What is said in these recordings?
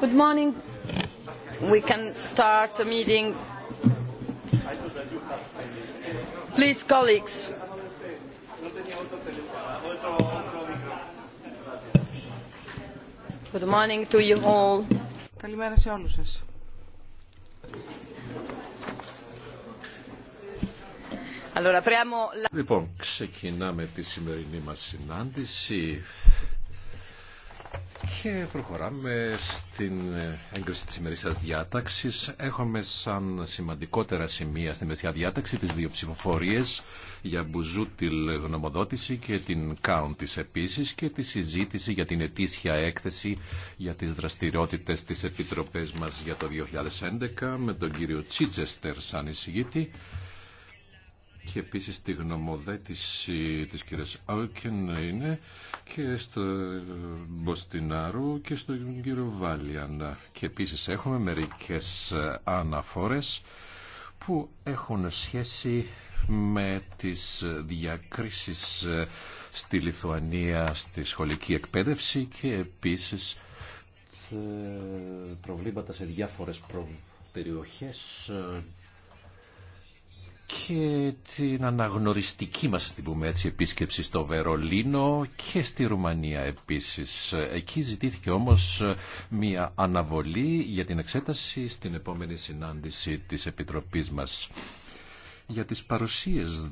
Good morning. We can start the meeting. Please, colleagues. Good morning to you all. Καλημέρα σε όλους σας. Λοιπόν, ξεκινάμε τη σημερινή μας συνάντηση. Και προχωράμε στην έγκριση της ημερήσιας διάταξης. Έχουμε σαν σημαντικότερα σημεία στην μεσια διάταξη τις δύο ψηφοφορίες για μπουζούτιλ γνωμοδότηση και την κάουντις επίσης και τη συζήτηση για την ετήσια έκθεση για τις δραστηριότητες της Επιτροπές μας για το 2011 με τον κύριο Τσίτσεστερ σαν εισηγήτη και επίση τη γνωμοδέτηση της κυρίας Άουκεν είναι και στο ε, Μποστινάρου και στο κύριο Βάλιαν. Και επίση έχουμε μερικές ε, αναφορές που έχουν σχέση με τις διακρίσεις ε, στη Λιθουανία στη σχολική εκπαίδευση και επίσης προβλήματα σε διάφορες προ... περιοχές και την αναγνωριστική μας, την πούμε έτσι, επίσκεψη στο Βερολίνο και στη Ρουμανία επίσης. Εκεί ζητήθηκε όμως μια αναβολή για την εξέταση στην επόμενη συνάντηση της Επιτροπής μας. Για τις παρουσίες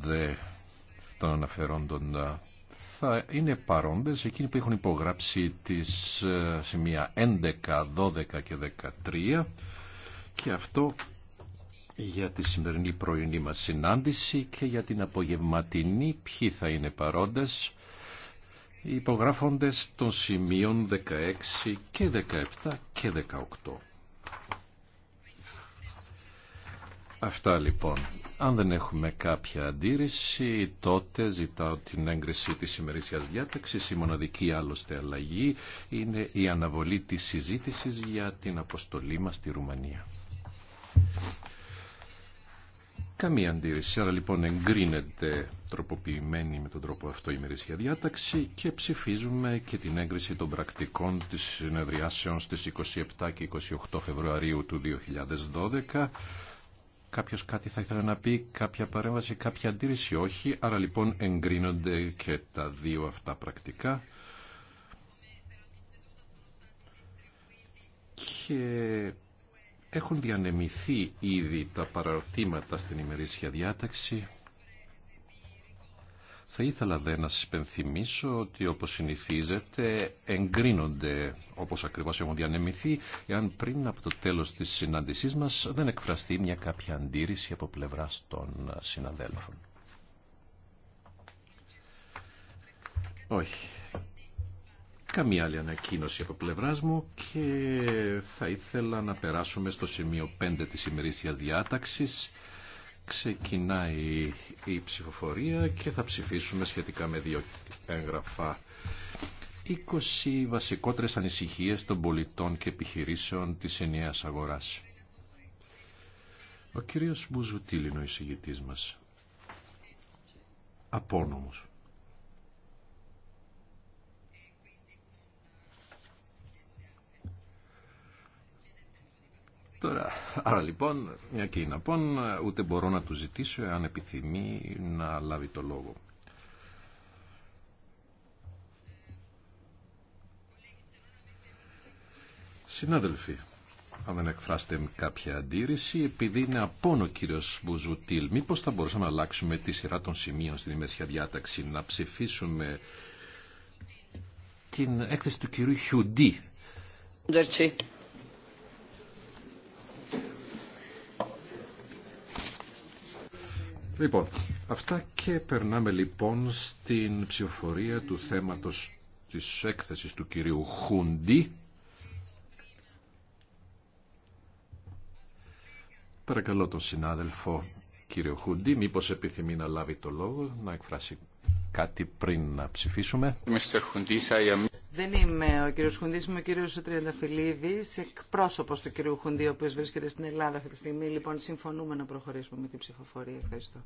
των αναφερόντων θα είναι παρόντες εκείνοι που έχουν υπογράψει τις ε, σημεία 11, 12 και 13 και αυτό για τη σημερινή πρωινή μας συνάντηση και για την απογευματινή ποιοι θα είναι παρόντες υπογράφοντες των σημείων 16 και 17 και 18. Αυτά λοιπόν. Αν δεν έχουμε κάποια αντίρρηση, τότε ζητάω την έγκριση της ημερήσιας διάταξης. Η μοναδική άλλωστε αλλαγή είναι η αναβολή της συζήτησης για την αποστολή μας στη Ρουμανία. Καμία αντίρρηση. Άρα λοιπόν εγκρίνεται τροποποιημένη με τον τρόπο αυτό η μερίσια διάταξη και ψηφίζουμε και την έγκριση των πρακτικών της συνεδριάσεων στις 27 και 28 Φεβρουαρίου του 2012. Κάποιος κάτι θα ήθελε να πει, κάποια παρέμβαση, κάποια αντίρρηση, όχι. Άρα λοιπόν εγκρίνονται και τα δύο αυτά πρακτικά. Έχουν διανεμηθεί ήδη τα παραρτήματα στην ημερήσια διάταξη. Θα ήθελα δε να σας υπενθυμίσω ότι όπως συνηθίζεται εγκρίνονται όπως ακριβώς έχουν διανεμηθεί εάν πριν από το τέλος της συνάντησής μας δεν εκφραστεί μια κάποια αντίρρηση από πλευράς των συναδέλφων. Όχι. Καμία άλλη ανακοίνωση από πλευρά μου και θα ήθελα να περάσουμε στο σημείο 5 της ημερήσιας διάταξης. Ξεκινάει η ψηφοφορία και θα ψηφίσουμε σχετικά με δύο έγγραφα. 20 βασικότερες ανησυχίες των πολιτών και επιχειρήσεων της ενιαίας αγοράς. Ο κύριος Μπουζουτήλ είναι ο εισηγητής μας. Απόνομος. Τώρα, άρα λοιπόν, μια και είναι απόν, ούτε μπορώ να του ζητήσω αν επιθυμεί να λάβει το λόγο. Συνάδελφοι, αν δεν εκφράσετε κάποια αντίρρηση, επειδή είναι απόν ο κύριο Μπουζουτήλ, μήπω θα μπορούσαμε να αλλάξουμε τη σειρά των σημείων στην ημερήσια διάταξη, να ψηφίσουμε την έκθεση του κυρίου Χιουντή. Λοιπόν, αυτά και περνάμε λοιπόν στην ψηφοφορία του θέματος της έκθεσης του κυρίου Χούντι. Παρακαλώ τον συνάδελφο κύριο Χούντι, μήπως επιθυμεί να λάβει το λόγο, να εκφράσει κάτι πριν να ψηφίσουμε. Δεν είμαι ο κύριος Χουντή, είμαι ο κύριος Τριανταφυλλίδης, Εκπρόσωπο του κύριου Χουντή, ο οποίος βρίσκεται στην Ελλάδα αυτή τη στιγμή. Λοιπόν, συμφωνούμε να προχωρήσουμε με την ψηφοφορία. Ευχαριστώ.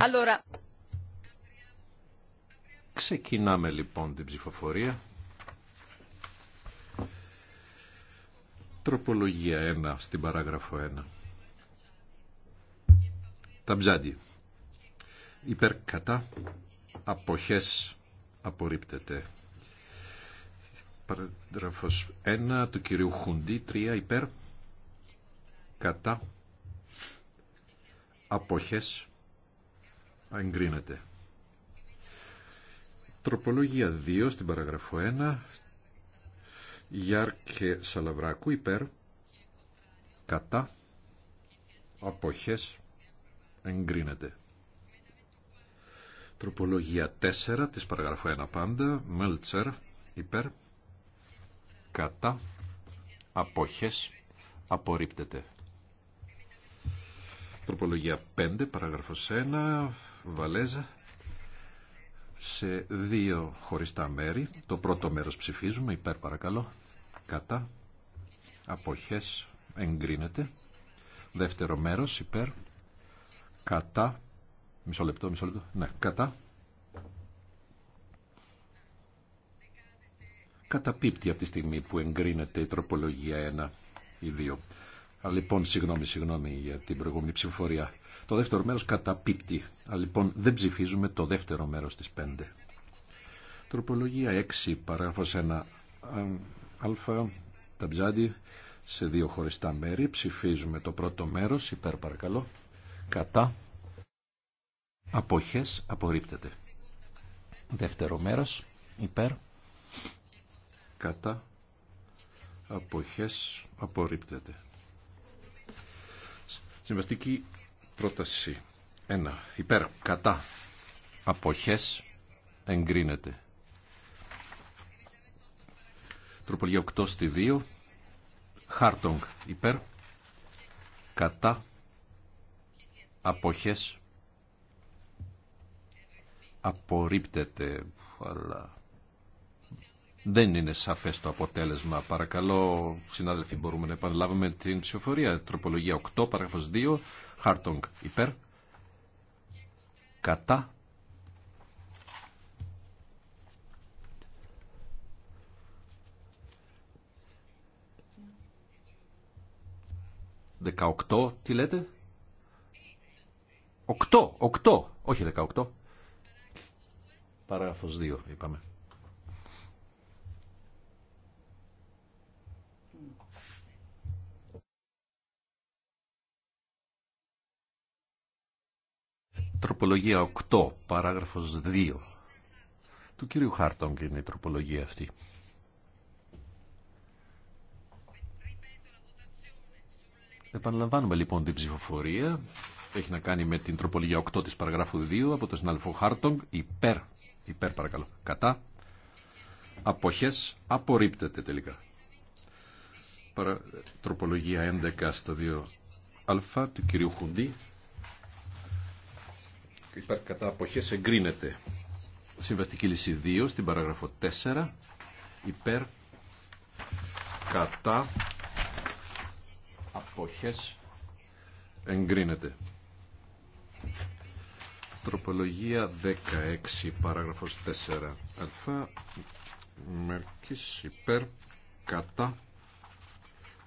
Allora. Ξεκινάμε λοιπόν την ψηφοφορία. Τροπολογία 1 στην παράγραφο 1. Ταμζάντι. Υπέρ κατά αποχές απορρίπτεται. Παραγραφός 1 του κυρίου Χουντή, 3 υπέρ κατά αποχές εγκρίνεται. Τροπολογία 2 στην παραγραφό 1 Γιάρ και Σαλαβράκου υπέρ κατά αποχές εγκρίνεται. Τροπολογία 4 της παραγραφού 1 πάντα, Μέλτσερ, υπέρ, κατά, αποχές, απορρίπτεται. Τροπολογία 5, παραγραφός 1, Βαλέζα, σε δύο χωριστά μέρη. Το πρώτο μέρος ψηφίζουμε, υπέρ παρακαλώ, κατά, αποχές, εγκρίνεται. Δεύτερο μέρος, υπέρ, Κατά. Μισό λεπτό, μισό λεπτό. Ναι, κατά. Καταπίπτει από τη στιγμή που εγκρίνεται η τροπολογία 1 ή 2. Α, λοιπόν, συγγνώμη, συγγνώμη για την προηγούμενη ψηφοφορία. Το δεύτερο μέρος καταπίπτει. Α, λοιπόν, δεν ψηφίζουμε το δεύτερο μέρος της 5. Τροπολογία 6, παράγραφος 1. Α, ταμπζάντι, σε δύο χωριστά μέρη. Ψηφίζουμε το πρώτο μέρος, υπέρ παρακαλώ κατά, αποχές, απορρίπτεται. Δεύτερο μέρος, υπέρ, κατά, αποχές, απορρίπτεται. Συμβαστική πρόταση 1. Υπέρ, κατά, αποχές, εγκρίνεται. Τροπολία 8 στη 2. Χάρτονγκ υπέρ. Κατά αποχές απορρίπτεται αλλά δεν είναι σαφές το αποτέλεσμα. Παρακαλώ, συνάδελφοι, μπορούμε να επαναλάβουμε την ψηφοφορία. Τροπολογία 8, παράγραφος 2, Χάρτονγκ υπέρ, κατά, Δεκαοκτώ, τι λέτε. Οκτώ, οκτώ, όχι δεκαοκτώ. Παράγραφος δύο, είπαμε. Τροπολογία 8, παράγραφος 2. Του κύριου Χάρτονγκ είναι η τροπολογία αυτή. Επαναλαμβάνουμε λοιπόν την ψηφοφορία έχει να κάνει με την τροπολογία 8 της παραγράφου 2 από το συνάδελφο Χάρτογκ. Υπέρ, υπέρ παρακαλώ, κατά. Αποχές απορρίπτεται τελικά. Παρα... Τροπολογία 11 στο 2α του κυρίου Χουντή. Υπέρ κατά αποχές εγκρίνεται. Συμβαστική λύση 2 στην παράγραφο 4. Υπέρ κατά αποχές εγκρίνεται. Τροπολογία 16, παράγραφος 4. Αλφα, μερκής υπέρ, κατά,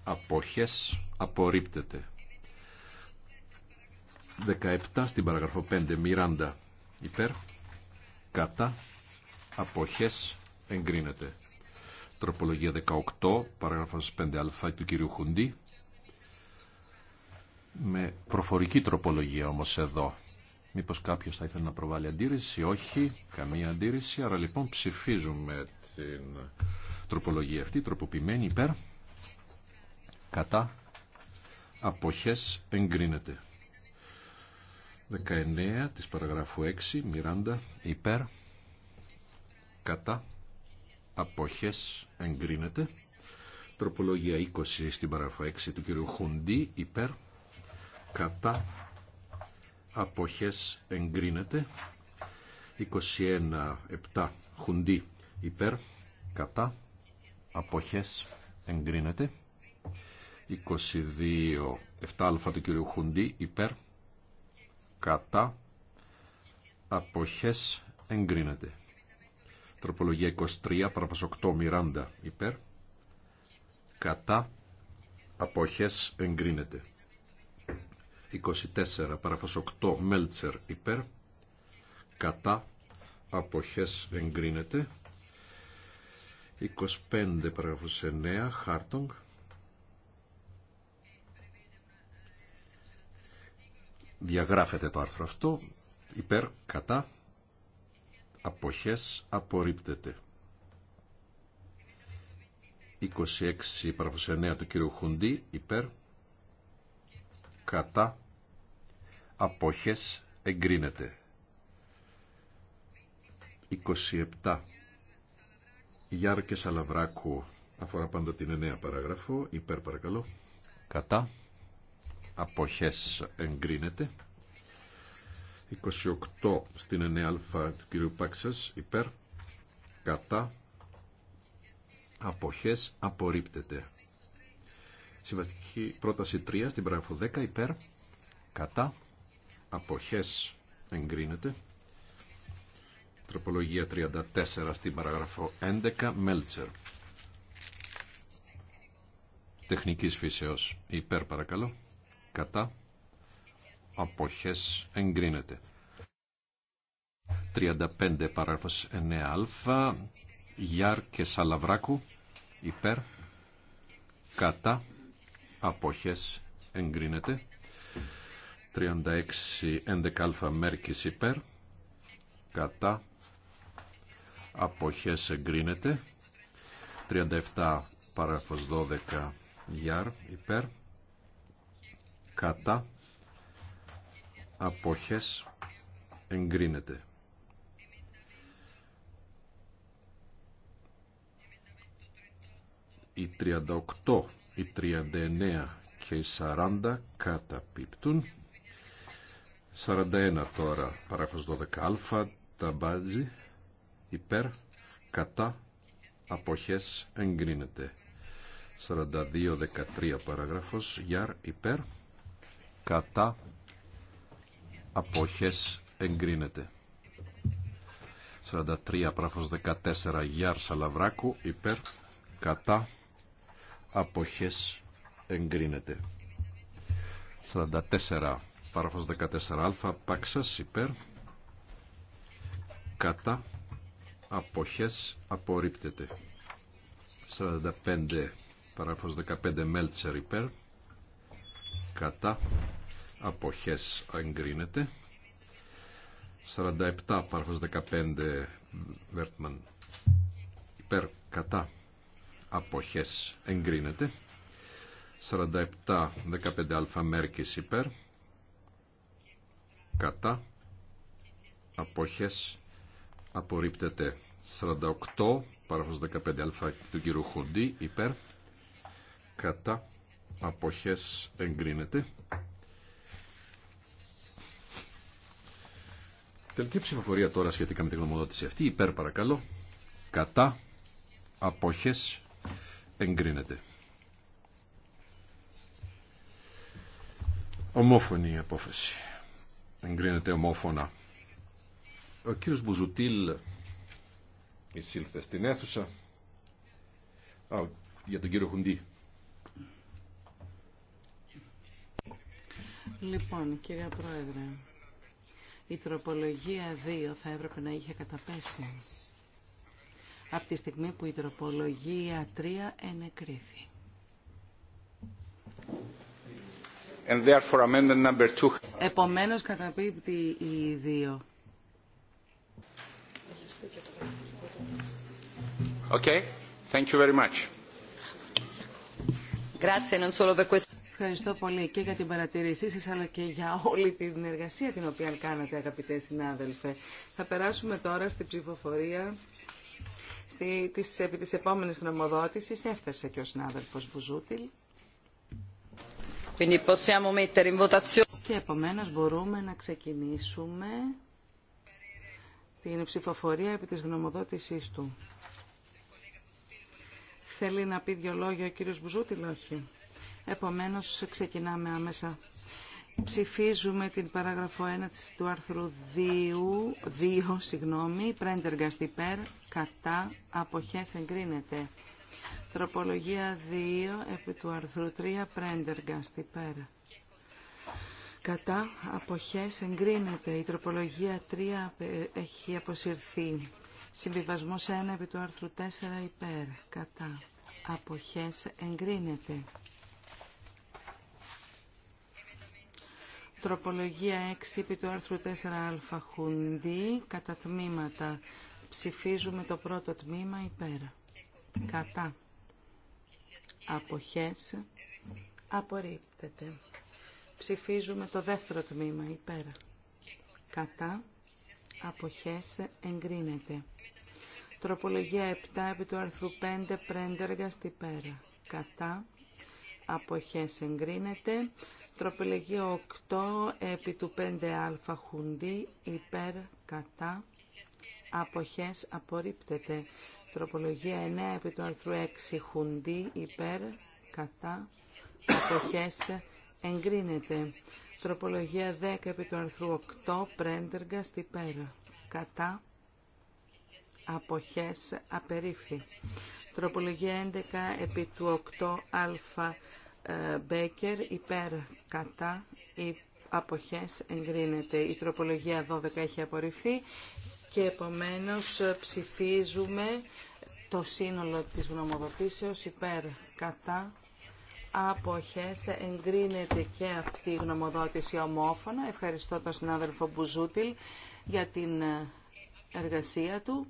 αποχές, απορρίπτεται. 17 στην παραγραφό 5, μοιράντα υπέρ, κατά, αποχές, εγκρίνεται. Τροπολογία 18, παράγραφος αλφα του κυρίου Χουντή, με προφορική τροπολογία όμως εδώ Μήπως κάποιος θα ήθελε να προβάλλει αντίρρηση. Όχι, καμία αντίρρηση. Άρα λοιπόν ψηφίζουμε την τροπολογία αυτή, τροποποιημένη υπέρ, κατά, αποχές, εγκρίνεται. 19 της παραγράφου 6, Μιράντα, υπέρ, κατά, αποχές, εγκρίνεται. Τροπολογία 20 στην παραγράφου 6 του κ. Χουντή, υπέρ, κατά, αποχές εγκρίνεται 21-7 Χουντί υπερ υπέρ κατά αποχές εγκρίνεται 22-7α του κυρίου Χουντί υπέρ κατά αποχές εγκρίνεται τροπολογία 23 παραπας 8 Μιράντα υπέρ κατά αποχές εγκρίνεται 24 παράφος 8 Μέλτσερ υπέρ κατά αποχές εγκρίνεται 25 παράφος 9 Χάρτονγκ διαγράφεται το άρθρο αυτό υπέρ κατά αποχές απορρίπτεται 26 παράφος 9 του κύριου Χουντή υπέρ κατά απόχες εγκρίνεται. 27. Γιάρκε Αλαβράκου. αφορά πάντα την 9 παράγραφο. Υπέρ παρακαλώ. Κατά. Αποχές εγκρίνεται. 28 στην 9α του κυρίου Πάξας. Υπέρ. Κατά. Αποχές απορρίπτεται. Συμβαστική πρόταση 3 στην παράγραφο 10. Υπέρ. Κατά αποχές εγκρίνεται. Τροπολογία 34 στην παραγραφό 11 Μέλτσερ. Τεχνικής φύσεως υπέρ παρακαλώ. Κατά αποχές εγκρίνεται. 35 παράγραφος 9α Γιάρ και Σαλαβράκου υπέρ κατά αποχές εγκρίνεται 36 11α Μέρκης υπέρ κατά αποχές εγκρίνεται 37 παράγραφος 12 γιάρ υπέρ κατά αποχές εγκρίνεται οι 38, οι 39 και οι 40 καταπίπτουν 41 τώρα, παράγραφος 12α, τα μπάτζι, υπέρ, κατά, αποχές, εγκρίνεται. 42-13 παράγραφος, γιάρ, υπέρ, κατά, αποχές, εγκρίνεται. 43 παράγραφος 14, γιάρ, σαλαβράκου, υπέρ, κατά, αποχές, εγκρίνεται. 44 Παραφός 14α, πάξας, υπέρ, κατά, αποχές, απορρίπτεται. 45, παραφός 15, μέλτσερ, υπέρ, κατά, αποχές, εγκρίνεται. 47, παραφός 15, Βέρτμαν, υπέρ, κατά, αποχές, εγκρίνεται. 47, 15α, Μέρκης, υπέρ, κατά αποχές απορρίπτεται 48 παράγραφος 15α του κύριου Χοντή υπέρ κατά αποχές εγκρίνεται Τελική ψηφοφορία τώρα σχετικά με την γνωμοδότηση αυτή υπέρ παρακαλώ κατά αποχές εγκρίνεται Ομόφωνη η απόφαση εγκρίνεται ομόφωνα. Ο κύριος Μπουζουτήλ εισήλθε στην αίθουσα Α, για τον κύριο Χουντή. Λοιπόν, κύριε Πρόεδρε, η τροπολογία 2 θα έπρεπε να είχε καταπέσει από τη στιγμή που η τροπολογία 3 ενεκρίθη. And therefore amendment number Επομένως καταπίπτει η 2. Okay. Ευχαριστώ πολύ και για την παρατηρήσή σας αλλά και για όλη την εργασία την οποία κάνατε αγαπητέ συνάδελφε. Θα περάσουμε τώρα στην ψηφοφορία στη, της, επί της επόμενης γνωμοδότησης. Έφτασε και ο συνάδελφος Βουζούτιλ. Και επομένως μπορούμε να ξεκινήσουμε την ψηφοφορία επί της γνωμοδότησής του. Θέλει να πει δυο λόγια ο κύριος Μπουζούτηλ, όχι. Επομένως ξεκινάμε άμεσα. Ψηφίζουμε την παράγραφο 1 του άρθρου 2, 2 συγγνώμη, πρέντεργαστ υπέρ, κατά, αποχές εγκρίνεται. Τροπολογία 2 επί του αρθρού 3 στη πέρα. Κατά αποχές εγκρίνεται. Η τροπολογία 3 ε, έχει αποσυρθεί. Συμβιβασμός 1 επί του άρθρου 4 υπέρ. Κατά αποχές εγκρίνεται. Τροπολογία 6 επί του άρθρου 4α Κατά τμήματα ψηφίζουμε το πρώτο τμήμα υπέρ. Κατά αποχές απορρίπτεται. Ψηφίζουμε το δεύτερο τμήμα υπέρ. Κατά αποχές εγκρίνεται. Τροπολογία 7 επί του αρθρού 5 στη πέρα». Κατά αποχές εγκρίνεται. Τροπολογία 8 επί του 5α χουντί υπέρ κατά αποχές απορρίπτεται. Τροπολογία 9 επί του άρθρου 6 χουντί υπέρ κατά αποχές εγκρίνεται. Τροπολογία 10 επί του αρθρού 8 Πρέντεργκαστ υπέρ κατά αποχές απερίφη. Τροπολογία 11 επί του 8α ε, Μπέκερ υπέρ κατά η αποχές εγκρίνεται. Η τροπολογία 12 έχει απορριφθεί και επομένως ε, ψηφίζουμε το σύνολο της γνωμοδοτήσεως υπέρ κατά αποχές εγκρίνεται και αυτή η γνωμοδότηση ομόφωνα. Ευχαριστώ τον συνάδελφο Μπουζούτιλ για την ε, εργασία του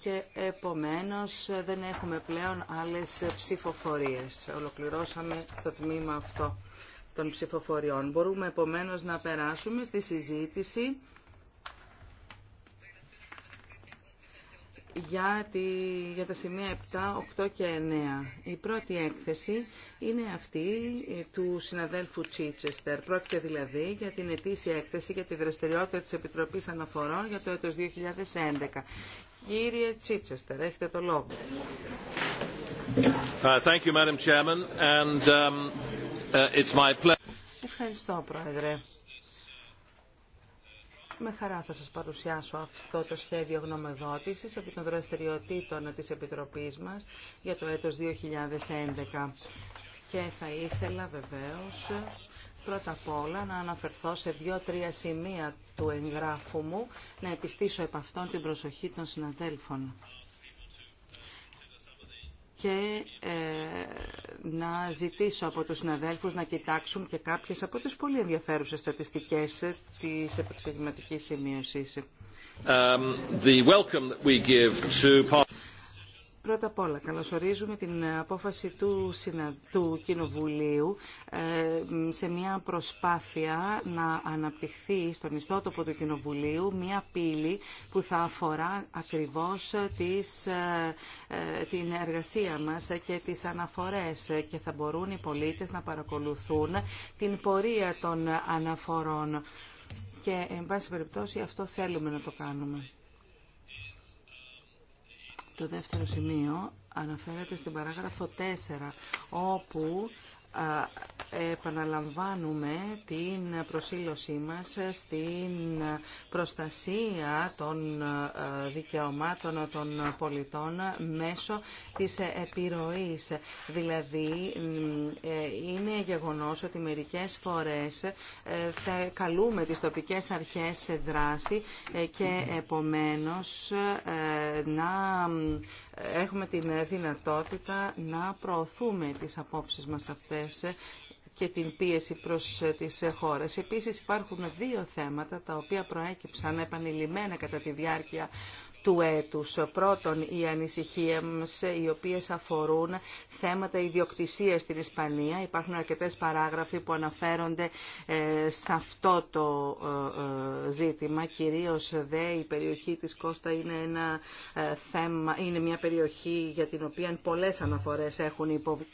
και επομένως ε, δεν έχουμε πλέον άλλες ψηφοφορίες. Ολοκληρώσαμε το τμήμα αυτό των ψηφοφοριών. Μπορούμε επομένως να περάσουμε στη συζήτηση για, τη, για τα σημεία 7, 8 και 9. Η πρώτη έκθεση είναι αυτή ε, του συναδέλφου Τσίτσεστερ. Πρόκειται δηλαδή για την ετήσια έκθεση για τη δραστηριότητα της Επιτροπής Αναφορών για το έτος 2011. Κύριε Τσίτσεστερ, έχετε το λόγο. Ευχαριστώ, Πρόεδρε. Με χαρά θα σας παρουσιάσω αυτό το σχέδιο γνωμοδότησης επί των δραστηριοτήτων της Επιτροπής μας για το έτος 2011. Και θα ήθελα βεβαίως πρώτα απ' όλα να αναφερθώ σε δύο-τρία σημεία του εγγράφου μου, να επιστήσω επ' αυτόν την προσοχή των συναδέλφων και ε, να ζητήσω από τους συναδέλφους να κοιτάξουν και κάποιες από τις πολύ ενδιαφέρουσες στατιστικές της επεξεγηματικής σημείωσης. Um, Πρώτα απ' όλα, καλωσορίζουμε την απόφαση του, του Κοινοβουλίου ε, σε μια προσπάθεια να αναπτυχθεί στον ιστότοπο του Κοινοβουλίου μια πύλη που θα αφορά ακριβώς τις, ε, ε, την εργασία μας και τις αναφορές και θα μπορούν οι πολίτες να παρακολουθούν την πορεία των αναφορών. Και, εν πάση περιπτώσει, αυτό θέλουμε να το κάνουμε. Το δεύτερο σημείο αναφέρεται στην παράγραφο 4, όπου επαναλαμβάνουμε την προσήλωσή μας στην προστασία των δικαιωμάτων των πολιτών μέσω της επιρροής. Δηλαδή, ε, είναι γεγονός ότι μερικές φορές ε, θα καλούμε τις τοπικές αρχές σε δράση ε, και επομένως να έχουμε την δυνατότητα να προωθούμε τις απόψεις μας αυτές και την πίεση προς τις χώρες. Επίσης υπάρχουν δύο θέματα τα οποία προέκυψαν επανειλημμένα κατά τη διάρκεια του έτους. Πρώτον, οι ανησυχίε οι οποίες αφορούν θέματα ιδιοκτησίας στην Ισπανία. Υπάρχουν αρκετές παράγραφοι που αναφέρονται ε, σε αυτό το ε, ε, ζήτημα. Κυρίως δε η περιοχή της Κώστα είναι, ένα θέμα, είναι μια περιοχή για την οποία πολλές αναφορές έχουν υποβληθεί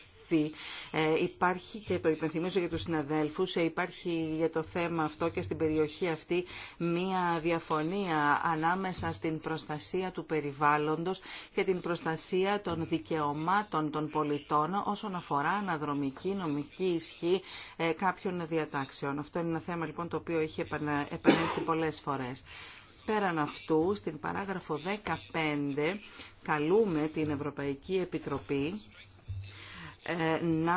ε, υπάρχει και το υπενθυμίζω για τους συναδέλφους, ε, υπάρχει για το θέμα αυτό και στην περιοχή αυτή μία διαφωνία ανάμεσα στην προστασία του περιβάλλοντος και την προστασία των δικαιωμάτων των πολιτών όσον αφορά αναδρομική νομική ισχύ ε, κάποιων διατάξεων. Αυτό είναι ένα θέμα λοιπόν το οποίο έχει επανέλθει πολλές φορές. Πέραν αυτού, στην παράγραφο 15, καλούμε την Ευρωπαϊκή Επιτροπή ε, να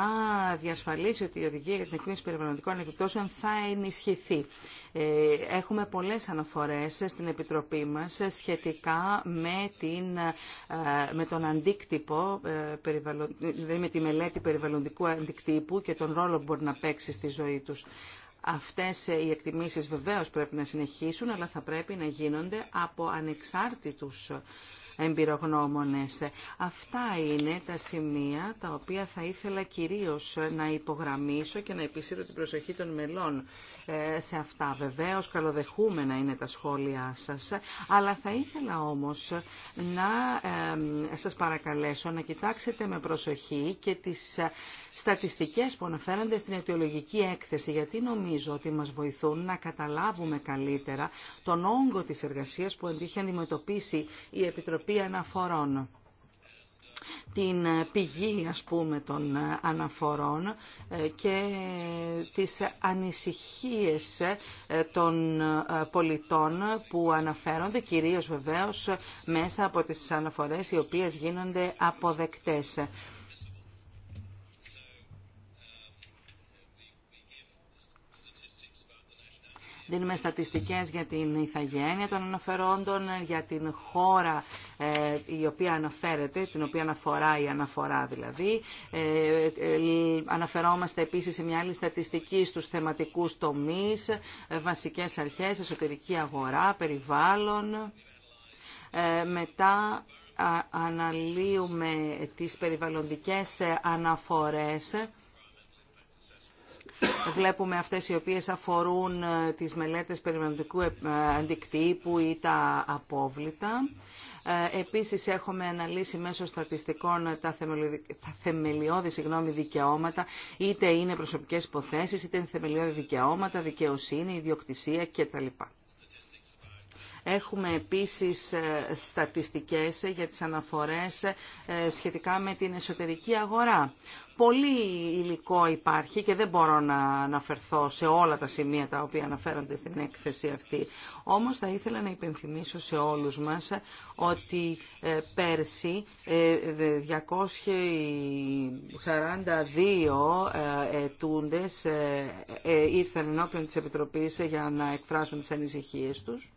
διασφαλίσει ότι η οδηγία για την εκτίμηση περιβαλλοντικών επιπτώσεων θα ενισχυθεί. Ε, έχουμε πολλές αναφορές στην Επιτροπή μας σχετικά με, την, ε, με τον αντίκτυπο, δηλαδή με τη μελέτη περιβαλλοντικού αντικτύπου και τον ρόλο που μπορεί να παίξει στη ζωή τους. Αυτές οι εκτιμήσεις βεβαίως πρέπει να συνεχίσουν, αλλά θα πρέπει να γίνονται από ανεξάρτητους εμπειρογνώμονες. Αυτά είναι τα σημεία τα οποία θα ήθελα κυρίως να υπογραμμίσω και να επισύρω την προσοχή των μελών ε, σε αυτά. Βεβαίως καλοδεχούμενα είναι τα σχόλιά σας, αλλά θα ήθελα όμως να σας παρακαλέσω να κοιτάξετε με προσοχή και τις στατιστικές που αναφέρονται στην αιτιολογική έκθεση, γιατί νομίζω ότι μας βοηθούν να καταλάβουμε καλύτερα τον όγκο της εργασίας που αντίχει αντιμετωπίσει η Επιτροπή Αναφορών την πηγή ας πούμε των αναφορών ε, και τις ανησυχίες ε, των ε, πολιτών που αναφέρονται κυρίως βεβαίως μέσα από τις αναφορές οι οποίες γίνονται αποδεκτές. δίνουμε στατιστικές για την ηθαγένεια των αναφερόντων, για την χώρα ε, η οποία αναφέρεται, την οποία αναφορά η αναφορά δηλαδή. Ε, ε, αναφερόμαστε επίσης σε μια άλλη στατιστική στους θεματικούς τομείς, βασικές αρχές, εσωτερική αγορά, περιβάλλον. Μετά αναλύουμε τις περιβαλλοντικές αναφορές Βλέπουμε αυτές οι οποίες αφορούν ε, τις μελέτες περιβαλλοντικού ε, αντικτύπου ή τα απόβλητα. Ε, επίσης έχουμε αναλύσει μέσω στατιστικών τα θεμελιώδη συγγνώμη, δικαιώματα, είτε είναι προσωπικές υποθέσεις, είτε είναι θεμελιώδη δικαιώματα, δικαιοσύνη, ιδιοκτησία κτλ. Έχουμε επίσης ε, στατιστικές ε, για τις αναφορές ε, σχετικά με την εσωτερική αγορά. Πολύ υλικό υπάρχει και δεν μπορώ να αναφερθώ σε όλα τα σημεία τα οποία αναφέρονται στην έκθεση αυτή. Όμως θα ήθελα να υπενθυμίσω σε όλους μας ότι πέρσι 242 ετούντες ήρθαν ενώπιον της Επιτροπής για να εκφράσουν τις ανησυχίες τους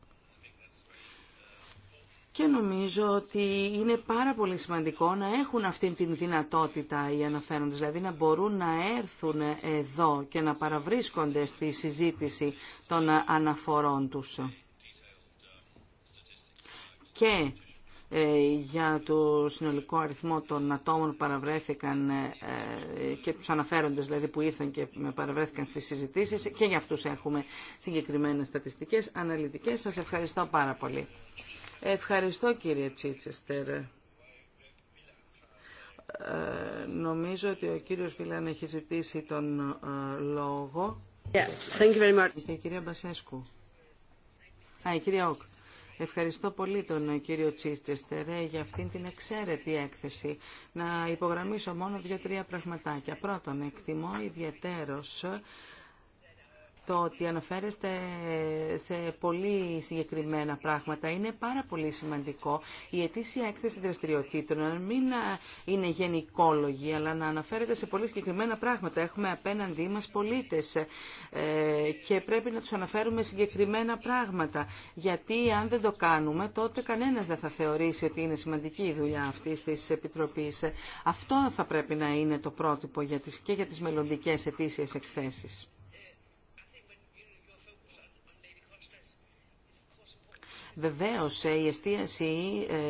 και νομίζω ότι είναι πάρα πολύ σημαντικό να έχουν αυτή την δυνατότητα οι αναφέροντες, δηλαδή να μπορούν να έρθουν εδώ και να παραβρίσκονται στη συζήτηση των αναφορών τους. Και ε, για το συνολικό αριθμό των ατόμων που παραβρέθηκαν ε, και τους αναφέροντες δηλαδή που ήρθαν και παραβρέθηκαν στις συζητήσεις και για αυτούς έχουμε συγκεκριμένες στατιστικές αναλυτικές. Σας ευχαριστώ πάρα πολύ. Ευχαριστώ κύριε Τσίτσεστερ. Ε, νομίζω ότι ο κύριος Βίλαν έχει ζητήσει τον ε, λόγο. Yeah, thank you very much. Και η κυρία Μπασέσκου. Α, η κυρία Όκ. Ευχαριστώ πολύ τον ε, κύριο Τσίστεστερ για αυτήν την εξαίρετη έκθεση. Να υπογραμμίσω μόνο δύο-τρία πραγματάκια. Πρώτον, εκτιμώ ιδιαίτερος το ότι αναφέρεστε σε πολύ συγκεκριμένα πράγματα είναι πάρα πολύ σημαντικό. Η ετήσια έκθεση δραστηριοτήτων να μην είναι γενικόλογη, αλλά να αναφέρεται σε πολύ συγκεκριμένα πράγματα. Έχουμε απέναντί μας πολίτες ε, και πρέπει να τους αναφέρουμε συγκεκριμένα πράγματα. Γιατί αν δεν το κάνουμε, τότε κανένας δεν θα θεωρήσει ότι είναι σημαντική η δουλειά αυτή τη επιτροπή. Αυτό θα πρέπει να είναι το πρότυπο και για τις μελλοντικές αιτήσιες εκθέσεις. Βεβαίως η εστίαση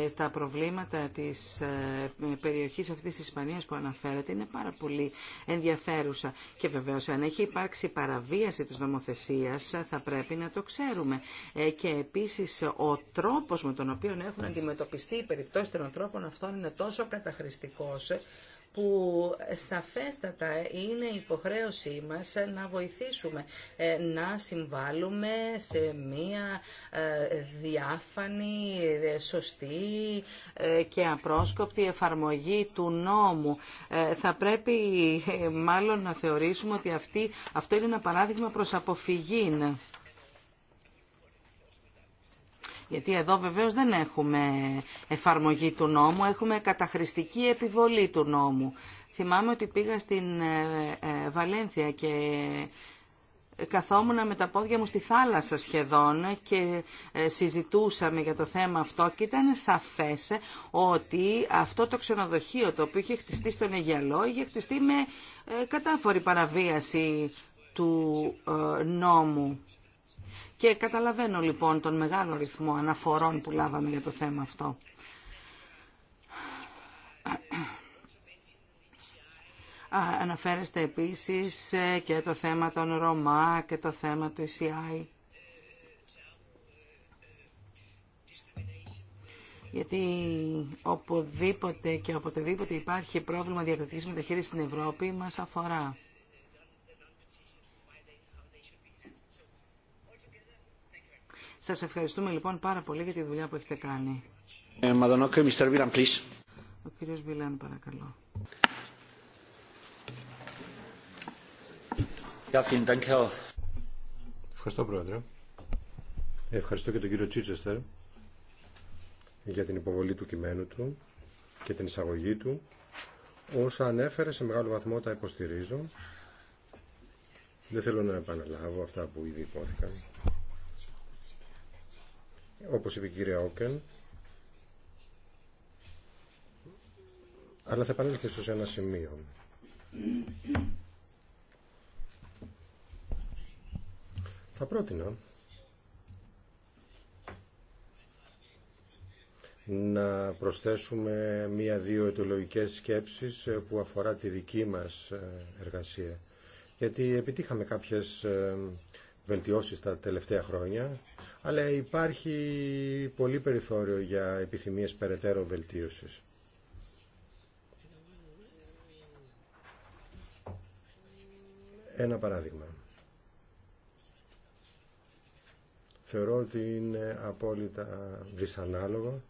ε, στα προβλήματα της ε, περιοχής αυτής της Ισπανίας που αναφέρεται είναι πάρα πολύ ενδιαφέρουσα και βεβαίως αν έχει υπάρξει παραβίαση της νομοθεσία, θα πρέπει να το ξέρουμε ε, και επίσης ο τρόπος με τον οποίο έχουν αντιμετωπιστεί οι περιπτώσει των ανθρώπων αυτών είναι τόσο καταχρηστικός που σαφέστατα είναι υποχρέωσή μας να βοηθήσουμε, ε, να συμβάλλουμε σε μία ε, διάφανη, ε, σωστή και απρόσκοπτη εφαρμογή του νόμου. Θα πρέπει μάλλον να θεωρήσουμε ότι αυτή, αυτό είναι ένα παράδειγμα προς αποφυγήν. Γιατί εδώ βεβαίως δεν έχουμε εφαρμογή του νόμου, έχουμε καταχρηστική επιβολή του νόμου. Θυμάμαι ότι πήγα στην ε, ε, Βαλένθια και καθόμουν με τα πόδια μου στη θάλασσα σχεδόν και ε, συζητούσαμε για το θέμα αυτό και ήταν σαφές ότι αυτό το ξενοδοχείο το οποίο είχε χτιστεί στον Αιγιαλό είχε χτιστεί με κατάφορη παραβίαση του νόμου. Και καταλαβαίνω λοιπόν τον μεγάλο ρυθμό αναφορών που λάβαμε για το θέμα αυτό. Αναφέρεστε επίσης ε, και το θέμα των Ρωμά και το θέμα του ECI. Γιατί οπουδήποτε και οποτεδήποτε υπάρχει πρόβλημα διακριτικής μεταχείρισης στην Ευρώπη μας αφορά. Σας ευχαριστούμε λοιπόν πάρα πολύ για τη δουλειά που έχετε κάνει. Ε, please. Ο κύριος Βιλάν, παρακαλώ. Ευχαριστώ, Πρόεδρε. Ευχαριστώ και τον κύριο Τσίτσεστερ για την υποβολή του κειμένου του και την εισαγωγή του. Όσα ανέφερε σε μεγάλο βαθμό τα υποστηρίζω. Δεν θέλω να επαναλάβω αυτά που ήδη υπόθηκαν όπως είπε η κυρία Όκεν, αλλά θα επανέλθει σε ένα σημείο. Θα πρότεινα να προσθέσουμε μία-δύο αιτιολογικές σκέψεις που αφορά τη δική μας ε, εργασία. Γιατί επιτύχαμε κάποιες ε, Βελτιώσει τα τελευταία χρόνια, αλλά υπάρχει πολύ περιθώριο για επιθυμίες περαιτέρω βελτίωσης. Ένα παράδειγμα. Θεωρώ ότι είναι απόλυτα δυσανάλογο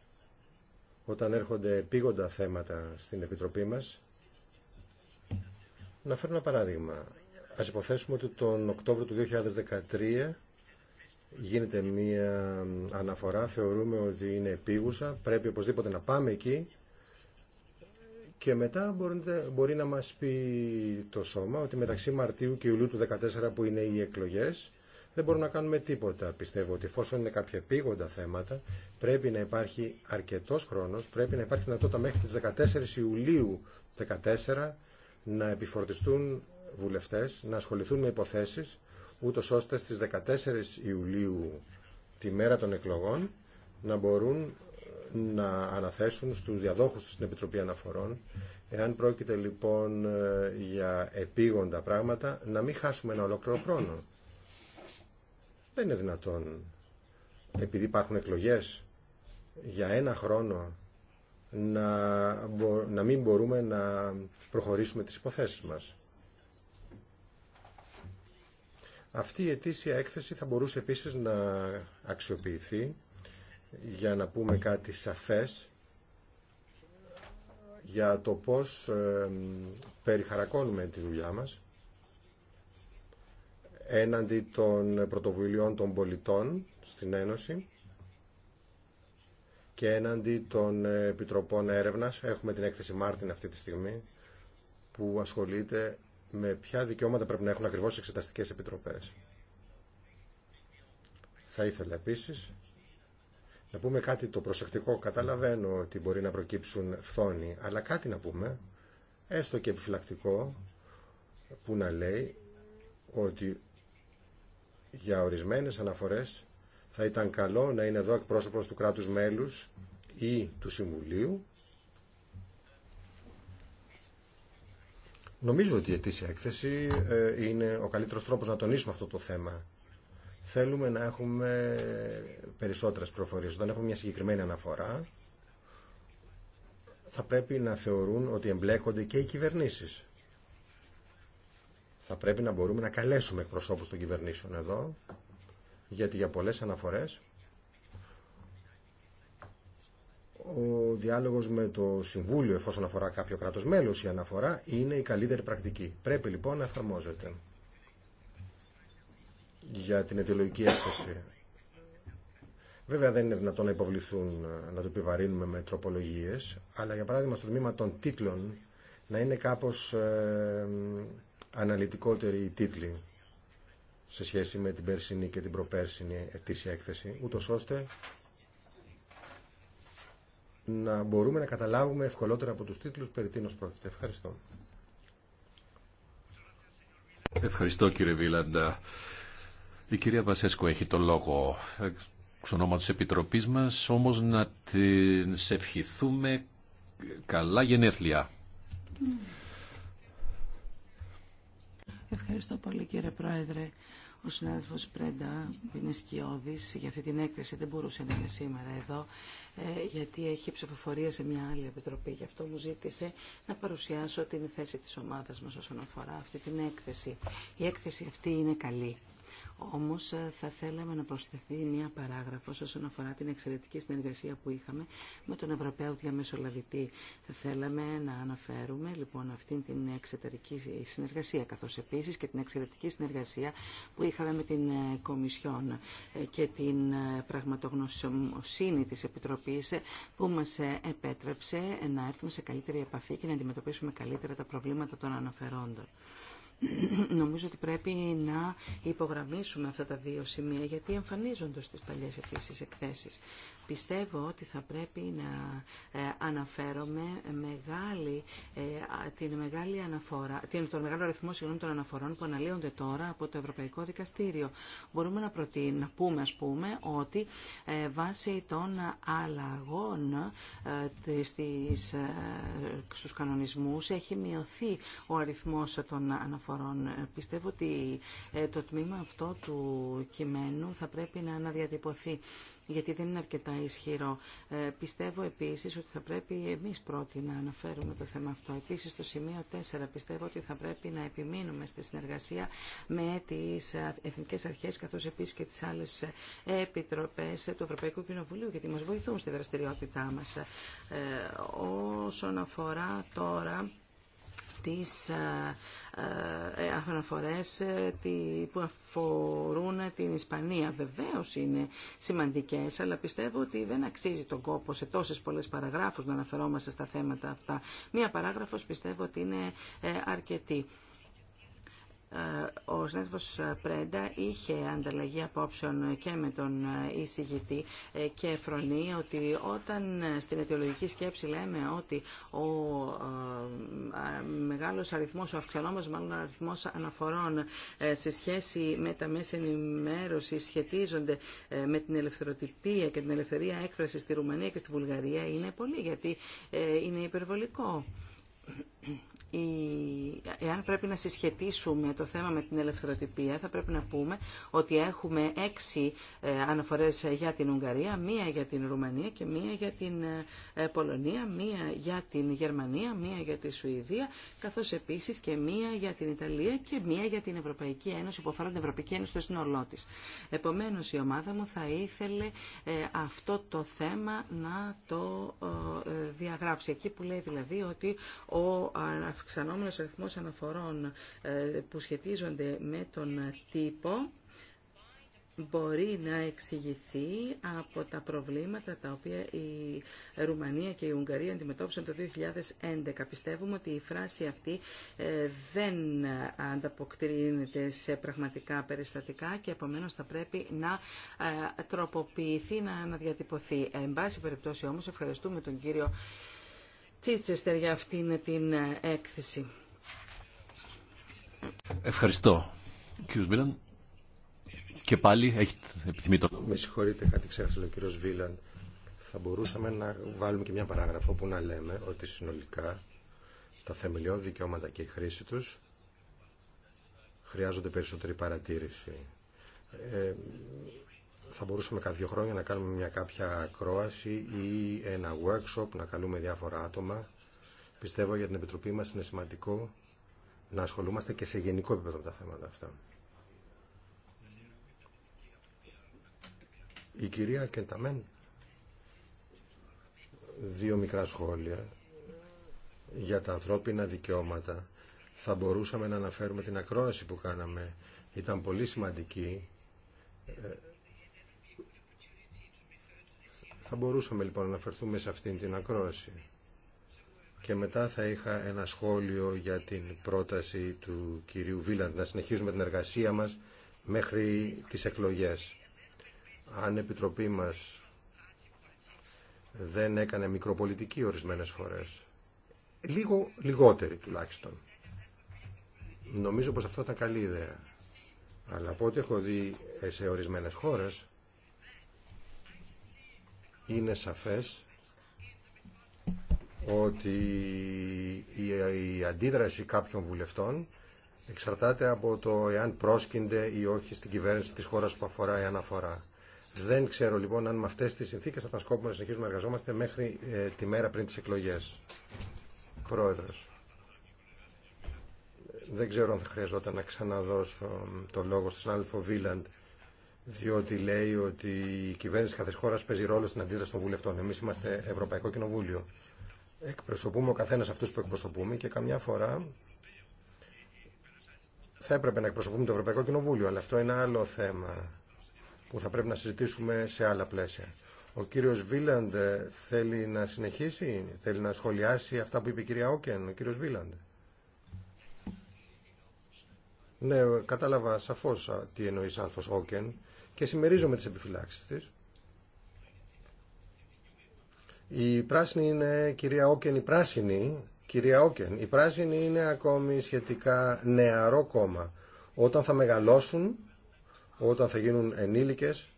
όταν έρχονται επίγοντα θέματα στην Επιτροπή μας. Να φέρω ένα παράδειγμα ας υποθέσουμε ότι τον Οκτώβριο του 2013 γίνεται μία αναφορά, θεωρούμε ότι είναι επίγουσα, πρέπει οπωσδήποτε να πάμε εκεί και μετά μπορεί να μας πει το σώμα ότι μεταξύ Μαρτίου και Ιουλίου του 2014 που είναι οι εκλογές δεν μπορούμε να κάνουμε τίποτα. Πιστεύω ότι εφόσον είναι κάποια επίγοντα θέματα πρέπει να υπάρχει αρκετός χρόνος, πρέπει να υπάρχει δυνατότητα μέχρι τις 14 Ιουλίου 2014 να επιφορτιστούν βουλευτές να ασχοληθούν με υποθέσεις ούτω ώστε στις 14 Ιουλίου τη μέρα των εκλογών να μπορούν ε, να αναθέσουν στους διαδόχους της στην Επιτροπή Αναφορών εάν πρόκειται λοιπόν ε, για επίγοντα πράγματα να μην χάσουμε ένα ολόκληρο χρόνο. Δεν είναι δυνατόν επειδή υπάρχουν εκλογές για ένα χρόνο να, να μην μπορούμε να προχωρήσουμε τις υποθέσεις μας. Αυτή η ετήσια έκθεση θα μπορούσε επίσης να αξιοποιηθεί για να πούμε κάτι σαφές για το πώς περιχαρακώνουμε τη δουλειά μας έναντι των πρωτοβουλειών των πολιτών στην Ένωση και έναντι των Επιτροπών Έρευνας. Έχουμε την έκθεση Μάρτιν αυτή τη στιγμή που ασχολείται με ποια δικαιώματα πρέπει να έχουν ακριβώς οι εξεταστικές επιτροπές. Θα ήθελα επίσης να πούμε κάτι το προσεκτικό. Καταλαβαίνω ότι μπορεί να προκύψουν φθόνοι, αλλά κάτι να πούμε, έστω και επιφυλακτικό, που να λέει ότι για ορισμένες αναφορές θα ήταν καλό να είναι εδώ εκπρόσωπος του κράτους μέλους ή του Συμβουλίου Νομίζω ότι η ετήσια έκθεση ε, είναι ο καλύτερος τρόπος να τονίσουμε αυτό το θέμα. Θέλουμε να έχουμε περισσότερες προφορίες. Όταν έχουμε μια συγκεκριμένη αναφορά, θα πρέπει να θεωρούν ότι εμπλέκονται και οι κυβερνήσεις. Θα πρέπει να μπορούμε να καλέσουμε εκπροσώπους των κυβερνήσεων εδώ, γιατί για πολλές αναφορές ο διάλογος με το Συμβούλιο εφόσον αφορά κάποιο κράτος μέλος η αναφορά είναι η καλύτερη πρακτική. Πρέπει λοιπόν να εφαρμόζεται για την αιτιολογική έκθεση. Βέβαια δεν είναι δυνατόν να υποβληθούν, να το επιβαρύνουμε με τροπολογίες, αλλά για παράδειγμα στο τμήμα των τίτλων να είναι κάπως ε, αναλυτικότεροι οι τίτλοι σε σχέση με την περσινή και την προπέρσινη ετήσια έκθεση, ούτως ώστε να μπορούμε να καταλάβουμε ευκολότερα από τους τίτλους περί τίνος πρόκειται. Ευχαριστώ. Ευχαριστώ κύριε Βίλαντα. Η κυρία Βασέσκο έχει το λόγο εξ ονόματος της Επιτροπής μας, όμως να την ευχηθούμε καλά γενέθλια. Ευχαριστώ πολύ κύριε Πρόεδρε. Ο συνάδελφο Πρέντα, που είναι σκιώδη για αυτή την έκθεση, δεν μπορούσε να είναι σήμερα εδώ, ε, γιατί έχει ψηφοφορία σε μια άλλη επιτροπή. Γι' αυτό μου ζήτησε να παρουσιάσω την θέση της ομάδας μας όσον αφορά αυτή την έκθεση. Η έκθεση αυτή είναι καλή. Όμως ε, θα θέλαμε να προσθεθεί μια παράγραφος όσον αφορά την εξαιρετική συνεργασία που είχαμε με τον Ευρωπαίο Διαμεσολαβητή. Θα θέλαμε να αναφέρουμε λοιπόν αυτήν την εξωτερική συνεργασία καθώς επίσης και την εξαιρετική συνεργασία που είχαμε με την ε, Κομισιόν ε, και την Πραγματογνωσίνη της Επιτροπής που μας επέτρεψε να έρθουμε σε καλύτερη επαφή και να αντιμετωπίσουμε καλύτερα τα προβλήματα των αναφερόντων. Νομίζω ότι πρέπει να υπογραμμίσουμε αυτά τα δύο σημεία γιατί εμφανίζονται στις παλιές εκθέσεις εκθέσεις. Πιστεύω ότι θα πρέπει να ε, αναφέρομαι μεγάλη, ε, την μεγάλη αναφορά, την, τον μεγάλο αριθμό συγγνώμη, των αναφορών που αναλύονται τώρα από το Ευρωπαϊκό Δικαστήριο. Μπορούμε να, να πούμε, ας πούμε, ότι ε, βάσει των αλλαγών στις, στους κανονισμούς έχει μειωθεί ο αριθμός των αναφορών ε, πιστεύω ότι ε, το τμήμα αυτό του κειμένου θα πρέπει να αναδιατυπωθεί γιατί δεν είναι αρκετά ισχυρό. Ε, πιστεύω επίσης ότι θα πρέπει εμείς πρώτοι να αναφέρουμε το θέμα αυτό. Επίσης στο σημείο 4 πιστεύω ότι θα πρέπει να επιμείνουμε στη συνεργασία με τις εθνικές αρχές καθώς επίσης και τις άλλες επιτροπές του Ευρωπαϊκού Κοινοβουλίου γιατί μας βοηθούν στη δραστηριότητά μας. Ε, όσον αφορά τώρα τις ε, ε, ε, αναφορές που αφορούν την Ισπανία. Βεβαίως είναι σημαντικές, αλλά πιστεύω ότι δεν αξίζει τον κόπο σε τόσες πολλές παραγράφους να αναφερόμαστε στα θέματα αυτά. Μία παράγραφος πιστεύω ότι είναι αρκετή. Ε, ο συνάδελφος Πρέντα είχε ανταλλαγή απόψεων και με τον εισηγητή ε, και φρονεί ότι όταν στην αιτιολογική σκέψη λέμε ότι ο ε, μεγάλος αριθμός, ο αυξανόμενος μάλλον αριθμός αναφορών σε σχέση με τα μέσα ενημέρωση σχετίζονται με την ελευθεροτυπία και την ελευθερία έκφραση στη Ρουμανία και στη Βουλγαρία είναι πολύ γιατί είναι υπερβολικό εάν πρέπει να συσχετίσουμε το θέμα με την ελευθεροτυπία, θα πρέπει να πούμε ότι έχουμε έξι ε, αναφορές για την Ουγγαρία, μία για την Ρουμανία και μία για την ε, ε, Πολωνία, μία για την Γερμανία, μία για τη Σουηδία, καθώς επίσης και μία για την Ιταλία και μία για την Ευρωπαϊκή Ένωση, που αφορά την Ευρωπαϊκή Ένωση στο σύνολό της. Επομένως, η ομάδα μου θα ήθελε αυτό το θέμα να το διαγράψει. Εκεί που λέει δηλαδή ότι ο ο αυξανόμενος αριθμός αναφορών ε, που σχετίζονται με τον τύπο μπορεί να εξηγηθεί από τα προβλήματα τα οποία η Ρουμανία και η Ουγγαρία αντιμετώπισαν το 2011. Πιστεύουμε ότι η φράση αυτή ε, δεν ανταποκρίνεται σε πραγματικά περιστατικά και επομένως θα πρέπει να ε, τροποποιηθεί, να αναδιατυπωθεί. Εν πάση περιπτώσει όμως ευχαριστούμε τον κύριο Τσίτσεστερ για αυτήν την ε, έκθεση. Ευχαριστώ. Κύριο Βίλαν, και πάλι έχετε επιθυμεί το... Με συγχωρείτε, κάτι ξέχασα, ο κύριο Βίλαν. Θα μπορούσαμε να βάλουμε και μια παράγραφο που να λέμε ότι συνολικά τα θεμελιώδη δικαιώματα και η χρήση του χρειάζονται περισσότερη παρατήρηση. Ε, θα μπορούσαμε κάθε δύο χρόνια να κάνουμε μια κάποια ακρόαση ή ένα workshop, να καλούμε διάφορα άτομα. Πιστεύω για την Επιτροπή μας είναι σημαντικό να ασχολούμαστε και σε γενικό επίπεδο τα θέματα αυτά. Η κυρία Κενταμέν, δύο μικρά σχόλια για τα ανθρώπινα δικαιώματα. Θα μπορούσαμε να αναφέρουμε την ακρόαση που κάναμε. Ήταν πολύ σημαντική ε, θα μπορούσαμε λοιπόν να αναφερθούμε σε αυτήν την ακρόαση. Και μετά θα είχα ένα σχόλιο για την πρόταση του κυρίου Βίλαντ να συνεχίζουμε την εργασία μας μέχρι τις εκλογές. Αν η Επιτροπή μας δεν έκανε μικροπολιτική ορισμένες φορές, λίγο λιγότερη τουλάχιστον. Νομίζω πως αυτό ήταν καλή ιδέα. Αλλά από ό,τι έχω δει σε ορισμένες χώρες, είναι σαφές ότι η αντίδραση κάποιων βουλευτών εξαρτάται από το εάν πρόσκυνται ή όχι στην κυβέρνηση της χώρας που αφορά η αναφορά. Δεν ξέρω λοιπόν αν με αυτές τις συνθήκες θα τα σκόπιμο να συνεχίσουμε να εργαζόμαστε μέχρι ε, τη μέρα πριν τις εκλογές. Πρόεδρος. Δεν ξέρω αν θα χρειαζόταν να ξαναδώσω ε, το λόγο στον άλφο Βίλαντ διότι λέει ότι η κυβέρνηση κάθε χώρα παίζει ρόλο στην αντίδραση των βουλευτών. Εμεί είμαστε Ευρωπαϊκό Κοινοβούλιο. Εκπροσωπούμε ο καθένα αυτού που εκπροσωπούμε και καμιά φορά θα έπρεπε να εκπροσωπούμε το Ευρωπαϊκό Κοινοβούλιο, αλλά αυτό είναι άλλο θέμα που θα πρέπει να συζητήσουμε σε άλλα πλαίσια. Ο κύριο Βίλαντ ε, θέλει να συνεχίσει, θέλει να σχολιάσει αυτά που είπε η κυρία Όκεν, ο κύριο Βίλαντ. Ναι, κατάλαβα σαφώς τι εννοεί άνθρωπο Όκεν και συμμερίζομαι τις επιφυλάξεις της. Η πράσινη είναι, κυρία Όκεν, η πράσινη, κυρία Όκεν, η πράσινη είναι ακόμη σχετικά νεαρό κόμμα. Όταν θα μεγαλώσουν, όταν θα γίνουν ενήλικες,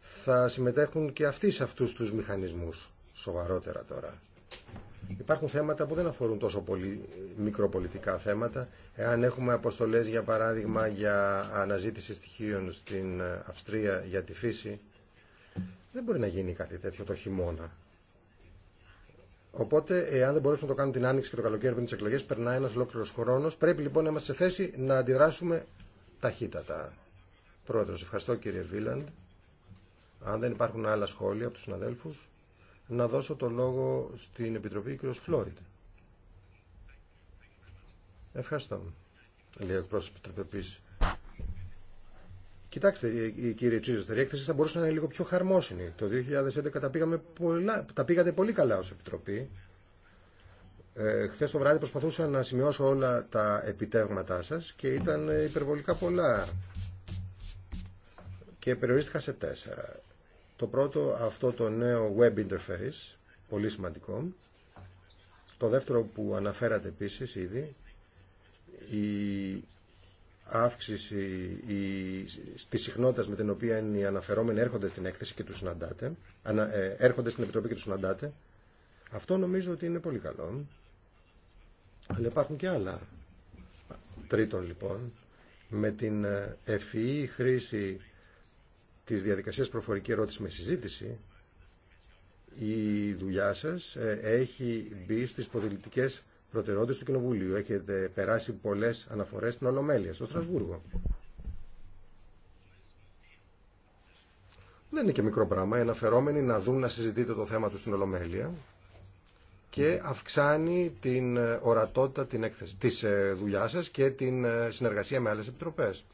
θα συμμετέχουν και αυτοί σε αυτούς τους μηχανισμούς, σοβαρότερα τώρα. Υπάρχουν θέματα που δεν αφορούν τόσο πολύ μικροπολιτικά θέματα Εάν έχουμε αποστολές, για παράδειγμα, για αναζήτηση στοιχείων στην Αυστρία για τη φύση, δεν μπορεί να γίνει κάτι τέτοιο το χειμώνα. Οπότε, εάν δεν μπορέσουμε να το κάνουμε την άνοιξη και το καλοκαίρι πριν τι εκλογέ, περνάει ένα ολόκληρο χρόνο. Πρέπει λοιπόν να είμαστε σε θέση να αντιδράσουμε ταχύτατα. Πρόεδρο, ευχαριστώ κύριε Βίλαντ. Αν δεν υπάρχουν άλλα σχόλια από του συναδέλφου, να δώσω το λόγο στην Επιτροπή κύριο Φλόριντ. Ευχαριστώ. Λέει ο εκπρόσωπο τροπεπή. Κοιτάξτε, κύριε Τσίζεστερ, η έκθεση θα μπορούσε να είναι λίγο πιο χαρμόσυνη. Το 2011 τα, πολλά, τα πήγατε πολύ καλά ω Επιτροπή. Ε, Χθε το βράδυ προσπαθούσα να σημειώσω όλα τα επιτεύγματά σα και ήταν υπερβολικά πολλά. Και περιορίστηκα σε τέσσερα. Το πρώτο, αυτό το νέο web interface, πολύ σημαντικό. Το δεύτερο που αναφέρατε επίσης ήδη, η αύξηση η, στη συχνότητα με την οποία οι αναφερόμενοι έρχονται στην έκθεση και τους συναντάτε, ε, έρχονται στην Επιτροπή και του συναντάτε, αυτό νομίζω ότι είναι πολύ καλό. Αλλά υπάρχουν και άλλα. Τρίτον, λοιπόν, με την ε, ευφυή χρήση της διαδικασίας προφορική ερώτηση με συζήτηση, η δουλειά σας ε, έχει μπει στις πολιτικές προτεραιότητε του Κοινοβουλίου. Έχετε περάσει πολλέ αναφορέ στην Ολομέλεια, στο Στρασβούργο. Δεν είναι και μικρό πράγμα. Οι αναφερόμενοι να δουν να συζητείτε το θέμα του στην Ολομέλεια και αυξάνει την ε, ορατότητα την έκθεση, της ε, δουλειάς σας και την ε, συνεργασία με άλλες επιτροπές.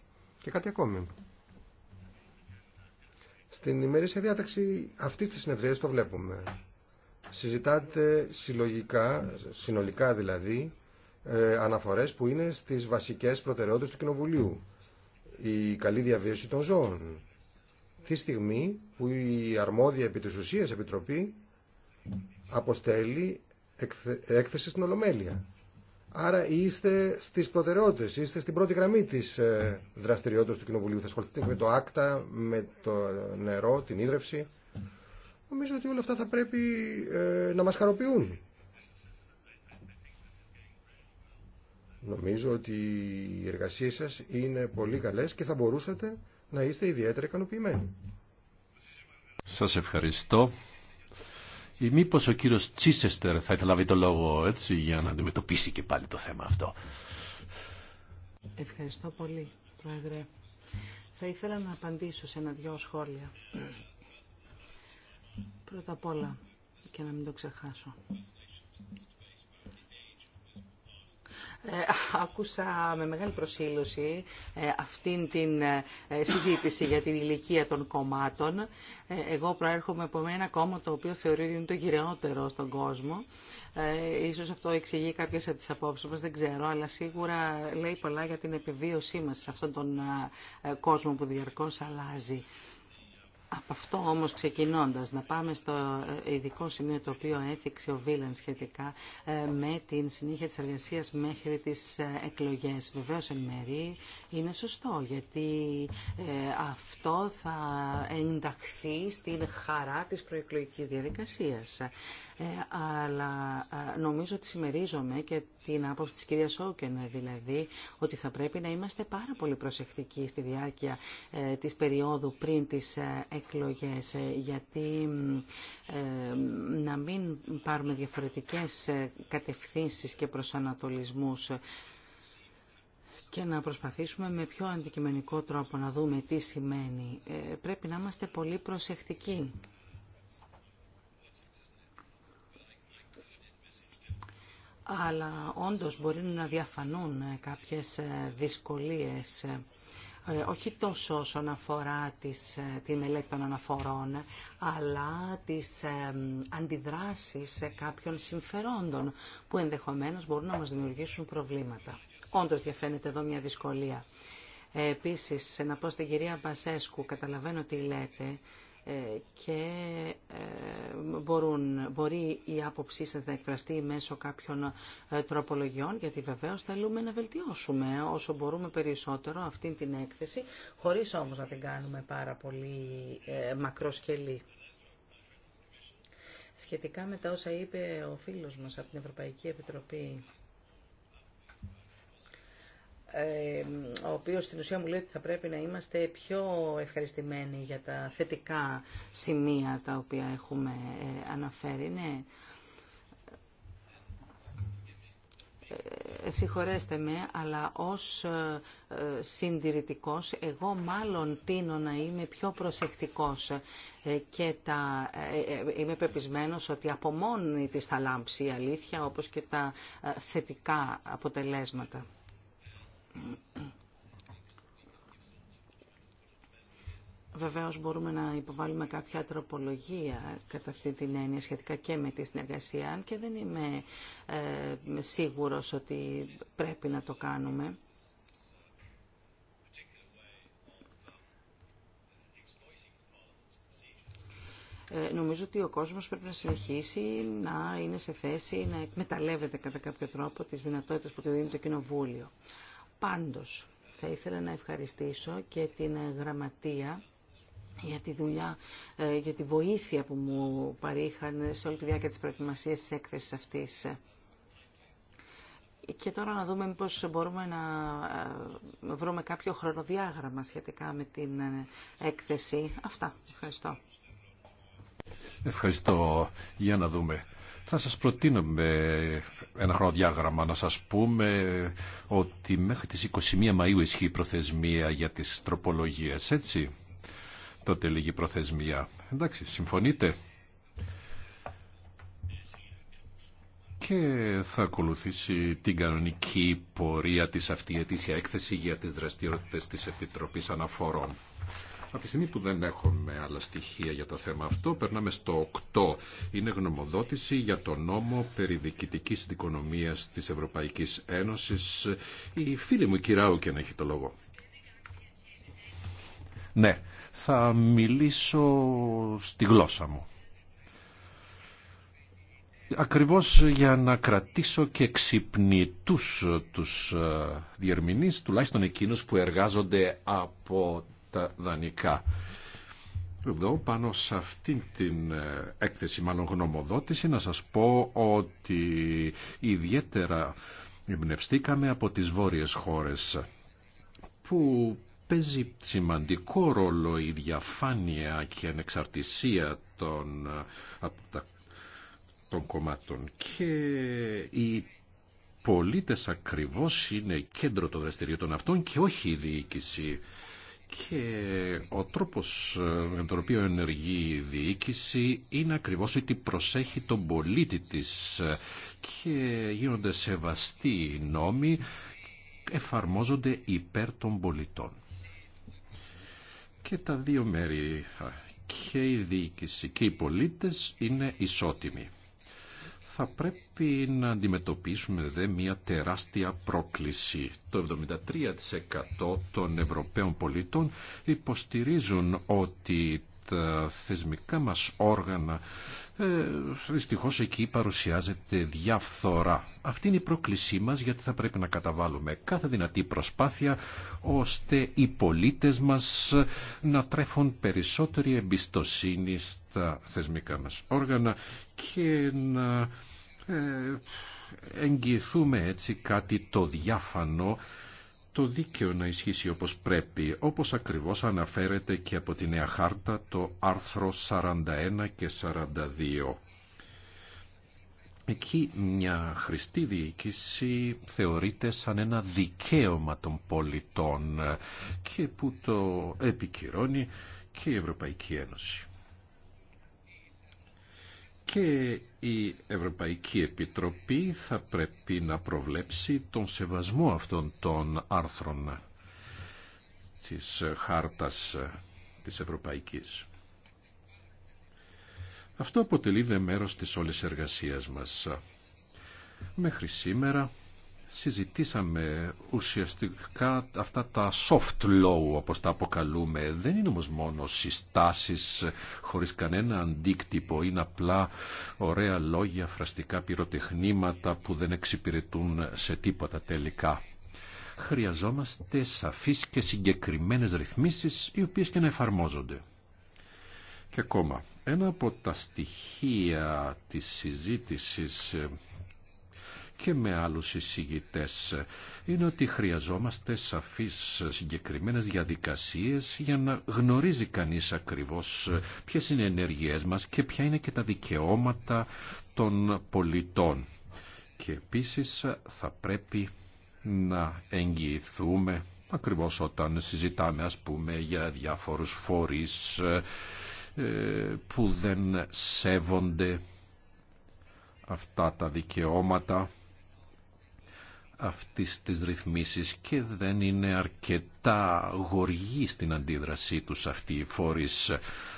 Και κάτι ακόμη. Στην ημερήσια διάταξη αυτή τη συνεδρία το βλέπουμε συζητάτε συλλογικά, συνολικά δηλαδή, ε, αναφορές που είναι στις βασικές προτεραιότητες του Κοινοβουλίου. Η καλή διαβίωση των ζώων. Τη στιγμή που η αρμόδια επί της ουσίας Επιτροπή αποστέλει έκθεση στην Ολομέλεια. Άρα είστε στις προτεραιότητες, είστε στην πρώτη γραμμή της ε, δραστηριότητας του Κοινοβουλίου. Θα ασχοληθείτε με το άκτα, με το νερό, την ίδρυυση. Νομίζω ότι όλα αυτά θα πρέπει ε, να μας χαροποιούν. Νομίζω ότι οι εργασίες σας είναι πολύ καλές και θα μπορούσατε να είστε ιδιαίτερα ικανοποιημένοι. Σας ευχαριστώ. Ή μήπως ο κύριος Τσίσεστερ θα ήθελα το λόγο έτσι για να αντιμετωπίσει και πάλι το θέμα αυτό. Ευχαριστώ πολύ, Πρόεδρε. Θα ήθελα να απαντήσω σε ένα-δυο σχόλια Πρώτα απ' όλα, και να μην το ξεχάσω. Ε, άκουσα με μεγάλη προσήλωση ε, αυτήν την ε, συζήτηση για την ηλικία των κομμάτων. Ε, εγώ προέρχομαι από ένα κόμμα το οποίο θεωρείται ότι είναι το γυρεότερο στον κόσμο. Ίσως αυτό εξηγεί κάποιες από τις απόψεις μας, δεν ξέρω, αλλά σίγουρα λέει πολλά για την επιβίωσή μας σε αυτόν τον κόσμο που διαρκώς αλλάζει. Από αυτό όμως ξεκινώντας, να πάμε στο ε, ειδικό σημείο το οποίο έθιξε ο Βίλεν σχετικά ε, με την συνέχεια της εργασίας μέχρι τις ε, εκλογές. Βεβαίως εν μέρη είναι σωστό, γιατί αυτό θα ενταχθεί στην χαρά της προεκλογικής διαδικασίας. Ε, αλλά ε, νομίζω ότι συμμερίζομαι και την άποψη της κυρίας Όκεν, δηλαδή ότι θα πρέπει να είμαστε πάρα πολύ προσεκτικοί στη διάρκεια ε, της περίοδου πριν τις εκλογές, γιατί να μην πάρουμε διαφορετικές κατευθύνσεις και προσανατολισμούς και να προσπαθήσουμε με πιο αντικειμενικό τρόπο να δούμε τι σημαίνει. Πρέπει να είμαστε πολύ προσεκτικοί. αλλά όντως μπορεί να διαφανούν κάποιες δυσκολίες ε, όχι τόσο όσον αφορά τις, ε, τη μελέτη των αναφορών, αλλά τις ε, αντιδράσεις κάποιων συμφερόντων που ενδεχομένως μπορούν να μας δημιουργήσουν προβλήματα. Όντως διαφαίνεται εδώ μια δυσκολία. Επίσης, να πω στην κυρία Μπασέσκου, καταλαβαίνω τι λέτε, ε, και ε, μπορούν, μπορεί η άποψή σας να εκφραστεί μέσω κάποιων ε, τροπολογιών, γιατί βεβαίως θέλουμε να βελτιώσουμε όσο μπορούμε περισσότερο αυτή την έκθεση, χωρίς όμως να την κάνουμε πάρα πολύ μακροσκελή. Σχετικά με τα όσα είπε ο φίλος μας από την Ευρωπαϊκή Επιτροπή ο οποίος στην ουσία μου λέει ότι θα πρέπει να είμαστε πιο ευχαριστημένοι για τα θετικά σημεία τα οποία έχουμε ε, αναφέρει. Ναι. Ε, συγχωρέστε με, αλλά ως ε, συντηρητικός εγώ μάλλον τίνω να είμαι πιο προσεκτικός και τα, είμαι πεπισμένος ότι από μόνη της θα λάμψει η αλήθεια όπως και τα θετικά αποτελέσματα. Βεβαίως μπορούμε να υποβάλουμε κάποια τροπολογία κατά αυτή την έννοια σχετικά και με τη συνεργασία, αν και δεν είμαι ε, σίγουρος ότι πρέπει να το κάνουμε. Ε, νομίζω ότι ο κόσμος πρέπει να συνεχίσει να είναι σε θέση να εκμεταλλεύεται κατά κάποιο τρόπο τις δυνατότητες που του δίνει το Κοινοβούλιο. Πάντως, θα ήθελα να ευχαριστήσω και την ε, γραμματεία για τη δουλειά, ε, για τη βοήθεια που μου παρήχαν σε όλη τη διάρκεια της προετοιμασίας της έκθεσης αυτής. Και τώρα να δούμε πώς μπορούμε να ε, βρούμε κάποιο χρονοδιάγραμμα σχετικά με την έκθεση. Αυτά. Ευχαριστώ. Ευχαριστώ. Για να δούμε. Θα σας προτείνουμε ένα χρονοδιάγραμμα να σας πούμε ότι μέχρι τις 21 Μαΐου ισχύει η προθεσμία για τις τροπολογίες, έτσι. Τότε λίγη προθεσμία. Εντάξει, συμφωνείτε. και θα ακολουθήσει την κανονική πορεία της αυτή η έκθεση για τις δραστηριότητες της Επιτροπής Αναφορών. Από τη στιγμή που δεν έχουμε άλλα στοιχεία για το θέμα αυτό, περνάμε στο 8. Είναι γνωμοδότηση για το νόμο περί διοικητική δικονομίας της Ευρωπαϊκής Ένωσης. Η φίλη μου κυρία και να έχει το λόγο. Ναι, θα μιλήσω στη γλώσσα μου. Ακριβώς για να κρατήσω και ξυπνητούς τους ε, διερμηνείς, τουλάχιστον εκείνους που εργάζονται από τα δανεικά. Εδώ πάνω σε αυτή την ε, έκθεση, μάλλον γνωμοδότηση, να σας πω ότι ιδιαίτερα εμπνευστήκαμε από τις βόρειες χώρες που παίζει σημαντικό ρόλο η διαφάνεια και η ανεξαρτησία των, ε, των κομμάτων και η πολίτες ακριβώς είναι κέντρο των δραστηριοτήτων αυτών και όχι η διοίκηση και ο τρόπος ε, με τον οποίο ενεργεί η διοίκηση είναι ακριβώς ότι προσέχει τον πολίτη της ε, και γίνονται σεβαστοί οι νόμοι, εφαρμόζονται υπέρ των πολιτών. Και τα δύο μέρη, ε, και η διοίκηση και οι πολίτες είναι ισότιμοι θα πρέπει να αντιμετωπίσουμε δε μια τεράστια πρόκληση. Το 73% των Ευρωπαίων πολιτών υποστηρίζουν ότι τα θεσμικά μας όργανα ε, εκεί παρουσιάζεται διαφθορά. Αυτή είναι η πρόκλησή μας γιατί θα πρέπει να καταβάλουμε κάθε δυνατή προσπάθεια ώστε οι πολίτες μας να τρέφουν περισσότερη εμπιστοσύνη στα θεσμικά μας όργανα και να ε, εγγυηθούμε έτσι κάτι το διάφανο το δίκαιο να ισχύσει όπως πρέπει, όπως ακριβώς αναφέρεται και από τη Νέα Χάρτα το άρθρο 41 και 42. Εκεί μια χρηστή διοίκηση θεωρείται σαν ένα δικαίωμα των πολιτών και που το επικυρώνει και η Ευρωπαϊκή Ένωση και η Ευρωπαϊκή Επιτροπή θα πρέπει να προβλέψει τον σεβασμό αυτών των άρθρων της χάρτας της Ευρωπαϊκής. Αυτό αποτελεί δε μέρος της όλης εργασίας μας. Μέχρι σήμερα συζητήσαμε ουσιαστικά αυτά τα soft law όπως τα αποκαλούμε δεν είναι όμως μόνο συστάσεις χωρίς κανένα αντίκτυπο είναι απλά ωραία λόγια φραστικά πυροτεχνήματα που δεν εξυπηρετούν σε τίποτα τελικά χρειαζόμαστε σαφείς και συγκεκριμένες ρυθμίσεις οι οποίες και να εφαρμόζονται και ακόμα ένα από τα στοιχεία της συζήτησης και με άλλους εισηγητές είναι ότι χρειαζόμαστε σαφείς συγκεκριμένες διαδικασίες για να γνωρίζει κανείς ακριβώς ποιες είναι οι ενέργειές μας και ποια είναι και τα δικαιώματα των πολιτών. Και επίσης θα πρέπει να εγγυηθούμε ακριβώς όταν συζητάμε ας πούμε για διάφορους φορείς ε, που δεν σέβονται αυτά τα δικαιώματα αυτής της ρυθμίσης και δεν είναι αρκετά γοργή στην αντίδρασή τους αυτή η φόρης.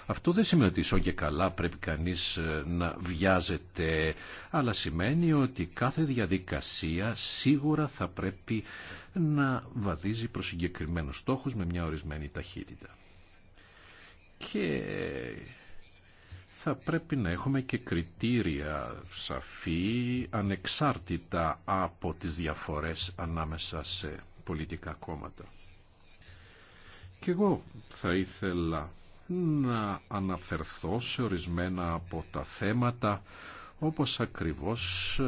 Αυτό δεν σημαίνει ότι ισό καλά πρέπει κανείς ε, να βιάζεται, αλλά σημαίνει ότι κάθε διαδικασία σίγουρα θα πρέπει να βαδίζει προς συγκεκριμένους στόχους με μια ορισμένη ταχύτητα. Και θα πρέπει να έχουμε και κριτήρια σαφή, ανεξάρτητα από τις διαφορές ανάμεσα σε πολιτικά κόμματα. Και εγώ θα ήθελα να αναφερθώ σε ορισμένα από τα θέματα όπως ακριβώς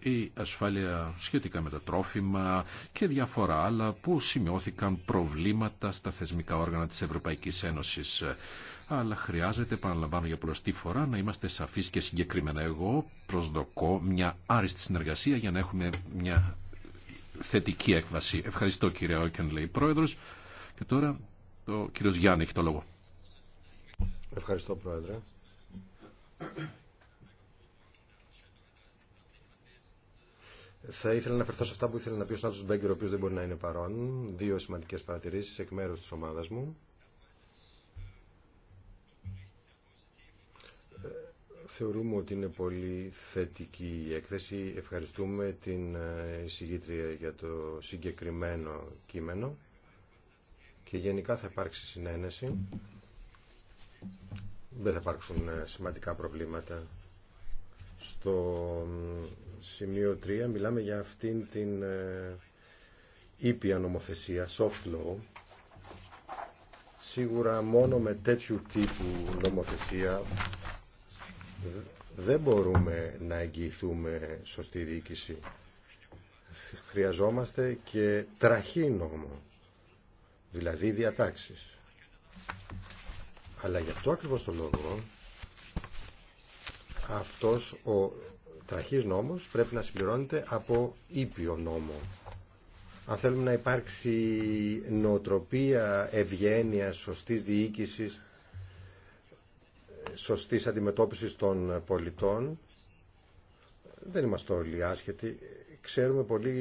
ε, η ασφάλεια σχετικά με τα τρόφιμα και διάφορα άλλα που σημειώθηκαν προβλήματα στα θεσμικά όργανα της Ευρωπαϊκής Ένωσης αλλά χρειάζεται, επαναλαμβάνω για προστή φορά, να είμαστε σαφείς και συγκεκριμένα. Εγώ προσδοκώ μια άριστη συνεργασία για να έχουμε μια θετική έκβαση. Ευχαριστώ κύριε Όκεν, λέει πρόεδρος. Και τώρα το κύριος Γιάννη έχει το λόγο. Ευχαριστώ πρόεδρε. Θα ήθελα να αναφερθώ σε αυτά που ήθελα να πει ο Σάντο Μπέγκερ, ο οποίο δεν μπορεί να είναι παρόν. Δύο σημαντικές παρατηρήσεις εκ μέρους της ομάδας μου. θεωρούμε ότι είναι πολύ θετική η έκθεση. Ευχαριστούμε την ε, εισηγήτρια για το συγκεκριμένο κείμενο και γενικά θα υπάρξει συνένεση. Δεν θα υπάρξουν ε, σημαντικά προβλήματα. Στο σημείο 3 μιλάμε για αυτήν την ε, ήπια νομοθεσία, soft law, σίγουρα μόνο με τέτοιου τύπου νομοθεσία δεν μπορούμε να εγγυηθούμε σωστή διοίκηση. Χρειαζόμαστε και τραχή νόμο, δηλαδή διατάξεις. Αλλά γι' αυτό ακριβώς το λόγο αυτός ο τραχής νόμος πρέπει να συμπληρώνεται από ήπιο νόμο. Αν θέλουμε να υπάρξει νοοτροπία ευγένεια, σωστής διοίκησης, σωστής αντιμετώπισης των πολιτών. Δεν είμαστε όλοι άσχετοι. Ξέρουμε πολύ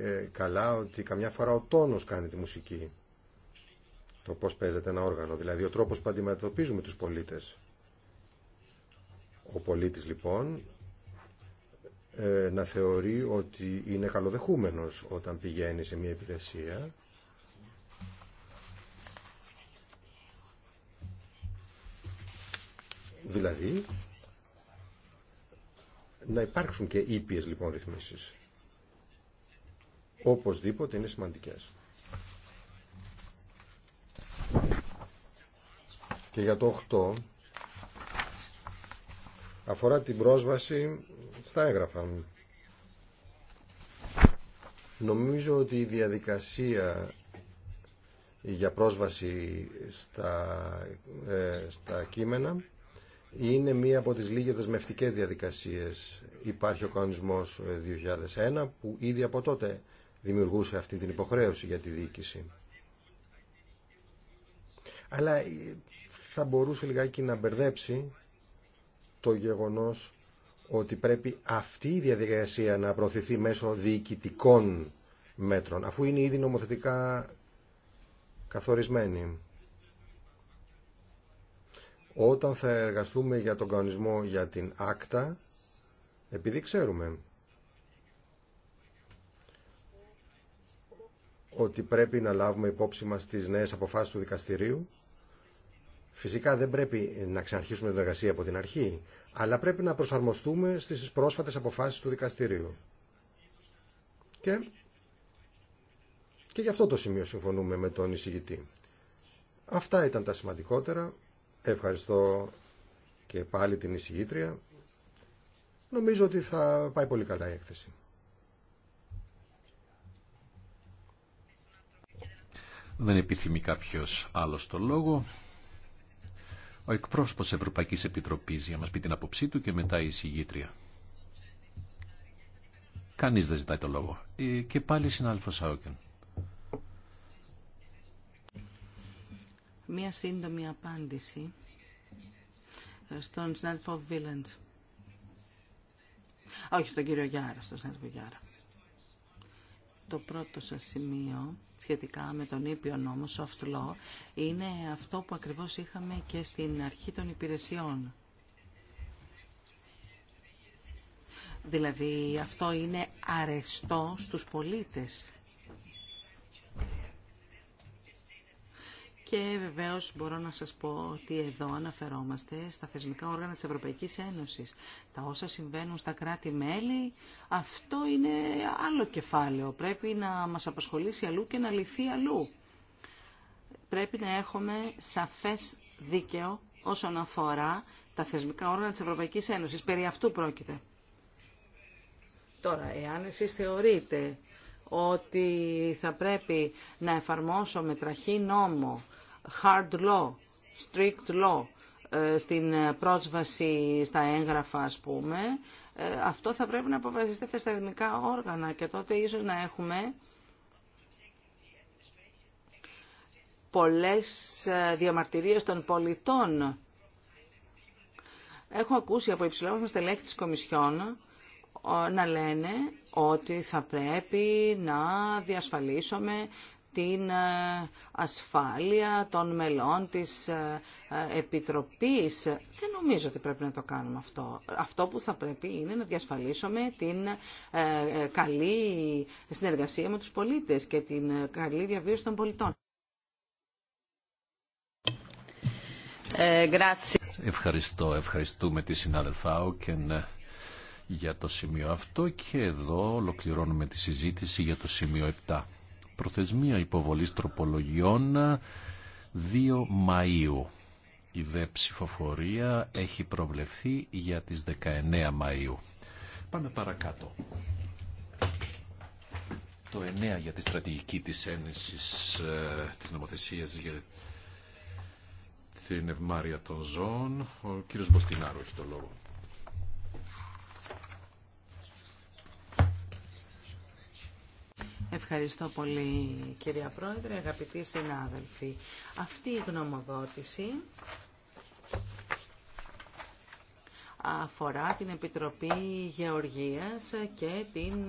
ε, καλά ότι καμιά φορά ο τόνος κάνει τη μουσική. Το πώς παίζεται ένα όργανο. Δηλαδή ο τρόπος που αντιμετωπίζουμε τους πολίτες. Ο πολίτης λοιπόν ε, να θεωρεί ότι είναι καλοδεχούμενος όταν πηγαίνει σε μια υπηρεσία Δηλαδή, να υπάρξουν και ήπιες λοιπόν ρυθμίσεις. Οπωσδήποτε είναι σημαντικές. Και για το 8 αφορά την πρόσβαση στα έγγραφα. Νομίζω ότι η διαδικασία για πρόσβαση στα, ε, στα κείμενα είναι μία από τις λίγες δεσμευτικές διαδικασίες. Υπάρχει ο κανονισμός 2001 ε, που ήδη από τότε δημιουργούσε αυτή την υποχρέωση για τη διοίκηση. Αλλά ε, θα μπορούσε λιγάκι να μπερδέψει το γεγονός ότι πρέπει αυτή η διαδικασία να προωθηθεί μέσω διοικητικών μέτρων, αφού είναι ήδη νομοθετικά καθορισμένη όταν θα εργαστούμε για τον κανονισμό για την άκτα, επειδή ξέρουμε ότι πρέπει να λάβουμε υπόψη μας τις νέες αποφάσεις του δικαστηρίου, Φυσικά δεν πρέπει να ξαναρχίσουμε την εργασία από την αρχή, αλλά πρέπει να προσαρμοστούμε στις πρόσφατες αποφάσεις του δικαστηρίου. Και, και γι' αυτό το σημείο συμφωνούμε με τον εισηγητή. Αυτά ήταν τα σημαντικότερα. Ευχαριστώ και πάλι την εισηγήτρια. Νομίζω ότι θα πάει πολύ καλά η έκθεση. Δεν επιθυμεί κάποιος άλλος το λόγο. Ο εκπρόσωπος Ευρωπαϊκής Επιτροπής για να μας πει την άποψή του και μετά η εισηγήτρια. Κανείς δεν ζητάει το λόγο. Ε, και πάλι συνάδελφος Σάουκεν. Μία σύντομη απάντηση στον συνάδελφο Βίλεντ. Όχι, στον κύριο Γιάρα, στον Γιάρα. Το πρώτο σας σημείο σχετικά με τον ήπιο νόμο, soft law, είναι αυτό που ακριβώς είχαμε και στην αρχή των υπηρεσιών. Δηλαδή αυτό είναι αρεστό στους πολίτες. Και βεβαίως μπορώ να σας πω ότι εδώ αναφερόμαστε στα θεσμικά όργανα της Ευρωπαϊκής Ένωσης. Τα όσα συμβαίνουν στα κράτη-μέλη, αυτό είναι άλλο κεφάλαιο. Πρέπει να μας απασχολήσει αλλού και να λυθεί αλλού. Πρέπει να έχουμε σαφές δίκαιο όσον αφορά τα θεσμικά όργανα της Ευρωπαϊκής Ένωσης. Περί αυτού πρόκειται. Τώρα, εάν εσείς θεωρείτε ότι θα πρέπει να εφαρμόσουμε με τραχή νόμο hard law, strict law, ε, στην ε, πρόσβαση στα έγγραφα ας πούμε, ε, αυτό θα πρέπει να αποφασιστεί στα δημικά όργανα και τότε ίσως να έχουμε πολλές διαμαρτυρίες των πολιτών. Έχω ακούσει από υψηλόβαθμα στελέχη της Κομισιόν να λένε ότι θα πρέπει να διασφαλίσουμε την ε, ασφάλεια των μελών της ε, ε, Επιτροπής. Δεν νομίζω ότι πρέπει να το κάνουμε αυτό. Αυτό που θα πρέπει είναι να διασφαλίσουμε την καλή συνεργασία με τους πολίτες και την καλή διαβίωση των πολιτών. Ευχαριστώ. Ευχαριστούμε τη συνάδελφά Όκεν για το σημείο αυτό και εδώ ολοκληρώνουμε τη συζήτηση για το σημείο 7. Προθεσμία υποβολής τροπολογιών 2 ε, Μαΐου. Η δε ψηφοφορία έχει προβλεφθεί για τις 19 Μαΐου. Πάμε παρακάτω. Το 9 για τη στρατηγική της ένεσης ε, της νομοθεσίας για την ευμάρεια των ζώων. Ο κύριος Μποστινάρου έχει το λόγο. Ευχαριστώ πολύ κυρία Πρόεδρε, αγαπητοί συνάδελφοι. Αυτή η γνωμοδότηση αφορά την Επιτροπή Γεωργίας και την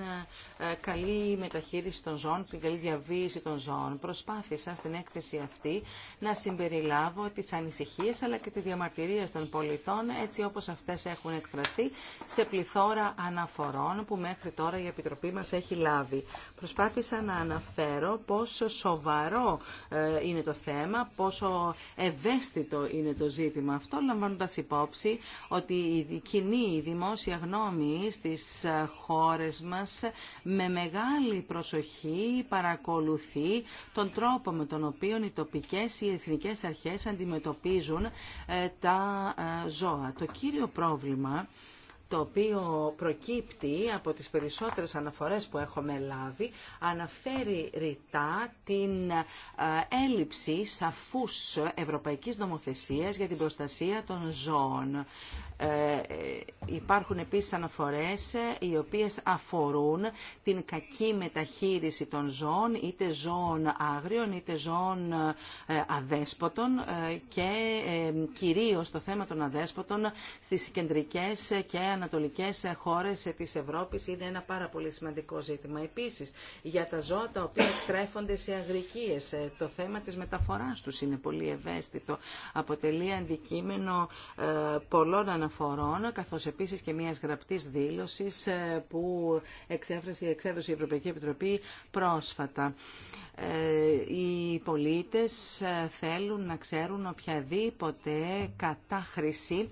ε, καλή μεταχείριση των ζώων, την καλή διαβίωση των ζώων. Προσπάθησα στην έκθεση αυτή να συμπεριλάβω τις ανησυχίες αλλά και τις διαμαρτυρίες των πολιτών έτσι όπως αυτές έχουν εκφραστεί σε πληθώρα αναφορών που μέχρι τώρα η Επιτροπή μας έχει λάβει. Προσπάθησα να αναφέρω πόσο σοβαρό ε, είναι το θέμα, πόσο ευαίσθητο είναι το ζήτημα αυτό, λαμβάνοντας υπόψη ότι η κοινή η δημόσια γνώμη στις ε, χώρες μας με μεγάλη προσοχή παρακολουθεί τον τρόπο με τον οποίο οι τοπικές ή οι εθνικές αρχές αντιμετωπίζουν ε, τα ζώα. Το κύριο πρόβλημα το οποίο προκύπτει από τις περισσότερες αναφορές που έχουμε λάβει, αναφέρει ρητά την ε, έλλειψη σαφούς ευρωπαϊκής νομοθεσίας για την προστασία των ζώων. Ε, ε, υπάρχουν επίσης αναφορές ε, οι οποίες αφορούν την κακή μεταχείριση των ζώων, είτε ζώων άγριων είτε ζώων αδέσποτων και κυρίως το θέμα των αδέσποτων στις κεντρικές και ανατολικές χώρες της Ευρώπης είναι ένα πάρα πολύ σημαντικό ζήτημα. Επίσης, για τα ζώα τα οποία τρέφονται σε αγρικίες, το θέμα της μεταφοράς τους είναι πολύ ευαίσθητο. Αποτελεί αντικείμενο πολλών αναφορών αναφορών, καθώς επίσης και μιας γραπτής δήλωσης ε, που εξέφρασε, εξέδωσε η Ευρωπαϊκή Επιτροπή πρόσφατα. Ε, οι πολίτες ε, θέλουν να ξέρουν οποιαδήποτε κατάχρηση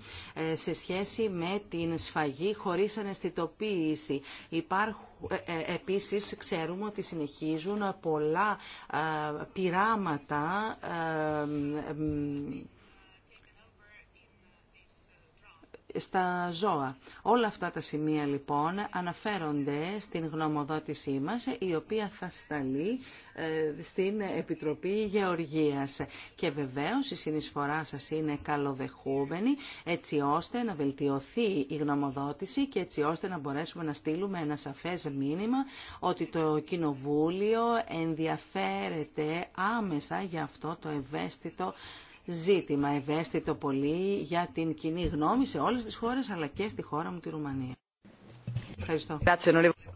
σε σχέση με την σφαγή χωρίς αναισθητοποίηση. Υπάρχουν Επίσης ξέρουμε ότι συνεχίζουν πολλά πειράματα στα ζώα. Όλα αυτά τα σημεία λοιπόν αναφέρονται στην γνωμοδότησή μας η οποία θα σταλεί ε, στην Επιτροπή Γεωργίας. Και βεβαίως η συνεισφορά σας είναι καλοδεχούμενη έτσι ώστε να βελτιωθεί η γνωμοδότηση και έτσι ώστε να μπορέσουμε να στείλουμε ένα σαφές μήνυμα ότι το Κοινοβούλιο ενδιαφέρεται άμεσα για αυτό το ευαίσθητο ζήτημα ευαίσθητο πολύ για την κοινή γνώμη σε όλες τις χώρες αλλά και στη χώρα μου τη Ρουμανία. Ευχαριστώ.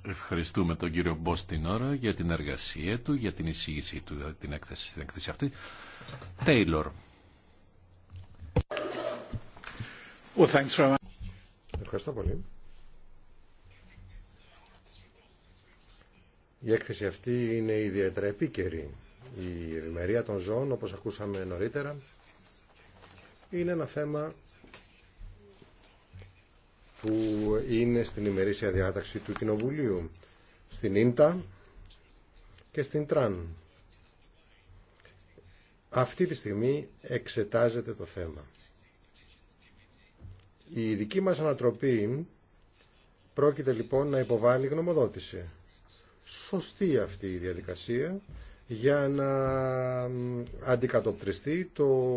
Ευχαριστούμε τον κύριο ώρα για την εργασία του, για την εισήγησή του, την έκθεση, την έκθεση αυτή. Τέιλορ. Ευχαριστώ πολύ. Η έκθεση αυτή είναι ιδιαίτερα επίκαιρη. Η ευημερία των ζώων, όπως ακούσαμε νωρίτερα, είναι ένα θέμα που είναι στην ημερήσια διάταξη του Κοινοβουλίου, στην Ίντα και στην Τραν. Αυτή τη στιγμή εξετάζεται το θέμα. Η δική μας ανατροπή πρόκειται λοιπόν να υποβάλει γνωμοδότηση. Σωστή αυτή η διαδικασία για να αντικατοπτριστεί το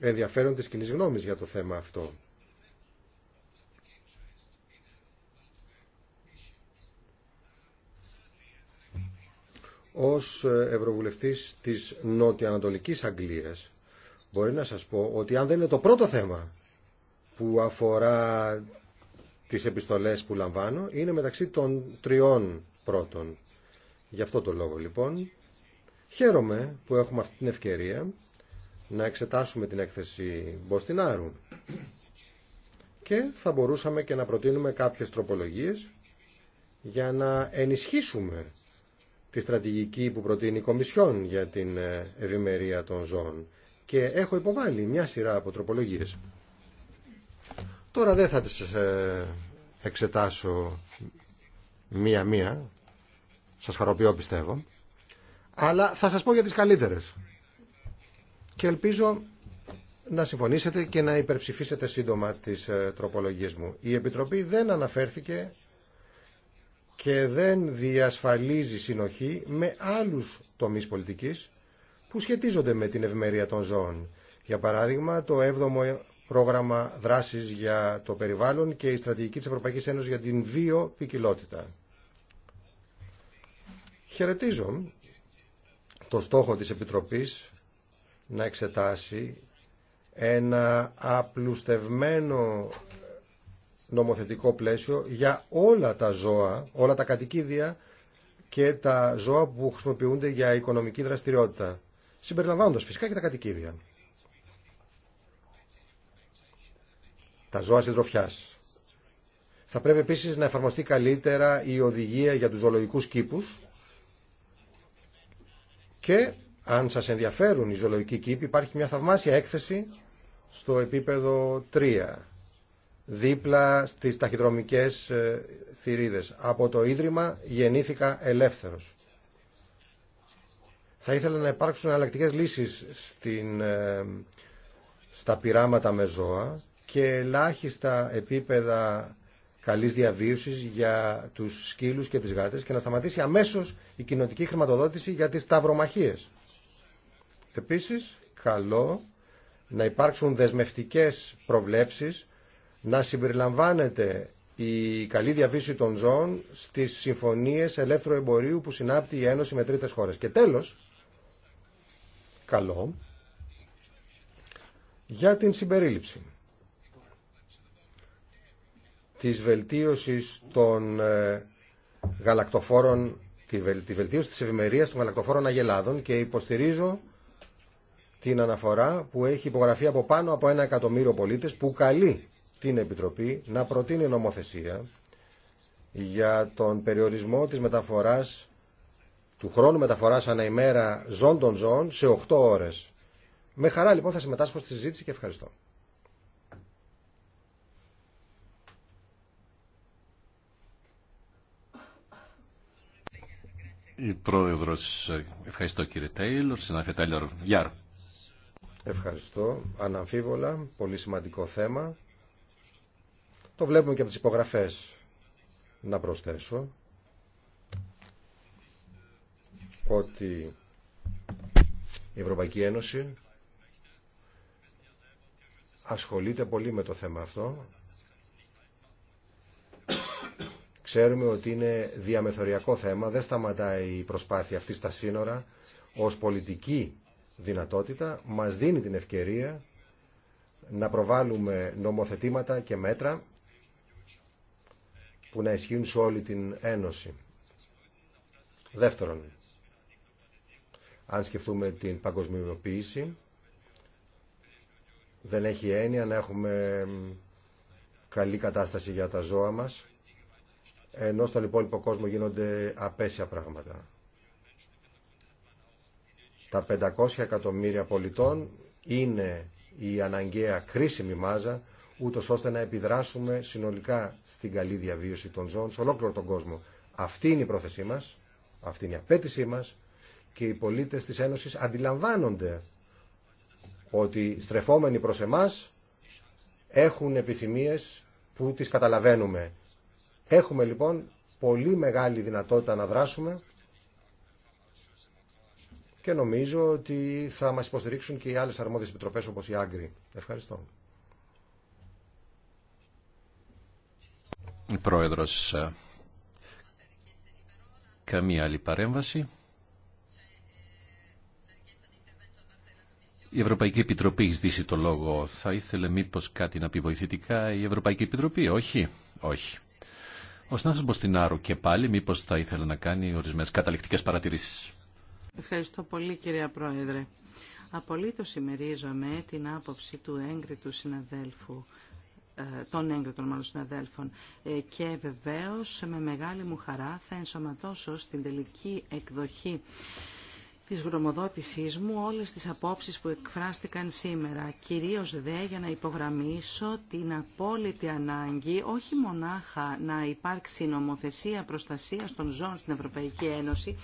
ενδιαφέρον της κοινή γνώμης για το θέμα αυτό. Ως Ευρωβουλευτής της Νότια-Ανατολικής Αγγλίας μπορεί να σας πω ότι αν δεν είναι το πρώτο θέμα που αφορά τις επιστολές που λαμβάνω είναι μεταξύ των τριών πρώτων. Γι' αυτό το λόγο λοιπόν Χαίρομαι που έχουμε αυτή την ευκαιρία να εξετάσουμε την έκθεση Μποστινάρου και θα μπορούσαμε και να προτείνουμε κάποιες τροπολογίες για να ενισχύσουμε τη στρατηγική που προτείνει η Κομισιόν για την ευημερία των ζώων και έχω υποβάλει μια σειρά από τροπολογίες. Τώρα δεν θα τις ε, εξετάσω μία-μία, σας χαροποιώ πιστεύω αλλά θα σας πω για τις καλύτερες. Και ελπίζω να συμφωνήσετε και να υπερψηφίσετε σύντομα τις ε, τροπολογίες μου. Η Επιτροπή δεν αναφέρθηκε και δεν διασφαλίζει συνοχή με άλλους τομείς πολιτικής που σχετίζονται με την ευημερία των ζώων. Για παράδειγμα, το 7ο πρόγραμμα δράσης για το περιβάλλον και η στρατηγική της Ευρωπαϊκής Ένωσης για την βιοπικιλότητα. Χαιρετίζω το στόχο της Επιτροπής να εξετάσει ένα απλουστευμένο νομοθετικό πλαίσιο για όλα τα ζώα, όλα τα κατοικίδια και τα ζώα που χρησιμοποιούνται για οικονομική δραστηριότητα. Συμπεριλαμβάνοντας φυσικά και τα κατοικίδια. Τα ζώα συντροφιάς. Θα πρέπει επίσης να εφαρμοστεί καλύτερα η οδηγία για τους ζωολογικούς κήπους και αν σας ενδιαφέρουν οι ζωολογικοί κήποι υπάρχει μια θαυμάσια έκθεση στο επίπεδο 3 δίπλα στις ταχυδρομικές ε, θηρίδες. Από το Ίδρυμα γεννήθηκα ελεύθερος. Θα ήθελα να υπάρξουν εναλλακτικέ λύσεις στην, ε, στα πειράματα με ζώα και ελάχιστα επίπεδα Καλή διαβίωση για τους σκύλου και τις γάτες και να σταματήσει αμέσως η κοινοτική χρηματοδότηση για τις ταυρομαχίε. Επίσης, καλό να υπάρξουν δεσμευτικές προβλέψεις, να συμπεριλαμβάνεται η καλή διαβίωση των ζώων στις συμφωνίες ελεύθερου εμπορίου που συνάπτει η Ένωση με τρίτες χώρε. Και τέλος, καλό, για την συμπερίληψη της βελτίωσης των ε, γαλακτοφόρων, τη, βελτίωση της ευημερία των γαλακτοφόρων αγελάδων και υποστηρίζω την αναφορά που έχει υπογραφεί από πάνω από ένα εκατομμύριο πολίτες που καλεί την Επιτροπή να προτείνει νομοθεσία για τον περιορισμό της μεταφοράς του χρόνου μεταφοράς ανά ημέρα ζών των ζώων σε 8 ώρες. Με χαρά λοιπόν θα συμμετάσχω στη συζήτηση και ευχαριστώ. Η πρόεδρος, ευχαριστώ κύριε Τέιλορ, συνάδελφε Τέιλορ, Γιάρ. Ευχαριστώ. Αναμφίβολα, πολύ σημαντικό θέμα. Το βλέπουμε και από τις υπογραφές. Να προσθέσω ότι η Ευρωπαϊκή Ένωση ασχολείται πολύ με το θέμα αυτό Ξέρουμε ότι είναι διαμεθοριακό θέμα, δεν σταματάει η προσπάθεια αυτή στα σύνορα. Ως πολιτική δυνατότητα μας δίνει την ευκαιρία να προβάλλουμε νομοθετήματα και μέτρα που να ισχύουν σε όλη την Ένωση. Δεύτερον, αν σκεφτούμε την παγκοσμιοποίηση, δεν έχει έννοια να έχουμε καλή κατάσταση για τα ζώα μας ενώ στον υπόλοιπο κόσμο γίνονται απέσια πράγματα. Τα 500 εκατομμύρια πολιτών είναι η αναγκαία κρίσιμη μάζα, ούτως ώστε να επιδράσουμε συνολικά στην καλή διαβίωση των ζώων σε ολόκληρο τον κόσμο. Αυτή είναι η πρόθεσή μας, αυτή είναι η απέτησή μας και οι πολίτες της Ένωσης αντιλαμβάνονται ότι στρεφόμενοι προς εμάς έχουν επιθυμίες που τις καταλαβαίνουμε Έχουμε λοιπόν πολύ μεγάλη δυνατότητα να δράσουμε και νομίζω ότι θα μας υποστηρίξουν και οι άλλες αρμόδιες επιτροπές όπως η Άγκρη. Ευχαριστώ. Η Πρόεδρος, ε, καμία άλλη παρέμβαση. Η Ευρωπαϊκή Επιτροπή έχει ζητήσει το λόγο. Θα ήθελε μήπως κάτι να πει βοηθητικά η Ευρωπαϊκή Επιτροπή, όχι. Όχι. Ο στην Μποστινάρου και πάλι μήπως θα ήθελε να κάνει ορισμένες καταληκτικές παρατηρήσεις. Ευχαριστώ πολύ κυρία Πρόεδρε. Απολύτως ημερίζομαι την άποψη του έγκριτου συναδέλφου ε, των έγκριτων μάλλον συναδέλφων ε, και βεβαίως με μεγάλη μου χαρά θα ενσωματώσω στην τελική εκδοχή της γνωμοδότησής μου όλες τις απόψεις που εκφράστηκαν σήμερα, κυρίως δε για να υπογραμμίσω την απόλυτη ανάγκη όχι μονάχα να υπάρξει νομοθεσία προστασίας των ζώων στην Ευρωπαϊκή Ένωση,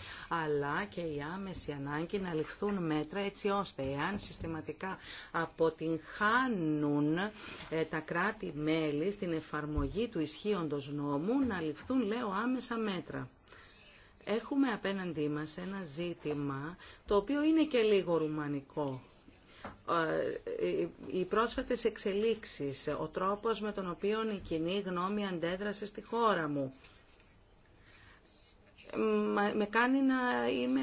αλλά και η άμεση ανάγκη να ληφθούν μέτρα έτσι ώστε εάν συστηματικά αποτυγχάνουν ε, τα κράτη-μέλη στην εφαρμογή του ισχύοντος νόμου να ληφθούν, λέω, άμεσα μέτρα έχουμε απέναντί μας ένα ζήτημα το οποίο είναι και λίγο ρουμανικό. Ε, οι πρόσφατες εξελίξεις, ο τρόπος με τον οποίο η κοινή γνώμη αντέδρασε στη χώρα μου με κάνει να είμαι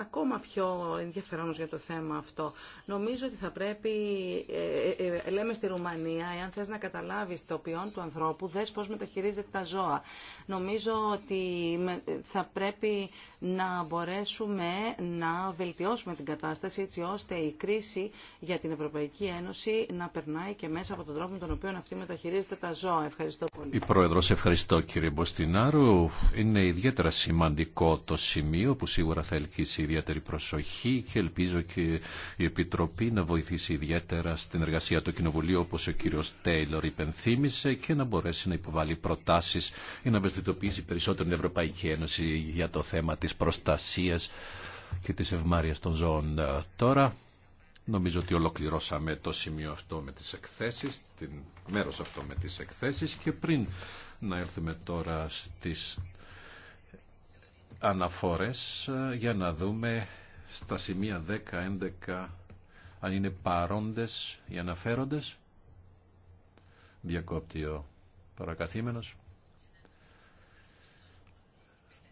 ακόμα πιο ενδιαφερόμενος για το θέμα αυτό. Νομίζω ότι θα πρέπει, ε, ε, ε, λέμε στη Ρουμανία, εάν θες να καταλάβεις το ποιόν του ανθρώπου, δες πώς μεταχειρίζεται τα ζώα. Νομίζω ότι θα πρέπει να μπορέσουμε να βελτιώσουμε την κατάσταση έτσι ώστε η κρίση για την Ευρωπαϊκή Ένωση να περνάει και μέσα από τον τρόπο με τον οποίο αυτή μεταχειρίζεται τα ζώα. Ευχαριστώ πολύ. Η Πρόεδρος, ευχαριστώ κύριε Μποστινάρου. Είναι ιδιαίτερα σημαντικό το σημείο που σίγουρα θα ελκύσει ιδιαίτερη προσοχή και ελπίζω και η Επιτροπή να βοηθήσει ιδιαίτερα στην εργασία του Κοινοβουλίου όπως ο κύριος Τέιλορ υπενθύμησε και να μπορέσει να υποβάλει προτάσεις ή να ευαισθητοποιήσει περισσότερο την Ευρωπαϊκή Ένωση για το θέμα της προστασίας και της ευμάρειας των ζώων τώρα. Νομίζω ότι ολοκληρώσαμε το σημείο αυτό με τις εκθέσεις, την μέρος αυτό με τις εκθέσεις και πριν να έρθουμε τώρα στις αναφορές ε, για να δούμε στα σημεία 10, 11 αν είναι παρόντες οι αναφέροντες. Διακόπτει ο παρακαθήμενος.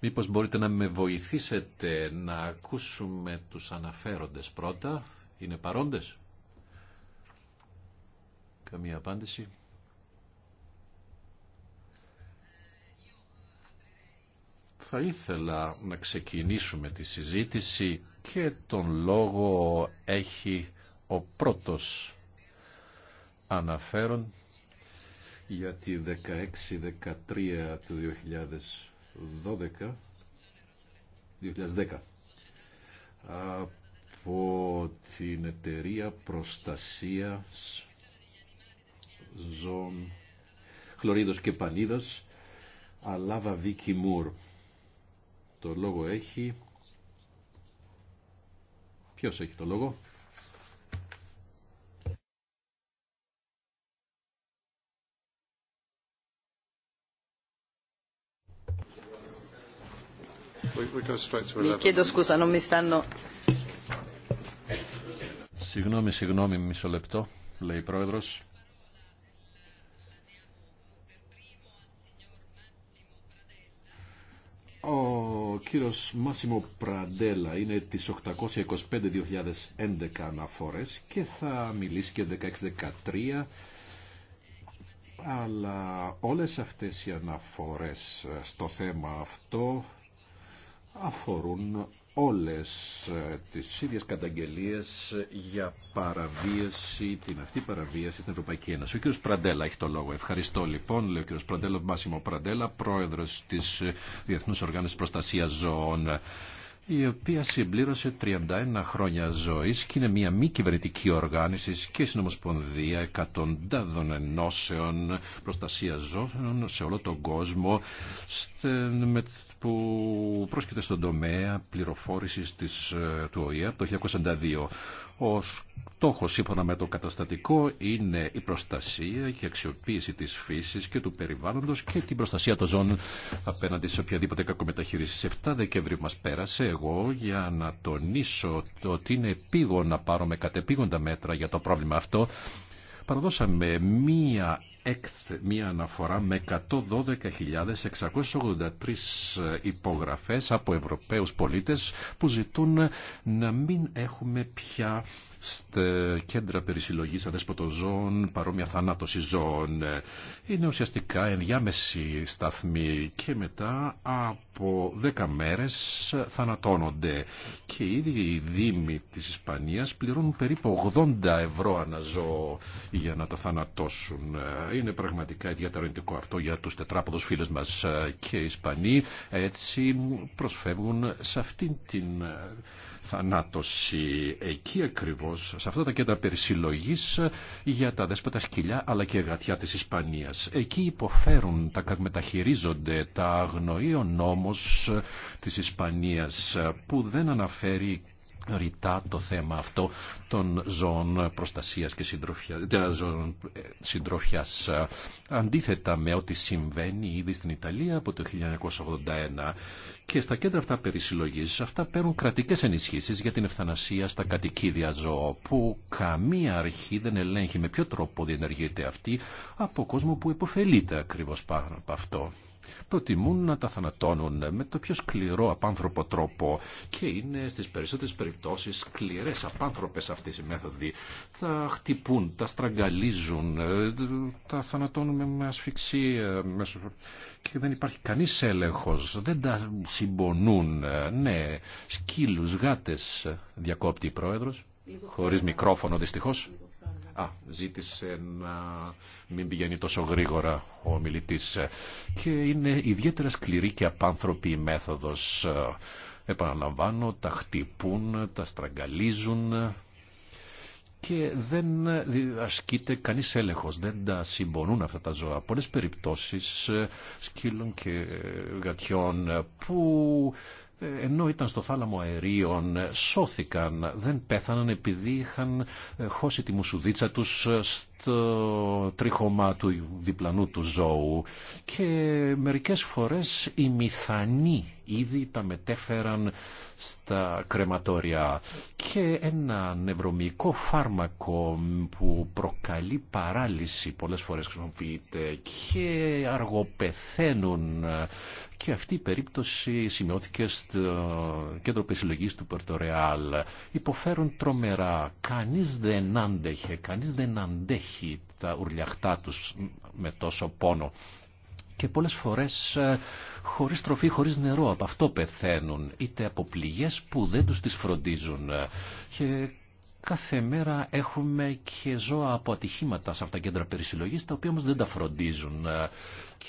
Μήπως μπορείτε να με βοηθήσετε να ακούσουμε τους αναφέροντες πρώτα. Είναι παρόντες. Καμία απάντηση. Θα ήθελα να ξεκινήσουμε τη συζήτηση και τον λόγο έχει ο πρώτος αναφέρον για τη 16-13 του 2012 2010 από την εταιρεία προστασίας ζών, χλωρίδος και πανίδας Αλάβα Βίκη Μουρ το λόγο έχει... Ποιος έχει το λόγο? Συγγνώμη, συγγνώμη, μισό λεπτό, λέει η Πρόεδρος. Ο κύριος Μάσιμο Πραντέλα είναι τις 825-2011 αναφορές και θα μιλήσει και 16-13 αλλά όλες αυτές οι αναφορές στο θέμα αυτό αφορούν όλες ε, τις ίδιες καταγγελίες για παραβίαση, την αυτή παραβίαση στην Ευρωπαϊκή Ένωση. Ο κ. Πραντέλα έχει το λόγο. Ευχαριστώ λοιπόν, λέει ο κ. Πραντέλα, Μάσιμο Πραντέλα, πρόεδρος της ε, Διεθνούς Οργάνωσης Προστασίας Ζωών η οποία συμπλήρωσε 31 χρόνια ζωής και είναι μια μη κυβερνητική οργάνωση και συνομοσπονδία εκατοντάδων ενώσεων προστασία ζώων σε όλο τον κόσμο που πρόσκειται στον τομέα πληροφόρησης της, ε, του ΟΗΑ από το 1992. Ο στόχος σύμφωνα με το καταστατικό είναι η προστασία και η αξιοποίηση της φύσης και του περιβάλλοντος και την προστασία των ζώνων απέναντι σε οποιαδήποτε κακομεταχείριση. Σε 7 Δεκεμβρίου μας πέρασε εγώ για να τονίσω το ότι είναι επίγον να πάρουμε κατεπίγοντα μέτρα για το πρόβλημα αυτό παραδώσαμε μία έκθε, μία αναφορά με 112.683 υπογραφές από Ευρωπαίους πολίτες που ζητούν να μην έχουμε πια στα κέντρα περισυλλογής ζώων, παρόμοια θανάτωση ζώων. Είναι ουσιαστικά ενδιάμεση σταθμή και μετά από δέκα μέρες θανατώνονται. Και ήδη οι δήμοι της Ισπανίας πληρώνουν περίπου 80 ευρώ ανά για να τα θανατώσουν. Είναι πραγματικά ιδιαίτερα αυτό για τους τετράποδους φίλους μας και οι Ισπανοί. Έτσι προσφεύγουν σε αυτήν την θανάτωση. Εκεί ακριβώς, σε αυτά τα κέντρα περισυλλογής για τα δέσποτα σκυλιά αλλά και εργατιά της Ισπανίας. Εκεί υποφέρουν, τα μεταχειρίζονται, τα αγνοεί ο νόμος της Ισπανίας που δεν αναφέρει ρητά το θέμα αυτό των ζώων προστασίας και ε, ε, συντροφιάς αντίθετα με ό,τι συμβαίνει ήδη στην Ιταλία από το 1981 και στα κέντρα αυτά περισυλλογής αυτά παίρνουν κρατικές ενισχύσεις για την ευθανασία στα κατοικίδια ζώα που καμία αρχή δεν ελέγχει με ποιο τρόπο διενεργείται αυτή από κόσμο που υποφελείται ακριβώς πάνω από αυτό προτιμούν να τα θανατώνουν με το πιο σκληρό απάνθρωπο τρόπο και είναι στις περισσότερες περιπτώσεις σκληρές απάνθρωπες αυτές οι μέθοδοι. Τα χτυπούν, τα στραγγαλίζουν, ε, τα θανατώνουν με ασφυξία ε, και δεν υπάρχει κανείς έλεγχος, δεν τα συμπονούν, ε, ναι, σκύλους, γάτες, διακόπτει η πρόεδρος, χωρίς μικρόφωνο δυστυχώς. Α, ζήτησε να μην πηγαίνει τόσο γρήγορα ο μιλητής. Και είναι ιδιαίτερα σκληρή και απάνθρωπη η μέθοδος. Επαναλαμβάνω, τα χτυπούν, τα στραγγαλίζουν και δεν ασκείται κανείς έλεγχος, δεν τα συμπονούν αυτά τα ζώα. Πολλές περιπτώσεις σκύλων και γατιών που ενώ ήταν στο θάλαμο αερίων σώθηκαν, δεν πέθαναν επειδή είχαν ε, χώσει τη μουσουδίτσα τους ε, στο τρίχωμα του διπλανού του ζώου και μερικές φορές οι μηθανοί ήδη τα μετέφεραν στα κρεματόρια. Και ένα νευρομικό φάρμακο που προκαλεί παράλυση πολλές φορές χρησιμοποιείται και αργοπεθαίνουν και αυτή η περίπτωση σημειώθηκε στο κέντρο πεσυλλογής του Περτορεάλ. Υποφέρουν τρομερά. Κανείς δεν άντεχε, κανείς δεν αντέχει τα ουρλιαχτά τους με τόσο πόνο και πολλές φορές ε, χωρίς τροφή, χωρίς νερό. Από αυτό πεθαίνουν, είτε από πληγές που δεν τους τις φροντίζουν. Ε, και κάθε μέρα έχουμε και ζώα από ατυχήματα σε αυτά τα κέντρα περισυλλογής, τα οποία όμως δεν τα φροντίζουν. Ε,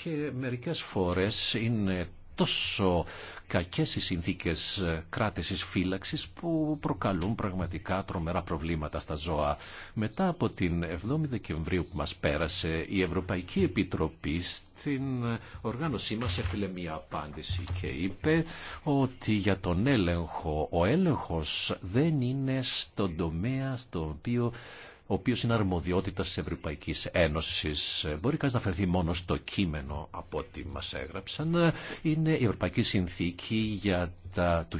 και μερικές φορές είναι τόσο κακές οι συνθήκες ε, κράτησης φύλαξης που προκαλούν πραγματικά τρομερά προβλήματα στα ζώα. Μετά από την 7η Δεκεμβρίου που μας πέρασε, η Ευρωπαϊκή Επιτροπή στην ε, οργάνωσή μας έστειλε μία απάντηση και είπε ότι για τον έλεγχο, ο έλεγχος δεν είναι στον τομέα στο οποίο ο οποίος είναι αρμοδιότητας της Ευρωπαϊκής Ένωσης. Μπορεί κανείς να αφαιρθεί μόνο στο κείμενο από ό,τι μας έγραψαν. Είναι η Ευρωπαϊκή Συνθήκη για τα, του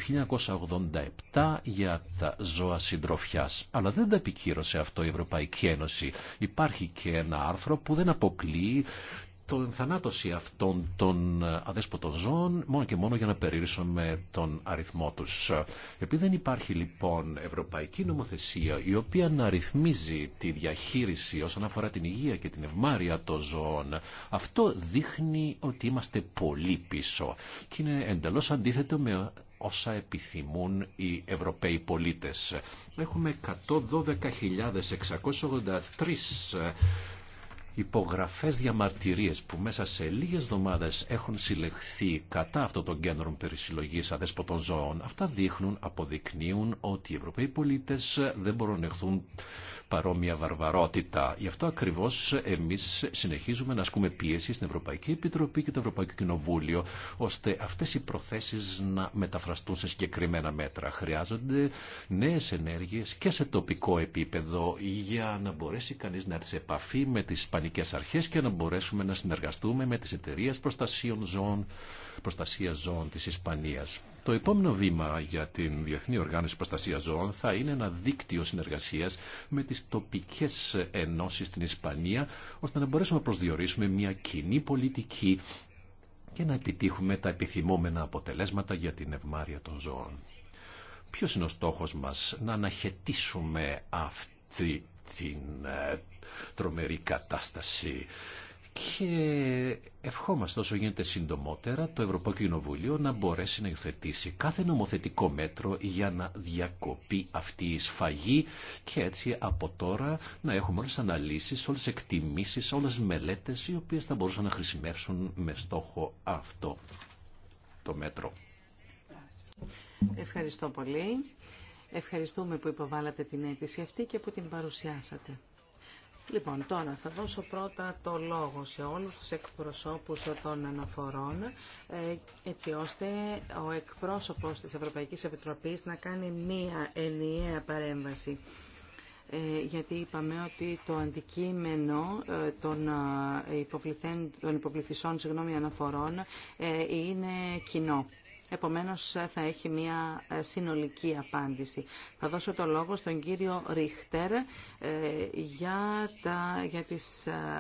1987 για τα ζώα συντροφιάς. Αλλά δεν τα επικύρωσε αυτό η Ευρωπαϊκή Ένωση. Υπάρχει και ένα άρθρο που δεν αποκλείει το ενθανάτωση αυτών των ε, αδέσποτων ζώων μόνο και μόνο για να περιρίσουμε τον αριθμό τους. Επειδή δεν υπάρχει λοιπόν ευρωπαϊκή νομοθεσία η οποία να ρυθμίζει τη διαχείριση όσον αφορά την υγεία και την ευμάρεια των ζώων, αυτό δείχνει ότι είμαστε πολύ πίσω και είναι εντελώς αντίθετο με όσα επιθυμούν οι Ευρωπαίοι πολίτες. Έχουμε 112.683 υπογραφές διαμαρτυρίες που μέσα σε λίγες εβδομάδες έχουν συλλεχθεί κατά αυτό των κέντρων περισυλλογής αδέσποτων ζώων, αυτά δείχνουν, αποδεικνύουν ότι οι Ευρωπαίοι πολίτες δεν μπορούν να εχθούν παρόμοια βαρβαρότητα. Γι' αυτό ακριβώς εμείς συνεχίζουμε να ασκούμε πίεση στην Ευρωπαϊκή Επιτροπή και το Ευρωπαϊκό Κοινοβούλιο, ώστε αυτές οι προθέσεις να μεταφραστούν σε συγκεκριμένα μέτρα. Χρειάζονται νέες ενέργειες και σε τοπικό επίπεδο για να μπορέσει κανείς να έρθει σε επαφή με τις Αρχές και να μπορέσουμε να συνεργαστούμε με τις εταιρείες προστασίων ζώων, προστασία ζώων της Ισπανίας. Το επόμενο βήμα για την Διεθνή Οργάνωση Προστασία Ζώων θα είναι ένα δίκτυο συνεργασία με τι τοπικέ ενώσει στην Ισπανία, ώστε να μπορέσουμε να προσδιορίσουμε μια κοινή πολιτική και να επιτύχουμε τα επιθυμόμενα αποτελέσματα για την ευμάρεια των ζώων. Ποιος είναι ο στόχος μας να αναχαιτήσουμε αυτή την ε, τρομερή κατάσταση και ευχόμαστε όσο γίνεται συντομότερα το Ευρωπαϊκό Κοινοβούλιο να μπορέσει να υιοθετήσει κάθε νομοθετικό μέτρο για να διακοπεί αυτή η σφαγή και έτσι από τώρα να έχουμε όλες τις αναλύσεις, όλες τις εκτιμήσεις, όλες τις μελέτες οι οποίες θα μπορούσαν να χρησιμεύσουν με στόχο αυτό το μέτρο. Ευχαριστώ πολύ. Ευχαριστούμε που υποβάλατε την αίτηση αυτή και που την παρουσιάσατε. Λοιπόν, τώρα θα δώσω πρώτα το λόγο σε όλους τους εκπροσώπους των αναφορών, ε, έτσι ώστε ο εκπρόσωπος της Ευρωπαϊκής Επιτροπής να κάνει μία ενιαία παρέμβαση. Ε, γιατί είπαμε ότι το αντικείμενο ε, των, των συγγνώμη, αναφορών είναι κοινό επομένως θα έχει μια συνολική απάντηση. Θα δώσω το λόγο στον κύριο Ρίχτερ για, τα, για τις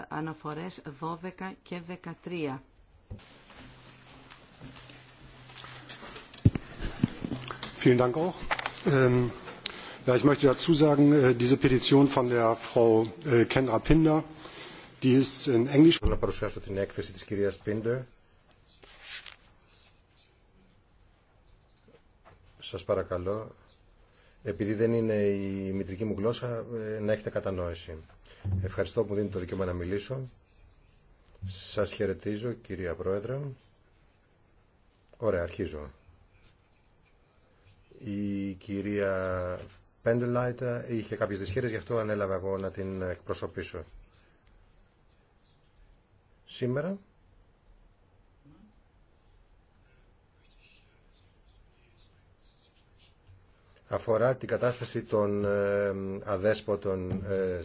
αναφορές 12 και 13. Vielen Dank auch. Ähm, ja, ich möchte dazu sagen, äh, diese Petition von der Frau äh, Kendra Pinder, die ist in Englisch. Ich möchte την έκθεση Frau Kendra Pinder, die ist in Englisch. σας παρακαλώ, επειδή δεν είναι η μητρική μου γλώσσα, ε, να έχετε κατανόηση. Ευχαριστώ που μου δίνετε το δικαίωμα να μιλήσω. Σας χαιρετίζω, κυρία Πρόεδρε. Ωραία, αρχίζω. Η κυρία Πέντελάιτα είχε κάποιες δυσχέρειες, γι' αυτό ανέλαβα εγώ να την εκπροσωπήσω. Σήμερα αφορά την κατάσταση των ε, αδέσποτων ε, ε,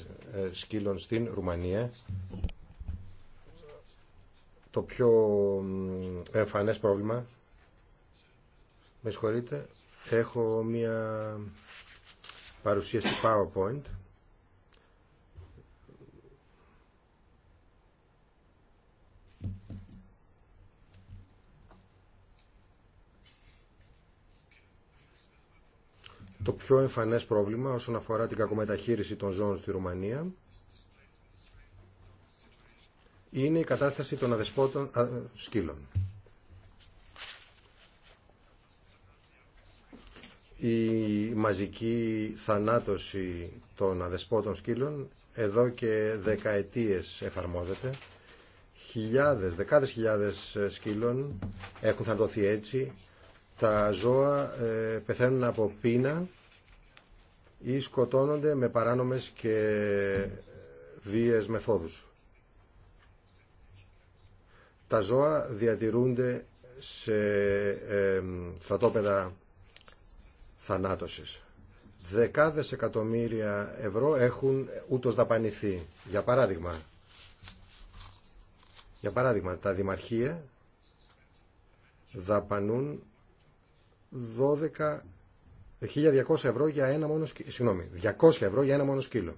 σκύλων στην Ρουμανία. Το πιο εμφανές πρόβλημα, με συγχωρείτε, έχω μία παρουσίαση PowerPoint. το πιο εμφανές πρόβλημα όσον αφορά την κακομεταχείριση των ζώων στη Ρουμανία είναι η κατάσταση των αδεσπότων σκύλων. Η μαζική θανάτωση των αδεσπότων σκύλων εδώ και δεκαετίες εφαρμόζεται. Χιλιάδες, δεκάδες χιλιάδες ε, σκύλων έχουν θανατωθεί έτσι. Τα ζώα ε, πεθαίνουν από πείνα ή σκοτώνονται με παράνομες και ε, βίες μεθόδους. Τα ζώα διατηρούνται σε ε, στρατόπεδα θανάτωσης. Δεκάδες εκατομμύρια ευρώ έχουν ούτως δαπανηθεί. Για παράδειγμα, για παράδειγμα τα δημαρχία δαπανούν 12 1.200 ευρώ για ένα μόνο σκύλο. Συγγνώμη, 200 ευρώ για ένα μόνο σκύλο.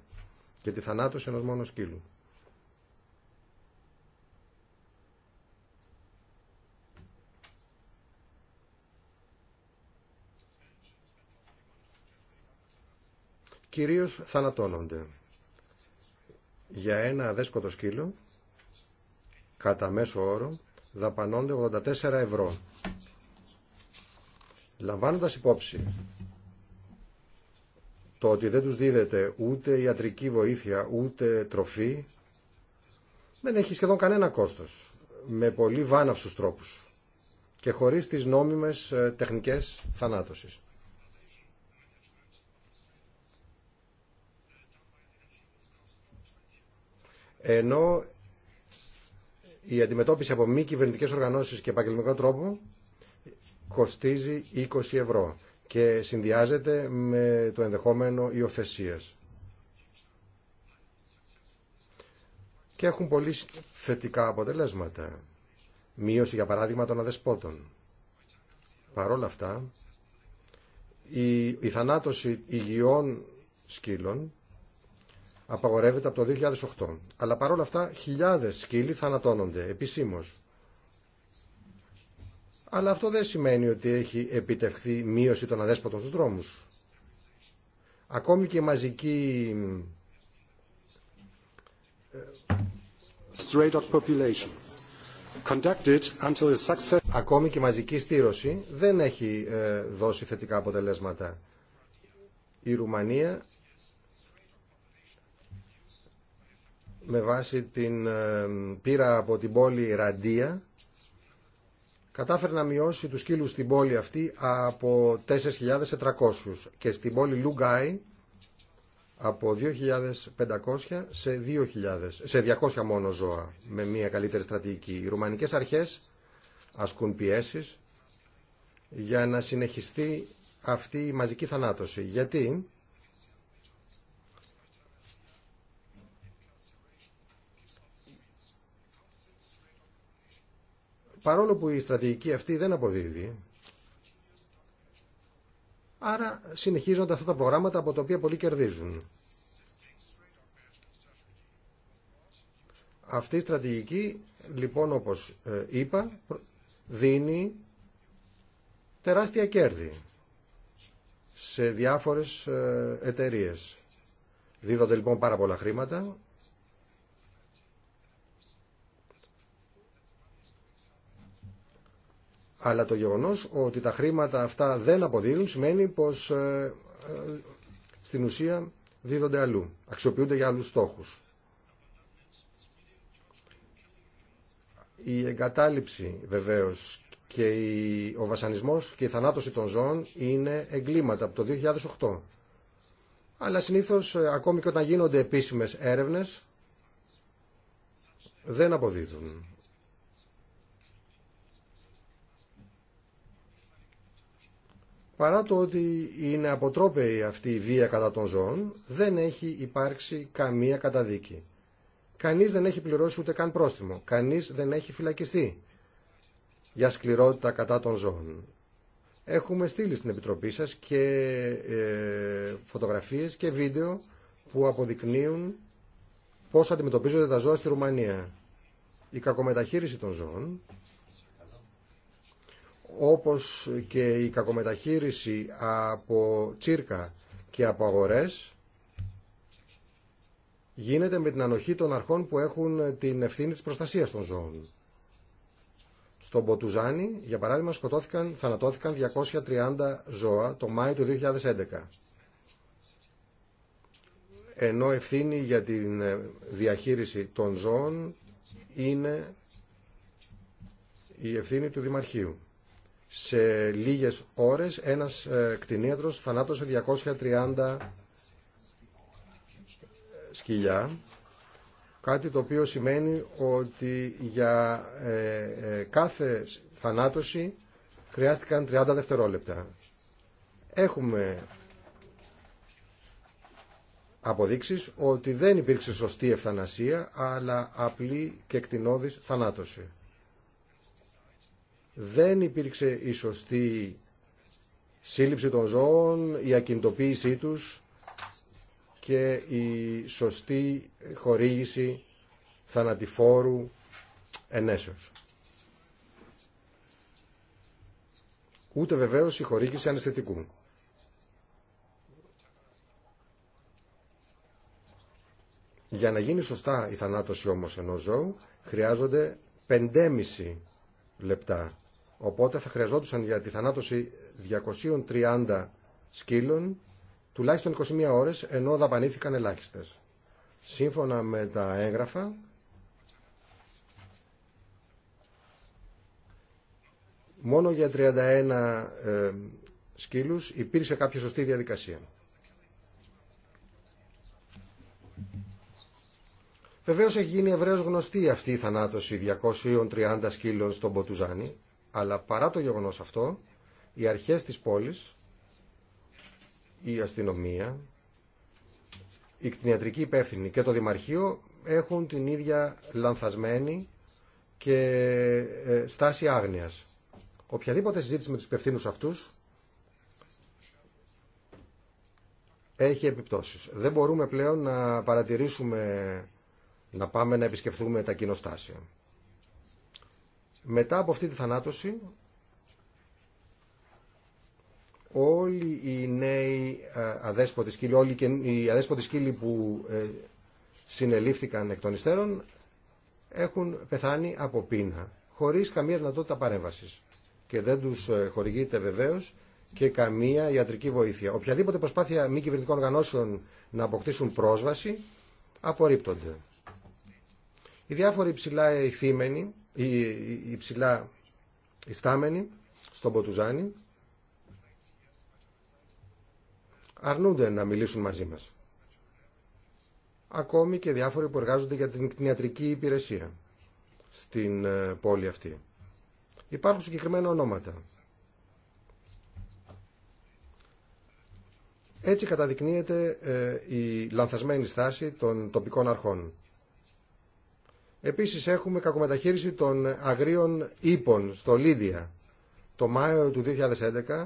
Και τη θανάτωση ενός μόνο σκύλου. Κυρίως θανατώνονται για ένα αδέσκοτο σκύλο κατά μέσο όρο δαπανώνται 84 ευρώ. Λαμβάνοντας υπόψη το ότι δεν τους δίδεται ούτε ιατρική βοήθεια, ούτε τροφή, δεν έχει σχεδόν κανένα κόστος, με πολύ βάναυσους τρόπους και χωρίς τις νόμιμες ε, τεχνικές θανάτωσης. Ενώ η αντιμετώπιση από μη κυβερνητικέ οργανώσεις και επαγγελματικό τρόπο κοστίζει 20 ευρώ και συνδυάζεται με το ενδεχόμενο υιοθεσία. Και έχουν πολύ θετικά αποτελέσματα. Μείωση, για παράδειγμα, των αδεσπότων. Παρ' όλα αυτά, η, θανάτωση υγιών σκύλων απαγορεύεται από το 2008. Αλλά παρόλα αυτά χιλιάδες σκύλοι θανατώνονται επισήμως. Αλλά αυτό δεν σημαίνει ότι έχει επιτευχθεί μείωση των αδέσποτων στους δρόμους. Ακόμη και μαζική... Ε, Straight population. Conducted until success... Ακόμη και η μαζική στήρωση δεν έχει ε, δώσει θετικά αποτελέσματα. Η Ρουμανία με βάση την ε, πείρα από την πόλη Ραντία κατάφερε να μειώσει τους σκύλους στην πόλη αυτή από 4.400 και στην πόλη Λουγκάι από 2.500 σε, 2.000, σε 200 μόνο ζώα με μια καλύτερη στρατηγική. Οι ρουμανικές αρχές ασκούν πιέσεις για να συνεχιστεί αυτή η μαζική θανάτωση. Γιατί παρόλο που η στρατηγική αυτή δεν αποδίδει, άρα συνεχίζονται αυτά τα προγράμματα από τα οποία πολλοί κερδίζουν. Αυτή η στρατηγική, λοιπόν, όπως ε, είπα, δίνει τεράστια κέρδη σε διάφορες ε, εταιρείες. Δίδονται λοιπόν πάρα πολλά χρήματα Αλλά το γεγονός ότι τα χρήματα αυτά δεν αποδίδουν σημαίνει πως ε, ε, στην ουσία δίδονται αλλού, αξιοποιούνται για άλλους στόχους. Η εγκατάλειψη βεβαίως και ο βασανισμός και η θανάτωση των ζώων είναι εγκλήματα από το 2008. Αλλά συνήθως ε, ακόμη και όταν γίνονται επίσημες έρευνες δεν αποδίδουν. Παρά το ότι είναι αποτρόπαιη αυτή η βία κατά των ζώων, δεν έχει υπάρξει καμία καταδίκη. Κανείς δεν έχει πληρώσει ούτε καν πρόστιμο. Κανείς δεν έχει φυλακιστεί για σκληρότητα κατά των ζώων. Έχουμε στείλει στην Επιτροπή σας και ε, φωτογραφίες και βίντεο που αποδεικνύουν πώς αντιμετωπίζονται τα ζώα στη Ρουμανία. Η κακομεταχείριση των ζώων όπως και η κακομεταχείριση από τσίρκα και από αγορές γίνεται με την ανοχή των αρχών που έχουν την ευθύνη της προστασίας των ζώων. Στον Ποτουζάνη, για παράδειγμα, σκοτώθηκαν, θανατώθηκαν 230 ζώα το Μάιο του 2011. Ενώ ευθύνη για την ε, διαχείριση των ζώων είναι η ευθύνη του Δημαρχείου σε λίγες ώρες ένας ε, κτηνίατρος θανάτωσε 230 ε, σκυλιά κάτι το οποίο σημαίνει ότι για ε, κάθε θανάτωση χρειάστηκαν 30 δευτερόλεπτα. Έχουμε αποδείξεις ότι δεν υπήρξε σωστή ευθανασία αλλά απλή και κτηνώδης θανάτωση δεν υπήρξε η σωστή σύλληψη των ζώων, η ακινητοποίησή τους και η σωστή χορήγηση θανατηφόρου ενέσεως. Ούτε βεβαίως η χορήγηση αναισθητικού. Για να γίνει σωστά η θανάτωση όμως ενός ζώου χρειάζονται 5,5 λεπτά Οπότε θα χρειαζόντουσαν για τη θανάτωση 230 σκύλων τουλάχιστον 21 ώρες, ενώ δαπανήθηκαν ελάχιστες. Σύμφωνα με τα έγγραφα, μόνο για 31 ε, σκύλους υπήρξε κάποια σωστή διαδικασία. Βεβαίως έχει γίνει ευρέως γνωστή αυτή η θανάτωση 230 σκύλων στον Ποτουζάνη, αλλά παρά το γεγονός αυτό, οι αρχές της πόλης, η αστυνομία, η κτηνιατρική υπεύθυνη και το Δημαρχείο έχουν την ίδια λανθασμένη και ε, στάση άγνοιας. Οποιαδήποτε συζήτηση με τους υπευθύνους αυτούς έχει επιπτώσεις. Δεν μπορούμε πλέον να παρατηρήσουμε, να πάμε να επισκεφθούμε τα κοινοστάσια. Μετά από αυτή τη θανάτωση, όλοι οι νέοι ε, αδέσποτοι σκύλοι, όλοι οι αδέσποτοι σκύλοι που ε, συνελήφθηκαν εκ των υστέρων, έχουν πεθάνει από πείνα, χωρίς καμία δυνατότητα παρέμβασης. Και δεν τους ε, χορηγείται βεβαίως και καμία ιατρική βοήθεια. Οποιαδήποτε προσπάθεια μη κυβερνητικών οργανώσεων να αποκτήσουν πρόσβαση απορρίπτονται. Οι διάφοροι ψηλά ηθήμενοι ή ψηλά ιστάμενοι στον Ποτουζάνη αρνούνται να μιλήσουν μαζί μας. Ακόμη και διάφοροι που εργάζονται για την κτηνιατρική υπηρεσία στην ε, πόλη αυτή. Υπάρχουν συγκεκριμένα ονόματα. Έτσι καταδεικνύεται ε, η λανθασμένη στάση των τοπικών αρχών. Επίσης έχουμε κακομεταχείριση των αγρίων ύπων στο Λίδια. Το Μάιο του 2011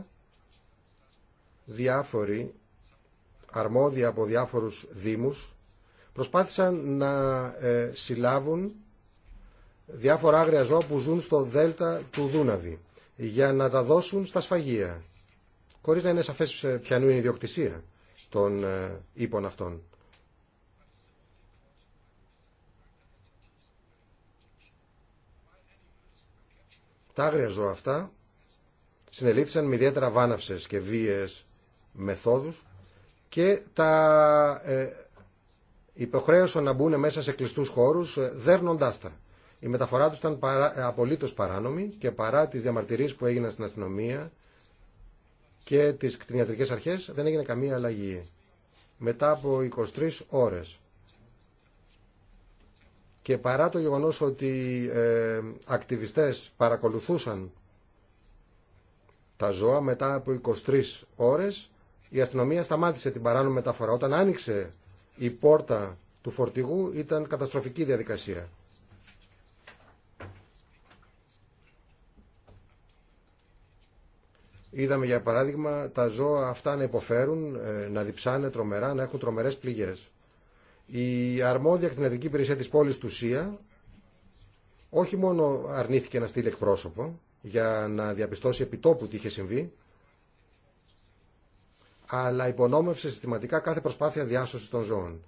διάφοροι αρμόδια από διάφορους δήμους προσπάθησαν να ε, συλλάβουν διάφορα άγρια ζώα που ζουν στο δέλτα του Δούναβη για να τα δώσουν στα σφαγεία χωρίς να είναι σαφές ε, ποιανού είναι η διοκτησία των ε, ύπων αυτών. Τα άγρια ζώα αυτά συνελήφθησαν με ιδιαίτερα βάναυσες και βίες μεθόδους και τα ε, υποχρέωσαν να μπουν μέσα σε κλειστούς χώρους ε, δέρνοντάς τα. Η μεταφορά τους ήταν παρά, ε, απολύτως παράνομη και παρά τις διαμαρτυρίες που έγιναν στην αστυνομία και τις κτηνιατρικές αρχές δεν έγινε καμία αλλαγή. Μετά από 23 ώρες και παρά το γεγονός ότι ε, ακτιβιστές παρακολουθούσαν τα ζώα μετά από 23 ώρες η αστυνομία σταμάτησε την παράνομη μεταφορά. Όταν άνοιξε η πόρτα του φορτηγού ήταν καταστροφική διαδικασία. Είδαμε για παράδειγμα τα ζώα αυτά να υποφέρουν, ε, να διψάνε τρομερά, να έχουν τρομερές πληγές. Η αρμόδια κτηνατική υπηρεσία της πόλης του ΣΥΑ όχι μόνο αρνήθηκε να στείλει εκπρόσωπο για να διαπιστώσει επιτόπου τι είχε συμβεί, αλλά υπονόμευσε συστηματικά κάθε προσπάθεια διάσωσης των ζώων.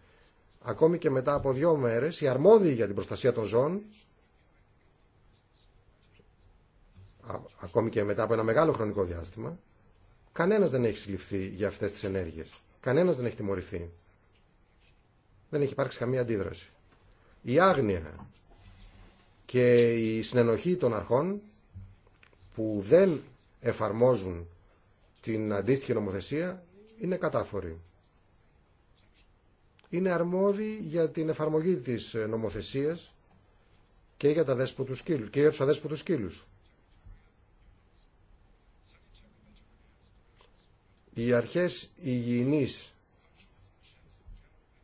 Ακόμη και μετά από δύο μέρες, οι αρμόδιοι για την προστασία των ζώων, ακόμη και μετά από ένα μεγάλο χρονικό διάστημα, κανένας δεν έχει συλληφθεί για αυτές τις ενέργειες. Κανένας δεν έχει τιμωρηθεί δεν έχει υπάρξει καμία αντίδραση. Η άγνοια και η συνενοχή των αρχών που δεν εφαρμόζουν την αντίστοιχη νομοθεσία είναι κατάφορη. Είναι αρμόδιοι για την εφαρμογή της νομοθεσίας και για, τα του σκύλους, και για τους αδέσποτους σκύλους. Οι αρχές υγιεινής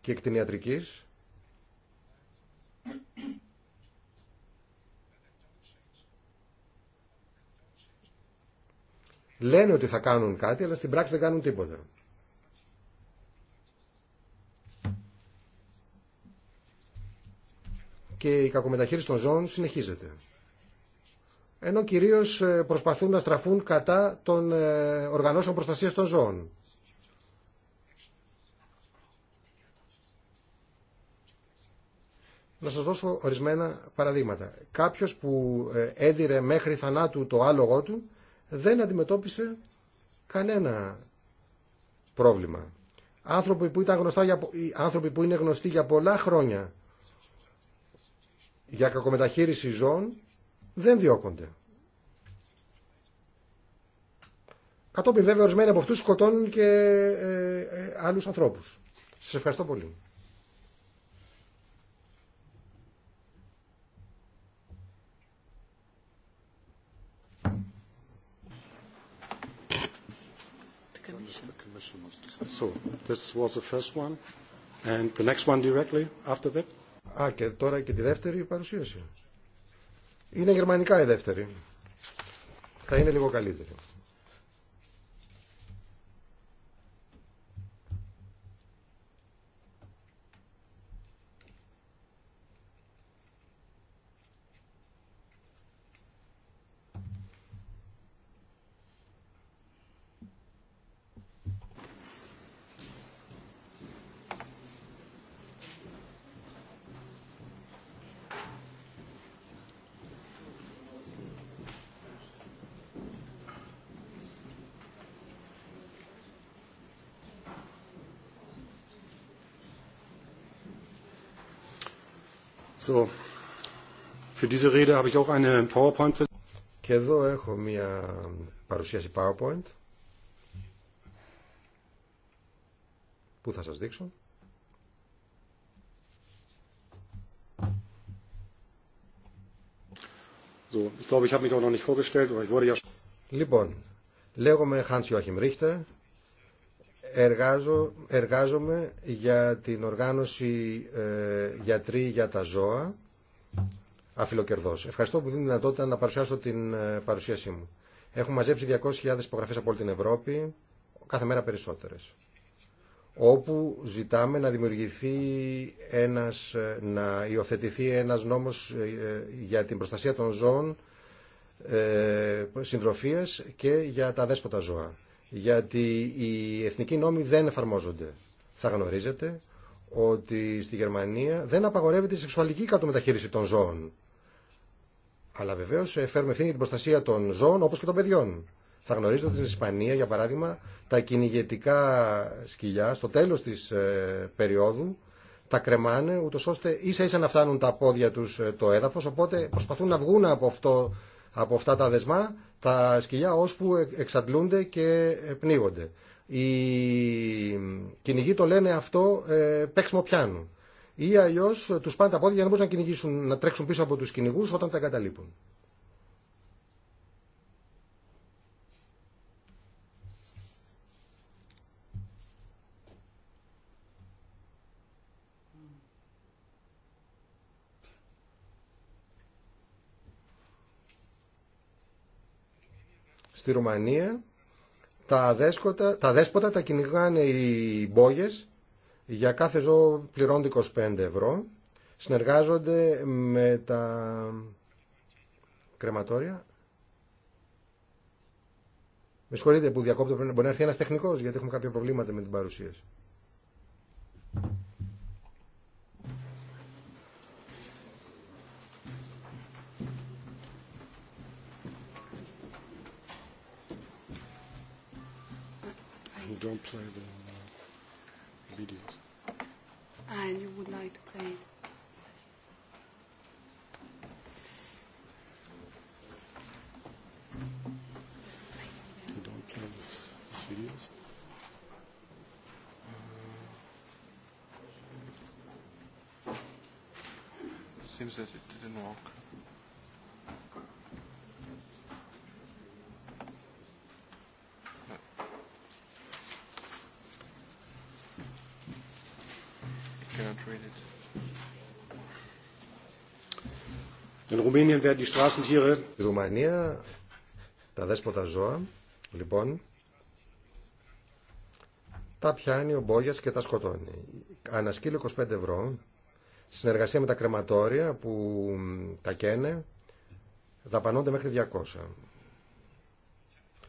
και εκτινιατρικής λένε ότι θα κάνουν κάτι, αλλά στην πράξη δεν κάνουν τίποτα. Και η κακομεταχείριση των ζώων συνεχίζεται. Ενώ κυρίως ε, προσπαθούν να στραφούν κατά των ε, οργανώσεων προστασίας των ζώων. Να σας δώσω ορισμένα παραδείγματα. Κάποιος που ε, έδιρε μέχρι θανάτου το άλογο του δεν αντιμετώπισε κανένα πρόβλημα. Άνθρωποι που, ήταν για, άνθρωποι που είναι γνωστοί για πολλά χρόνια για κακομεταχείριση ζώων δεν διώκονται. Κατόπιν βέβαια ορισμένοι από αυτούς σκοτώνουν και ε, ε, άλλους ανθρώπους. Σας ευχαριστώ πολύ. Α, και τώρα και τη δεύτερη παρουσίαση. Είναι γερμανικά η δεύτερη. Θα είναι λίγο καλύτερη. So. Für diese Rede habe ich auch eine PowerPoint. Και εδώ έχω μια παρουσίαση PowerPoint που θα σας δείξω. So, ich glaube, ich habe mich auch noch nicht vorgestellt, aber ich wurde ja... Λοιπόν, λέγομαι Hans Joachim Richter, εργάζομαι για την οργάνωση ε, γιατροί για τα ζώα αφιλοκερδός. Ευχαριστώ που δίνει δυνατότητα να παρουσιάσω την ε, παρουσίασή μου. Έχουμε μαζέψει 200.000 υπογραφές από όλη την Ευρώπη, κάθε μέρα περισσότερες. Όπου ζητάμε να δημιουργηθεί ένας, ε, να υιοθετηθεί ένας νόμος ε, για την προστασία των ζώων ε, συντροφίας και για τα δέσποτα ζώα γιατί οι εθνικοί νόμοι δεν εφαρμόζονται. Θα γνωρίζετε ότι στη Γερμανία δεν απαγορεύεται η σεξουαλική κατομεταχείριση των ζώων. Αλλά βεβαίω ε, φέρουμε ευθύνη την προστασία των ζώων όπω και των παιδιών. Θα γνωρίζετε ότι στην Ισπανία, για παράδειγμα, τα κυνηγετικά σκυλιά στο τέλο τη ε, περίοδου τα κρεμάνε ούτω ώστε ίσα ίσα να φτάνουν τα πόδια του ε, το έδαφο. Οπότε προσπαθούν να βγουν από αυτό από αυτά τα δεσμά τα σκυλιά ώσπου εξαντλούνται και ε, πνίγονται. Οι κυνηγοί το λένε αυτό ε, παίξιμο πιάνου. Ή αλλιώ ε, του πάνε τα πόδια για να μπορούν να, κυνηγήσουν, να τρέξουν πίσω από του κυνηγού όταν τα εγκαταλείπουν. Στη Ρουμανία τα, δέσποτα, τα δέσποτα τα κυνηγάνε οι μπόγε Για κάθε ζώο πληρώνουν 25 ευρώ. Συνεργάζονται με τα κρεματόρια. Με συγχωρείτε που διακόπτω Μπορεί να έρθει ένας τεχνικός γιατί έχουμε κάποια προβλήματα με την παρουσίαση. don't play the videos. And you would like to play it. You don't play this, this videos. Seems as it didn't work. Στη Ρουμανία τα δέσποτα ζώα, λοιπόν, τα πιάνει ο Μπόγιας και τα σκοτώνει. σκύλο 25 ευρώ, συνεργασία με τα κρεματόρια που τα καίνε, δαπανώνται μέχρι 200.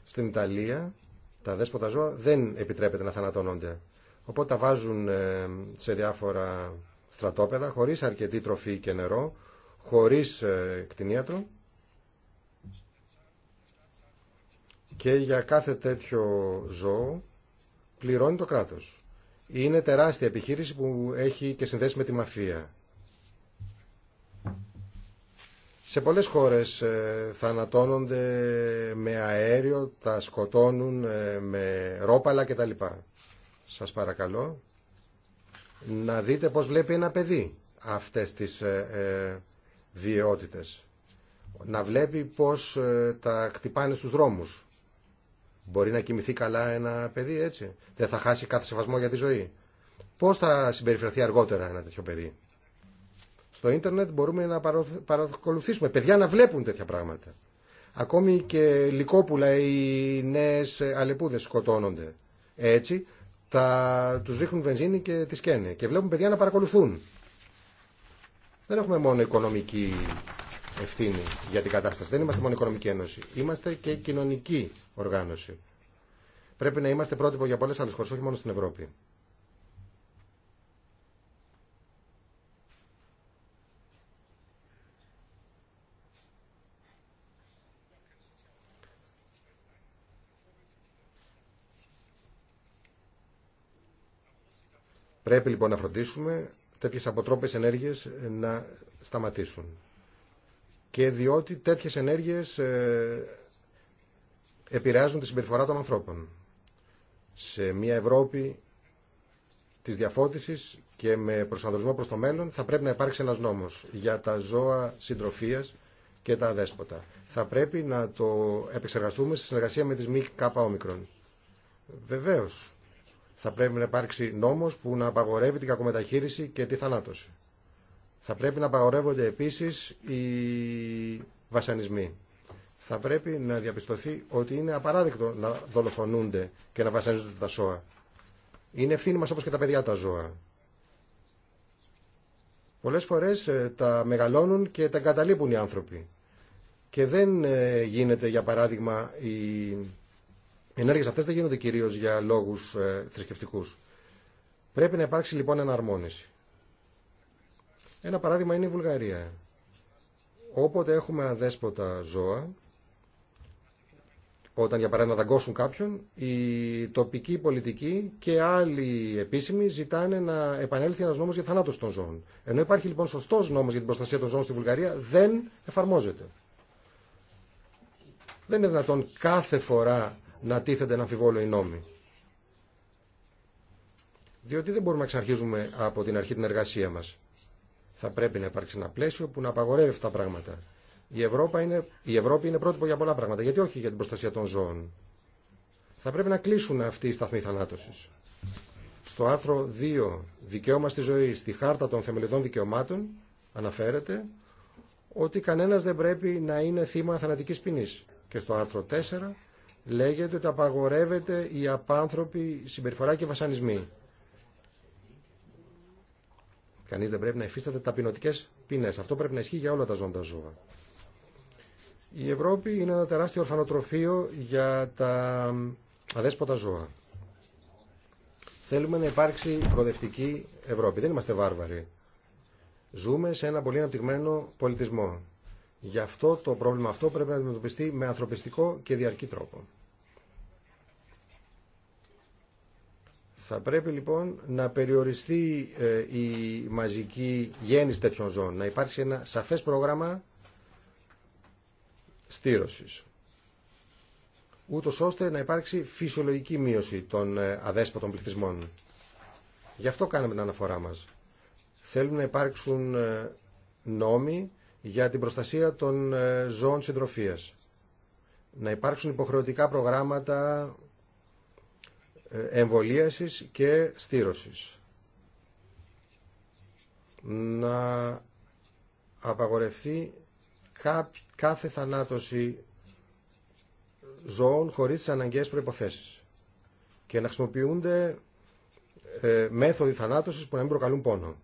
Στην Ιταλία τα δέσποτα ζώα δεν επιτρέπεται να θανατώνονται. Οπότε τα βάζουν ε, σε διάφορα στρατόπεδα χωρίς αρκετή τροφή και νερό, χωρίς ε, κτηνίατρο και για κάθε τέτοιο ζώο πληρώνει το κράτος. Είναι τεράστια επιχείρηση που έχει και συνδέσει με τη μαφία. Σε πολλές χώρες ε, θανατώνονται με αέριο, τα σκοτώνουν ε, με ρόπαλα κτλ. Σας παρακαλώ να δείτε πώς βλέπει ένα παιδί αυτές τις βιαιότητες. Να βλέπει πώς ε, τα χτυπάνε στους δρόμους. Μπορεί να κοιμηθεί καλά ένα παιδί έτσι. Δεν θα χάσει κάθε σεβασμό για τη ζωή. Πώς θα συμπεριφερθεί αργότερα ένα τέτοιο παιδί. Στο ίντερνετ μπορούμε να παρακολουθήσουμε παιδιά να βλέπουν τέτοια πράγματα. Ακόμη και λικόπουλα οι νέες αλεπούδες σκοτώνονται. Έτσι, τα, τους ρίχνουν βενζίνη και τις καίνε. Και βλέπουν παιδιά να παρακολουθούν δεν έχουμε μόνο οικονομική ευθύνη για την κατάσταση. Δεν είμαστε μόνο οικονομική ένωση. Είμαστε και κοινωνική οργάνωση. Πρέπει να είμαστε πρότυπο για πολλέ άλλε χώρε, όχι μόνο στην Ευρώπη. Πρέπει λοιπόν να φροντίσουμε τέτοιες αποτρόπες ενέργειες ε, να σταματήσουν. Και διότι τέτοιες ενέργειες ε, επηρεάζουν τη συμπεριφορά των ανθρώπων. Σε μια Ευρώπη της διαφώτισης και με προσανατολισμό προς το μέλλον θα πρέπει να υπάρξει ένας νόμος για τα ζώα συντροφίας και τα αδέσποτα. Θα πρέπει να το επεξεργαστούμε σε συνεργασία με τις ΜΚΟ. Βεβαίως, θα πρέπει να υπάρξει νόμος που να απαγορεύει την κακομεταχείριση και τη θανάτωση. Θα πρέπει να απαγορεύονται επίσης οι βασανισμοί. Θα πρέπει να διαπιστωθεί ότι είναι απαράδεκτο να δολοφονούνται και να βασανίζονται τα ζώα. Είναι ευθύνη μα όπως και τα παιδιά τα ζώα. Πολλέ φορές ε, τα μεγαλώνουν και τα εγκαταλείπουν οι άνθρωποι. Και δεν ε, γίνεται, για παράδειγμα, η ενέργειες αυτέ δεν γίνονται κυρίω για λόγου ε, Πρέπει να υπάρξει λοιπόν εναρμόνιση. Ένα παράδειγμα είναι η Βουλγαρία. Όποτε έχουμε αδέσποτα ζώα, όταν για παράδειγμα δαγκώσουν κάποιον, η τοπική πολιτική και άλλοι επίσημοι ζητάνε να επανέλθει ένα νόμο για θανάτωση των ζώων. Ενώ υπάρχει λοιπόν σωστό νόμο για την προστασία των ζώων στη Βουλγαρία, δεν εφαρμόζεται. Δεν είναι δυνατόν κάθε φορά να τίθενται ένα αμφιβόλω οι νόμοι. Διότι δεν μπορούμε να ξαρχίζουμε από την αρχή την εργασία μας. Θα πρέπει να υπάρξει ένα πλαίσιο που να απαγορεύει αυτά τα πράγματα. Η Ευρώπη, είναι, η Ευρώπη είναι πρότυπο για πολλά πράγματα. Γιατί όχι για την προστασία των ζώων. Θα πρέπει να κλείσουν αυτοί οι σταθμοί θανάτωσης. Στο άρθρο 2, δικαίωμα στη ζωή, στη χάρτα των θεμελιωδών δικαιωμάτων, αναφέρεται ότι κανένας δεν πρέπει να είναι θύμα θανατικής ποινής. Και στο άρθρο 4 λέγεται ότι απαγορεύεται η απάνθρωπη συμπεριφορά και βασανισμοί. Κανείς δεν πρέπει να υφίσταται ταπεινωτικές πίνες. Αυτό πρέπει να ισχύει για όλα τα ζώντα ζώα. Η Ευρώπη είναι ένα τεράστιο ορφανοτροφείο για τα αδέσποτα ζώα. Θέλουμε να υπάρξει προοδευτική Ευρώπη. Δεν είμαστε βάρβαροι. Ζούμε σε ένα πολύ αναπτυγμένο πολιτισμό. Γι' αυτό το πρόβλημα αυτό πρέπει να αντιμετωπιστεί με ανθρωπιστικό και διαρκή τρόπο. Θα πρέπει λοιπόν να περιοριστεί ε, η μαζική γέννηση τέτοιων ζώων, να υπάρξει ένα σαφές πρόγραμμα στήρωσης, ούτως ώστε να υπάρξει φυσιολογική μείωση των ε, αδέσποτων πληθυσμών. Γι' αυτό κάναμε την αναφορά μας. Θέλουν να υπάρξουν ε, νόμοι για την προστασία των ε, ζώων συντροφίας. Να υπάρξουν υποχρεωτικά προγράμματα ε, εμβολίασης και στήρωσης. Να απαγορευτεί κάθε θανάτωση ζώων χωρίς τις αναγκαίες προϋποθέσεις και να χρησιμοποιούνται ε, μέθοδοι θανάτωσης που να μην προκαλούν πόνο.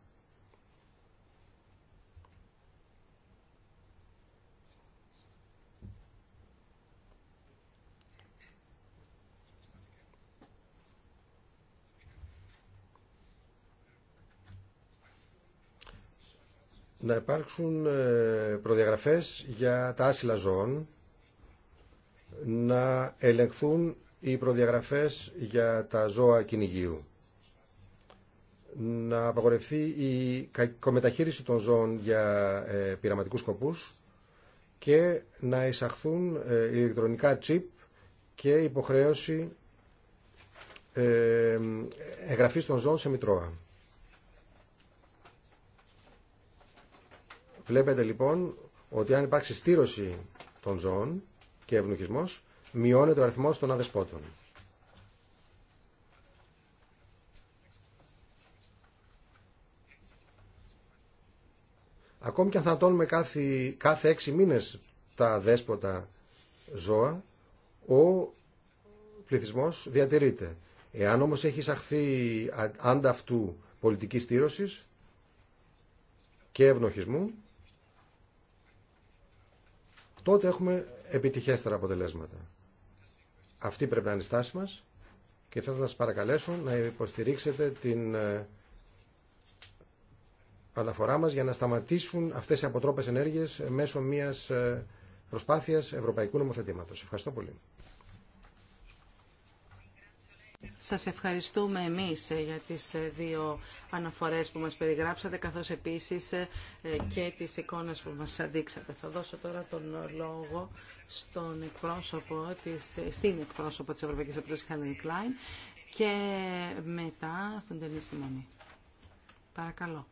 να υπάρξουν ε, προδιαγραφές για τα άσυλα ζώων, να ελεγχθούν οι προδιαγραφές για τα ζώα κυνηγίου, να απαγορευτεί η κακομεταχείριση των ζώων για ε, πειραματικούς σκοπούς και να εισαχθούν ε, ηλεκτρονικά τσίπ και υποχρέωση εγγραφής των ζώων σε μητρώα. Βλέπετε λοιπόν ότι αν υπάρξει στήρωση των ζώων και ευνουχισμός, μειώνεται ο αριθμός των αδεσπότων. Ακόμη και αν θα κάθε, κάθε έξι μήνες τα αδέσποτα ζώα, ο πληθυσμός διατηρείται. Εάν όμως έχει εισαχθεί ανταυτού πολιτική στήρωσης και ευνοχισμού, τότε έχουμε επιτυχέστερα αποτελέσματα. Αυτή πρέπει να είναι η στάση μας και θα ήθελα να σας παρακαλέσω να υποστηρίξετε την ε, αναφορά μας για να σταματήσουν αυτές οι αποτρόπες ενέργειες μέσω μιας ε, προσπάθειας ευρωπαϊκού νομοθετήματος. Ευχαριστώ πολύ. Σας ευχαριστούμε εμείς ε, για τις ε, δύο αναφορές που μας περιγράψατε, καθώς επίσης ε, και τις εικόνες που μας δείξατε. Θα δώσω τώρα τον λόγο στον εκπρόσωπο της, στην εκπρόσωπο της Ευρωπαϊκής Επιτροπής Χέλεν Κλάιν και μετά στον Τενή Σιμώνη. Παρακαλώ.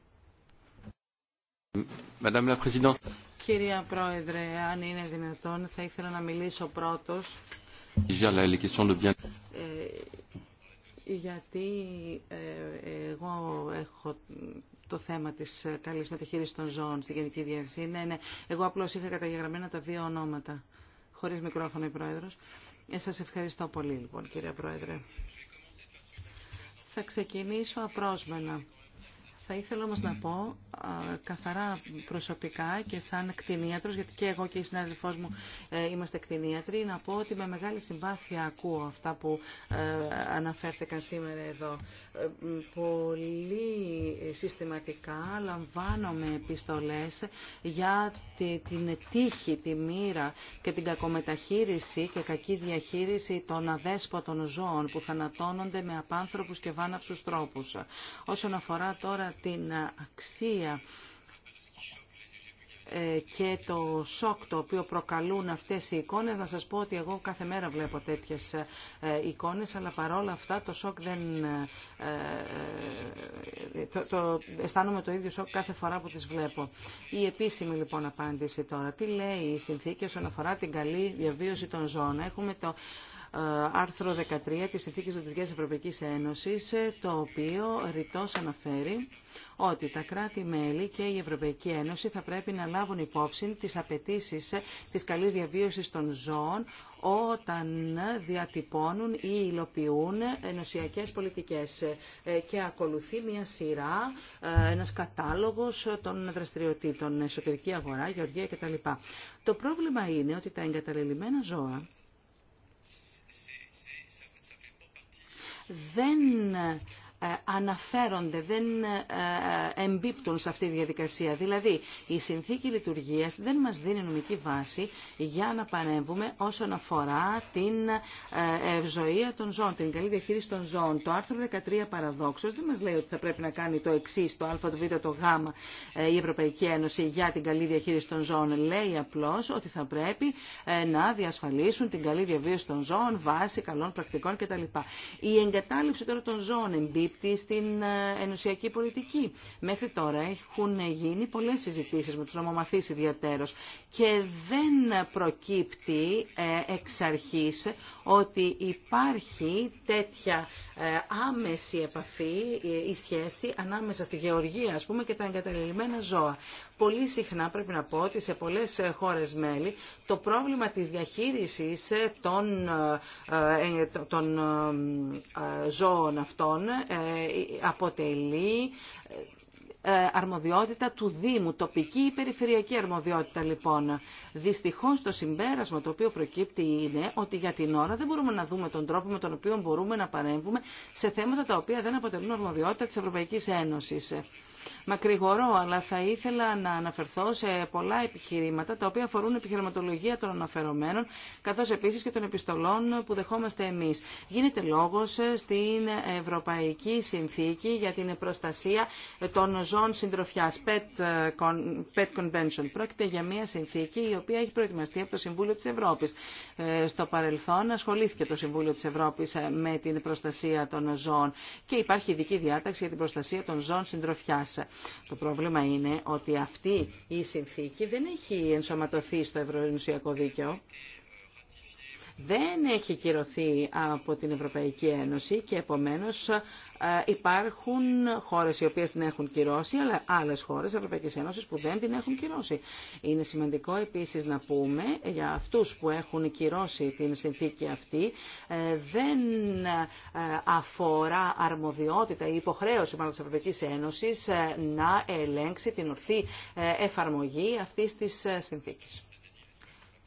Madame la Présidente. Κυρία Πρόεδρε, αν είναι δυνατόν, θα ήθελα να μιλήσω πρώτος γιατί ε, εγώ έχω το θέμα της ε, καλής μεταχείρισης των ζώων στη Γενική Διεύθυνση. Ναι, ναι. Εγώ απλώς είχα καταγεγραμμένα τα δύο ονόματα. Χωρίς μικρόφωνο η Πρόεδρος. Ε, σας ευχαριστώ πολύ λοιπόν κύριε Πρόεδρε. Θα ξεκινήσω απρόσμενα. Θα ήθελα όμως να πω καθαρά προσωπικά και σαν κτηνίατρος, γιατί και εγώ και η συνάδελφός μου ε, είμαστε κτηνίατροι, να πω ότι με μεγάλη συμπάθεια ακούω αυτά που ε, αναφέρθηκαν σήμερα εδώ. Ε, πολύ συστηματικά λαμβάνομαι επιστολές για την τύχη, τη μοίρα και την κακομεταχείριση και κακή διαχείριση των αδέσποτων ζώων που θανατώνονται με απάνθρωπους και βάναυσους τρόπους. Όσον αφορά τώρα την αξία ε, και το σοκ το οποίο προκαλούν αυτές οι εικόνες. Να σας πω ότι εγώ κάθε μέρα βλέπω τέτοιες ε, εικόνες, αλλά παρόλα αυτά το σοκ δεν... Ε, το, το, αισθάνομαι το ίδιο σοκ κάθε φορά που τις βλέπω. Η επίσημη λοιπόν απάντηση τώρα. Τι λέει η συνθήκη όσον αφορά την καλή διαβίωση των ζώων. Έχουμε το άρθρο 13 της Συνθήκης Λειτουργίας Ευρωπαϊκής Ένωσης, το οποίο ρητός αναφέρει ότι τα κράτη-μέλη και η Ευρωπαϊκή Ένωση θα πρέπει να λάβουν υπόψη τις απαιτήσει της καλής διαβίωσης των ζώων όταν διατυπώνουν ή υλοποιούν ενωσιακές πολιτικές ε, και ακολουθεί μια σειρά, ε, ένας κατάλογος των δραστηριοτήτων, εσωτερική αγορά, γεωργία κτλ. Το πρόβλημα είναι ότι τα εγκαταλελειμμένα ζώα δεν ε, αναφέρονται, δεν ε, ε, εμπίπτουν σε αυτή τη διαδικασία. Δηλαδή, η συνθήκη λειτουργίας δεν μας δίνει νομική βάση για να παρέμβουμε όσον αφορά την ευζοία των ζώων, την καλή διαχείριση των ζώων. Το άρθρο 13 παραδόξως δεν μας λέει ότι θα πρέπει να κάνει το εξή, το α, το β, το γ, η Ευρωπαϊκή Ένωση για την καλή διαχείριση των ζώων. Λέει απλώς ότι θα πρέπει να διασφαλίσουν την καλή διαβίωση των ζώων βάσει καλών πρακτικών κτλ. Η εγκατάλειψη τώρα των ζώων εμπίπτει καλύπτει στην ε, ενωσιακή πολιτική. Μέχρι τώρα έχουν γίνει πολλές συζητήσεις με τους νομομαθείς ιδιαίτερος και δεν προκύπτει ε, εξ αρχής ότι υπάρχει τέτοια ε, άμεση επαφή ή σχέση ανάμεσα στη γεωργία ας πούμε και τα εγκαταλελειμμένα ζώα. Πολύ συχνά πρέπει να πω ότι σε πολλές ε, χώρες μέλη το πρόβλημα της διαχείρισης ε, των, ε, των ζώων αυτών αποτελεί αρμοδιότητα του Δήμου, τοπική ή περιφερειακή αρμοδιότητα λοιπόν. Δυστυχώς το συμπέρασμα το οποίο προκύπτει είναι ότι για την ώρα δεν μπορούμε να δούμε τον τρόπο με τον οποίο μπορούμε να παρέμβουμε σε θέματα τα οποία δεν αποτελούν αρμοδιότητα της Ευρωπαϊκής Ένωσης μακρηγορώ, αλλά θα ήθελα να αναφερθώ σε πολλά επιχειρήματα τα οποία αφορούν επιχειρηματολογία των αναφερομένων, καθώ επίση και των επιστολών που δεχόμαστε εμεί. Γίνεται λόγο ε, στην Ευρωπαϊκή Συνθήκη για την προστασία ε, των Ζών συντροφιά, Pet, ε, Pet Convention. Πρόκειται για μια συνθήκη η οποία έχει προετοιμαστεί από το Συμβούλιο τη Ευρώπη. Στο παρελθόν ασχολήθηκε το Συμβούλιο τη Ευρώπη με την προστασία των Ζών και υπάρχει ειδική διάταξη για την προστασία των ζώων συντροφιά. Το πρόβλημα είναι ότι αυτή η συνθήκη δεν έχει ενσωματωθεί στο Ευρωενουσιακό δίκαιο δεν έχει κυρωθεί από την Ευρωπαϊκή Ένωση και επομένως ε, υπάρχουν χώρες οι οποίες την έχουν κυρώσει, αλλά άλλες χώρες Ευρωπαϊκή Ένωση που δεν την έχουν κυρώσει. Είναι σημαντικό επίσης να πούμε για αυτούς που έχουν κυρώσει την συνθήκη αυτή, ε, δεν ε, αφορά αρμοδιότητα ή υποχρέωση μάλλον της Ευρωπαϊκής Ένωσης να ελέγξει την ορθή εφαρμογή αυτής της συνθήκη.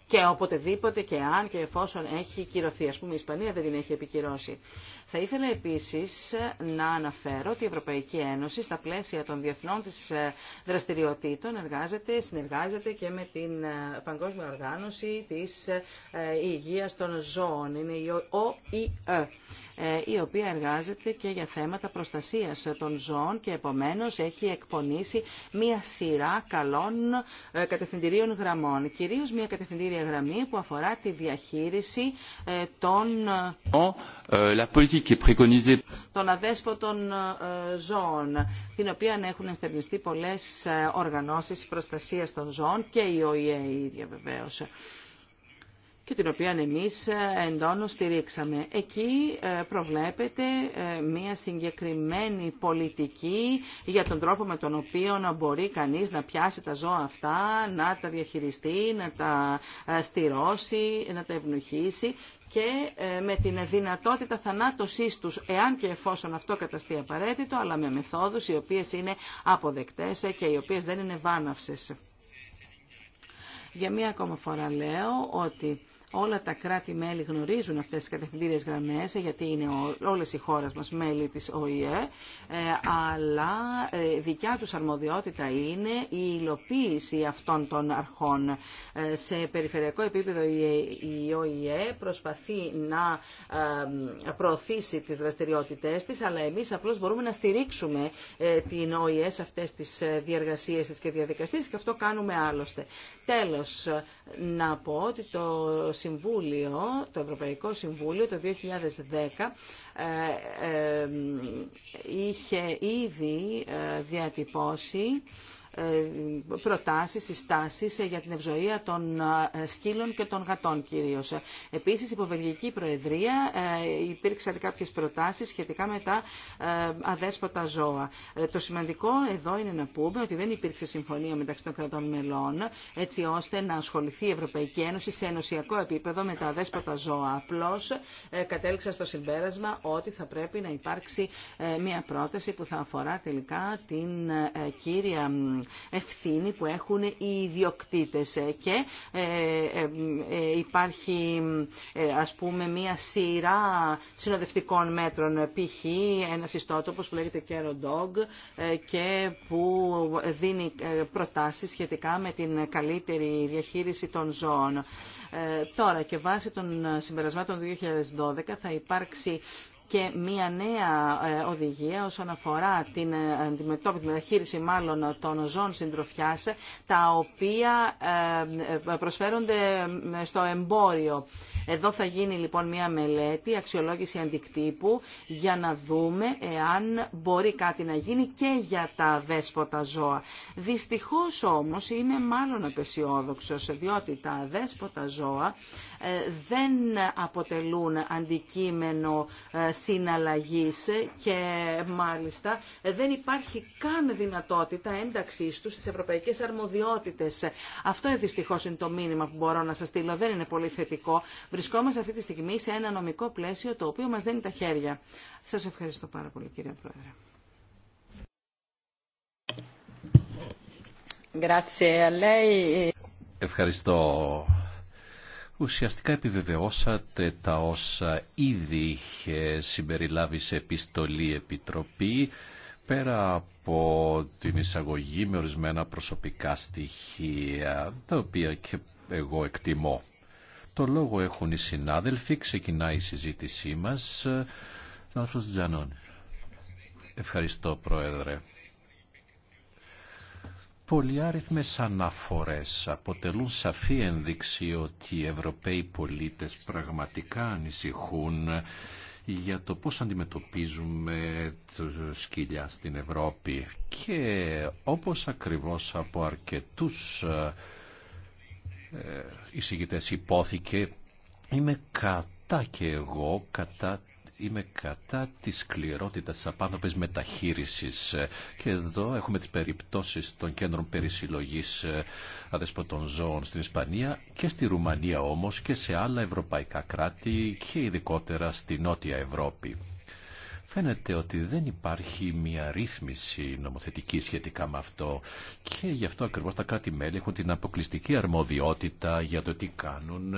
Και οποτεδήποτε και αν και εφόσον έχει κυρωθεί. Α πούμε, η Ισπανία δεν την έχει επικυρώσει. Θα ήθελα επίσης να αναφέρω ότι η Ευρωπαϊκή Ένωση στα πλαίσια των διεθνών της ε, δραστηριοτήτων εργάζεται, συνεργάζεται και με την ε, Παγκόσμια Οργάνωση της ε, Υγείας των Ζώων. Είναι η ΟΗΕ η οποία εργάζεται και για θέματα προστασίας των ζώων και επομένως έχει εκπονήσει μία σειρά καλών κατευθυντηρίων γραμμών. Κυρίως μία κατευθυντήρια γραμμή που αφορά τη διαχείριση των... Euh, τον των αδέσποτων ε, ζώων, την οποία έχουν ενστερνιστεί πολλές ε, οργανώσεις προστασίας των ζώων και η ΟΗΕ ίδια βεβαίως και την οποία εμείς ε, εντόνω στηρίξαμε. Εκεί ε, προβλέπεται ε, μια συγκεκριμένη πολιτική για τον τρόπο με τον οποίο να μπορεί κανείς να πιάσει τα ζώα αυτά, να τα διαχειριστεί, να τα στηρώσει, να τα ευνοχήσει και με την δυνατότητα θανάτωσής τους, εάν και εφόσον αυτό καταστεί απαραίτητο, αλλά με μεθόδους οι οποίες είναι αποδεκτές και οι οποίες δεν είναι βάναυσες. Για μία ακόμα φορά λέω ότι Όλα τα κράτη-μέλη γνωρίζουν αυτές τις κατευθυντήριες γραμμές, γιατί είναι όλες οι χώρε μας μέλη της ΟΗΕ, ε, αλλά ε, δικιά τους αρμοδιότητα είναι η υλοποίηση αυτών των αρχών. Ε, σε περιφερειακό επίπεδο η ΟΗΕ προσπαθεί να προωθήσει τις δραστηριότητε της, αλλά εμείς απλώς μπορούμε να στηρίξουμε την ΟΗΕ σε αυτές τι διεργασίε τη και διαδικασίε και αυτό κάνουμε άλλωστε. Τέλος, να πω ότι το Συμβούλιο, το Ευρωπαϊκό Συμβούλιο το 2010 ε, ε, ε, είχε ήδη διατυπώσει ε, προτάσεις, συστάσεις ε, για την ευζοία των ε, σκύλων και των γατών κυρίως. Επίσης, υπό Βελγική Προεδρία υπήρξαν κάποιες προτάσεις σχετικά με τα αδέσποτα ζώα. Το σημαντικό εδώ είναι να πούμε ότι δεν υπήρξε συμφωνία μεταξύ των κρατών μελών έτσι ώστε να ασχοληθεί η Ευρωπαϊκή Ένωση σε ενωσιακό επίπεδο με τα αδέσποτα ζώα. Απλώς κατέληξα στο συμπέρασμα ότι θα πρέπει να υπάρξει μια πρόταση που θα αφορά τελικά την κύρια ευθύνη που έχουν οι ιδιοκτήτες ε, και ε, ε, υπάρχει ας πούμε μία σειρά συνοδευτικών μέτρων π.χ. ένα ιστότοπος που λέγεται Carrot Dog και που δίνει προτάσεις σχετικά με την καλύτερη διαχείριση των ζώων. Τώρα και βάσει των συμπερασμάτων του 2012 θα υπάρξει και μία νέα ε, οδηγία όσον αφορά την ε, αντιμετώπιση, τη μεταχείριση μάλλον των ζώων συντροφιά, τα οποία ε, προσφέρονται στο εμπόριο. Εδώ θα γίνει λοιπόν μία μελέτη, αξιολόγηση αντικτύπου, για να δούμε εάν μπορεί κάτι να γίνει και για τα δέσποτα ζώα. Δυστυχώς όμως είμαι μάλλον απεσιόδοξος, διότι τα δέσποτα ζώα ε, δεν αποτελούν αντικείμενο ε, συναλλαγής και μάλιστα ε, δεν υπάρχει καν δυνατότητα ένταξής τους στις ευρωπαϊκές αρμοδιότητες. Αυτό δυστυχώς είναι το μήνυμα που μπορώ να σας στείλω. Δεν είναι πολύ θετικό. Βρισκόμαστε αυτή τη στιγμή σε ένα νομικό πλαίσιο το οποίο μας δίνει τα χέρια. Σας ευχαριστώ πάρα πολύ κύριε Πρόεδρε. Ευχαριστώ Ουσιαστικά επιβεβαιώσατε τα όσα ήδη είχε συμπεριλάβει σε επιστολή επιτροπή πέρα από την εισαγωγή με ορισμένα προσωπικά στοιχεία τα οποία και εγώ εκτιμώ. Το λόγο έχουν οι συνάδελφοι, ξεκινάει η συζήτησή μας. Ευχαριστώ Πρόεδρε πολυάριθμες αναφορές αποτελούν σαφή ένδειξη ότι οι Ευρωπαίοι πολίτες πραγματικά ανησυχούν για το πώς αντιμετωπίζουμε σκυλιά στην Ευρώπη και όπως ακριβώς από αρκετούς ε, ε, εισηγητές υπόθηκε είμαι κατά και εγώ κατά είμαι κατά τη σκληρότητα τη απάνθρωπη μεταχείρισης. Και εδώ έχουμε τις περιπτώσεις των κέντρων περισυλλογή ε, αδεσποτών ζώων στην Ισπανία και στη Ρουμανία όμως και σε άλλα ευρωπαϊκά κράτη και ειδικότερα στη Νότια Ευρώπη. Φαίνεται ότι δεν υπάρχει μια ρύθμιση νομοθετική σχετικά με αυτό και γι' αυτό ακριβώς τα κράτη-μέλη έχουν την αποκλειστική αρμοδιότητα για το τι κάνουν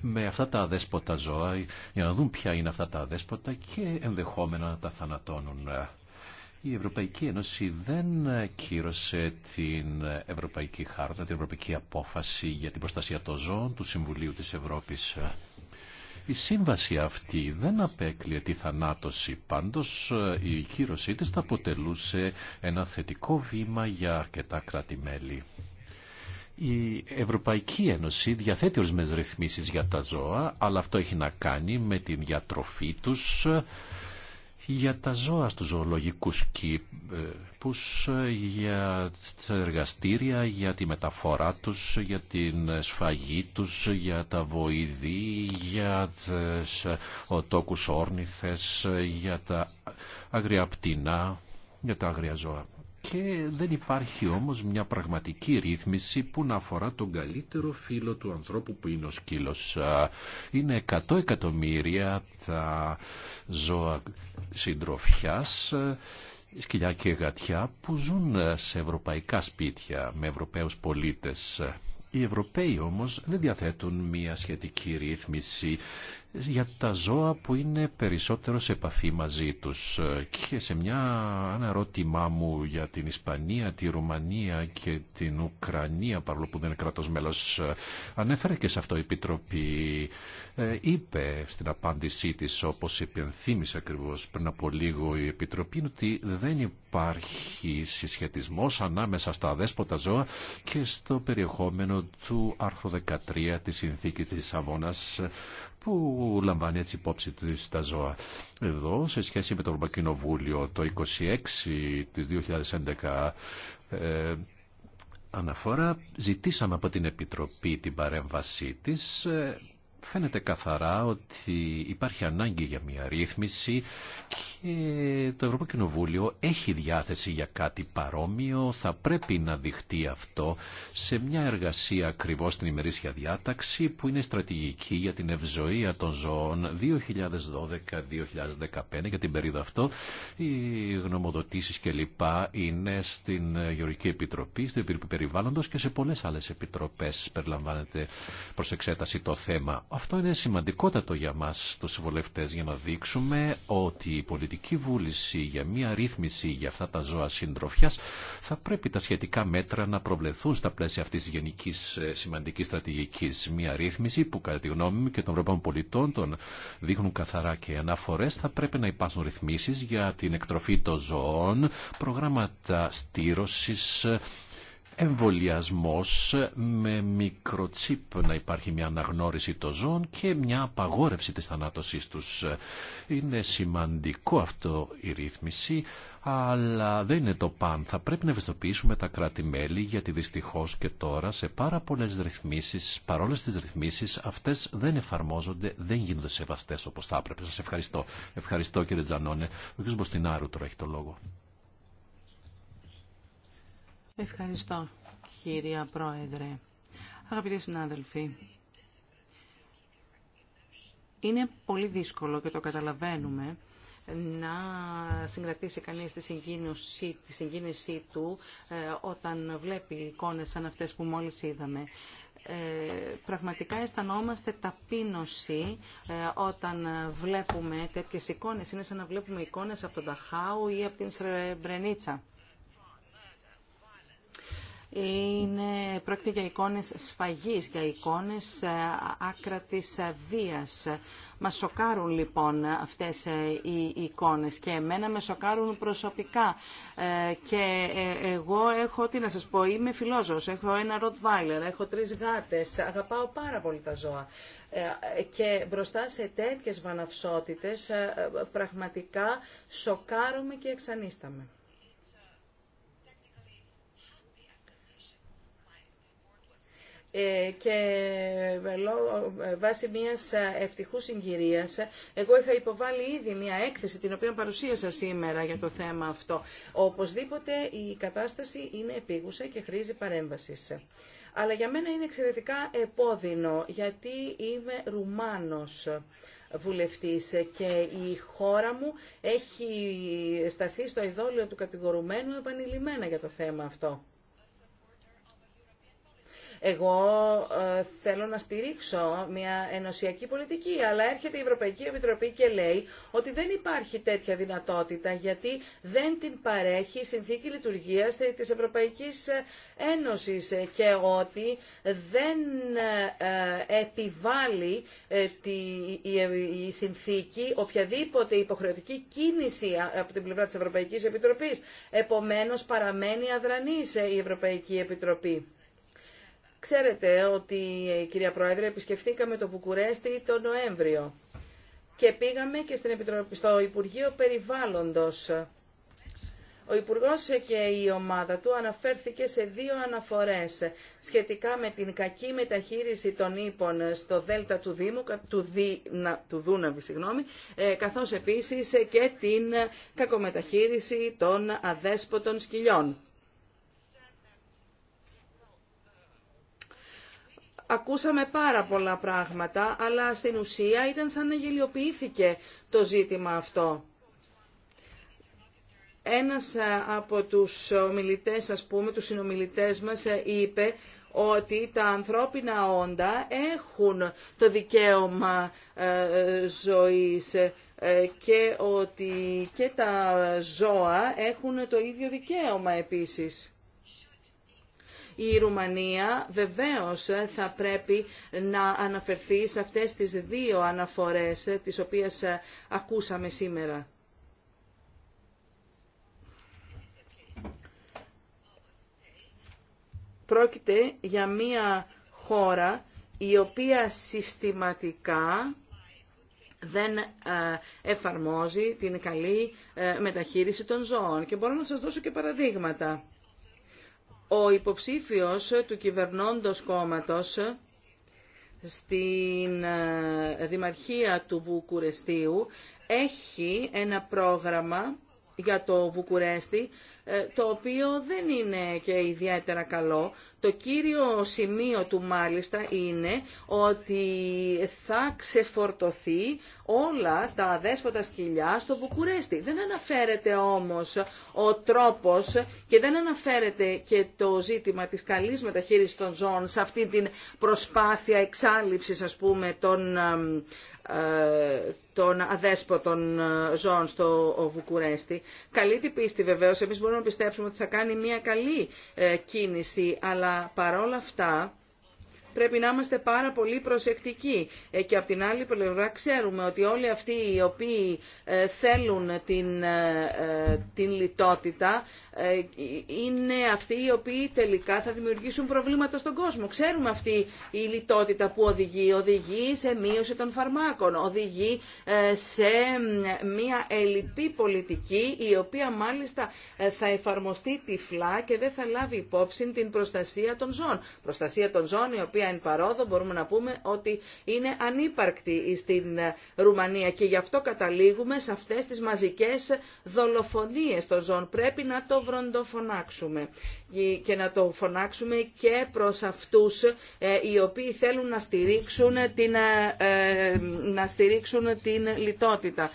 με αυτά τα αδέσποτα ζώα για να δουν ποια είναι αυτά τα αδέσποτα και ενδεχόμενα να τα θανατώνουν. Η Ευρωπαϊκή Ένωση δεν κύρωσε την Ευρωπαϊκή Χάρτα, την Ευρωπαϊκή Απόφαση για την Προστασία των Ζώων του Συμβουλίου της Ευρώπης. Η σύμβαση αυτή δεν απέκλειε τη θανάτωση, πάντως ε, η κύρωσή της θα αποτελούσε ένα θετικό βήμα για αρκετά κράτη-μέλη. Η Ευρωπαϊκή Ένωση διαθέτει ορισμένε ρυθμίσεις για τα ζώα, αλλά αυτό έχει να κάνει με την διατροφή τους ε, για τα ζώα στους ζωολογικούς ε, ανθρώπους για τα εργαστήρια, για τη μεταφορά τους, για την σφαγή τους, για τα βοηδή, για τις ε, οτόκους όρνηθες, για τα αγριαπτηνά, για τα ζώα. Και δεν υπάρχει όμως μια πραγματική ρύθμιση που να αφορά τον καλύτερο φίλο του ανθρώπου που είναι ο σκύλος. Είναι 100 εκατομμύρια τα ζώα συντροφιάς σκυλιά και γατιά που ζουν ε, σε ευρωπαϊκά σπίτια με ευρωπαίους πολίτες. Ε, οι Ευρωπαίοι όμως δεν διαθέτουν μια σχετική ρύθμιση για τα ζώα που είναι περισσότερο σε επαφή μαζί τους. Και σε μια αναρώτημά μου για την Ισπανία, τη Ρουμανία και την Ουκρανία, παρόλο που δεν είναι κρατός ανέφερε και σε αυτό η Επιτροπή. Ε, είπε στην απάντησή της, όπως υπενθύμησε ακριβώς πριν από λίγο η Επιτροπή, ότι δεν υπάρχει συσχετισμός ανάμεσα στα αδέσποτα ζώα και στο περιεχόμενο του άρθρου 13 της Συνθήκης της Σαβώνας που λαμβάνει έτσι υπόψη της τα ζώα. Εδώ, σε σχέση με το Ευρωπαϊκό το 26 της 2011 ε, αναφορά, ζητήσαμε από την Επιτροπή την παρέμβασή της ε, φαίνεται καθαρά ότι υπάρχει ανάγκη για μια ρύθμιση και το Ευρωπαϊκό Κοινοβούλιο έχει διάθεση για κάτι παρόμοιο. Θα πρέπει να δειχτεί αυτό σε μια εργασία ακριβώ στην ημερήσια διάταξη που είναι στρατηγική για την ευζοία των ζώων 2012-2015 για την περίοδο αυτό. Οι γνωμοδοτήσεις κλπ. είναι στην Γεωργική Επιτροπή, στην Επιτροπή Περιβάλλοντος και σε πολλές άλλες επιτροπές περιλαμβάνεται προς εξέταση το θέμα αυτό είναι σημαντικότατο για μας τους συμβολευτές για να δείξουμε ότι η πολιτική βούληση για μια ρύθμιση για αυτά τα ζώα συντροφιάς θα πρέπει τα σχετικά μέτρα να προβλεθούν στα πλαίσια αυτής της γενικής ε, σημαντικής στρατηγικής. Μια ρύθμιση που κατά τη γνώμη μου και των Ευρωπαίων πολιτών τον δείχνουν καθαρά και αναφορές θα πρέπει να υπάρχουν ρυθμίσεις για την εκτροφή των ζωών, προγράμματα στήρωσης, Εμβολιασμό με μικροτσίπ να υπάρχει μια αναγνώριση των ζώων και μια απαγόρευση της θανάτωσής τους. Είναι σημαντικό αυτό η ρύθμιση, αλλά δεν είναι το παν. Θα πρέπει να ευαισθητοποιήσουμε τα κράτη-μέλη γιατί δυστυχώς και τώρα σε πάρα πολλές ρυθμίσεις, παρόλες τις ρυθμίσεις, αυτές δεν εφαρμόζονται, δεν γίνονται σεβαστές όπως θα έπρεπε. Σας ευχαριστώ. Ευχαριστώ κύριε Τζανόνε. Ο κ. Μποστινάρου τώρα έχει το λόγο. Ευχαριστώ, κυρία Πρόεδρε. Αγαπητοί συνάδελφοι, είναι πολύ δύσκολο και το καταλαβαίνουμε να συγκρατήσει κανείς τη συγκίνησή, τη συγκίνησή του ε, όταν βλέπει εικόνες σαν αυτές που μόλις είδαμε. Ε, πραγματικά αισθανόμαστε ταπείνωση ε, όταν βλέπουμε τέτοιες εικόνες. Είναι σαν να βλέπουμε εικόνες από τον Ταχάου ή από την Σρεμπρενίτσα είναι, πρόκειται για εικόνες σφαγής, για εικόνες ε, άκρατης της ε, βίας. Μα σοκάρουν λοιπόν αυτές ε, οι εικόνες και εμένα με σοκάρουν προσωπικά. Και εγώ έχω, τι να σας πω, είμαι φιλόζωος, έχω ένα ροτβάιλερ, έχω τρεις γάτες, αγαπάω πάρα πολύ τα ζώα. Και μπροστά σε τέτοιες βαναυσότητες πραγματικά σοκάρομαι και εξανίσταμε. Ε, και ε, ε, βάσει μιας ευτυχού συγκυρίας εγώ είχα υποβάλει ήδη μια έκθεση την οποία παρουσίασα σήμερα για το θέμα αυτό. Οπωσδήποτε η κατάσταση είναι επίγουσα και χρήζει παρέμβασης. Αλλά για μένα είναι εξαιρετικά επώδυνο γιατί είμαι Ρουμάνος βουλευτής και η χώρα μου έχει σταθεί στο ειδόλιο του κατηγορουμένου επανειλημμένα για το θέμα αυτό. Εγώ ε, θέλω να στηρίξω μια ενωσιακή πολιτική, αλλά έρχεται η Ευρωπαϊκή Επιτροπή και λέει ότι δεν υπάρχει τέτοια δυνατότητα γιατί δεν την παρέχει η συνθήκη λειτουργίας τη Ευρωπαϊκή Ένωσης και ότι δεν ε, επιβάλλει ε, η συνθήκη οποιαδήποτε υποχρεωτική κίνηση από την πλευρά της Ευρωπαϊκής Επιτροπή. Επομένω, παραμένει αδρανής η Ευρωπαϊκή Επιτροπή. Ξέρετε ότι, ε, κυρία Πρόεδρε, επισκεφθήκαμε το Βουκουρέστι το Νοέμβριο και πήγαμε και στην Επιτροπή, στο Υπουργείο Περιβάλλοντος. Ο Υπουργός και η ομάδα του αναφέρθηκε σε δύο αναφορές σχετικά με την κακή μεταχείριση των ύπων στο Δέλτα του, Δήμου, του, Δι, του Δούναβη συγγνώμη, ε, καθώς επίσης και την κακομεταχείριση των αδέσποτων σκυλιών. Ακούσαμε πάρα πολλά πράγματα, αλλά στην ουσία ήταν σαν να γελιοποιήθηκε το ζήτημα αυτό. Ένας ε, από τους ομιλητές, ας πούμε, τους συνομιλητές μας ε, είπε ότι τα ανθρώπινα όντα έχουν το δικαίωμα ε, ζωής και ότι και τα ζώα έχουν το ίδιο δικαίωμα επίσης η Ρουμανία βεβαίως θα πρέπει να αναφερθεί σε αυτές τις δύο αναφορές τις οποίες ακούσαμε σήμερα. Πρόκειται για μία χώρα η οποία συστηματικά δεν ε, εφαρμόζει την καλή ε, μεταχείριση των ζώων. Και μπορώ να σας δώσω και παραδείγματα ο υποψήφιος του κυβερνώντος κόμματος στην ε, Δημαρχία του Βουκουρεστίου έχει ένα πρόγραμμα για το Βουκουρέστι ε, το οποίο δεν είναι και ιδιαίτερα καλό. Το κύριο σημείο του μάλιστα είναι ότι θα ξεφορτωθεί όλα τα αδέσποτα σκυλιά στο Βουκουρέστι. Δεν αναφέρεται όμως ο τρόπος και δεν αναφέρεται και το ζήτημα της καλής μεταχείρισης των ζώων σε αυτή την προσπάθεια εξάλληψης ας πούμε των ε, των αδέσποτων ε, ζώων στο Βουκουρέστι. Καλή την πίστη βεβαίως, εμείς μπορούμε να πιστέψουμε ότι θα κάνει μια καλή ε, κίνηση, αλλά παρόλα αυτά πρέπει να είμαστε πάρα πολύ προσεκτικοί. Ε, και από την άλλη πλευρά ξέρουμε ότι όλοι αυτοί οι οποίοι ε, θέλουν την, ε, την λιτότητα είναι αυτοί οι οποίοι τελικά θα δημιουργήσουν προβλήματα στον κόσμο. Ξέρουμε αυτή η λιτότητα που οδηγεί. Οδηγεί σε μείωση των φαρμάκων, οδηγεί σε μια ελλειπή πολιτική η οποία μάλιστα θα εφαρμοστεί τυφλά και δεν θα λάβει υπόψη την προστασία των ζώων. Προστασία των ζώων η οποία οποία εν παρόδο μπορούμε να πούμε ότι είναι ανύπαρκτη στην Ρουμανία και γι' αυτό καταλήγουμε σε αυτές τις μαζικές δολοφονίες των ζώων. Πρέπει να το βροντοφωνάξουμε και να το φωνάξουμε και προς αυτούς ε, οι οποίοι θέλουν να στηρίξουν την, ε, ε, να στηρίξουν την λιτότητα.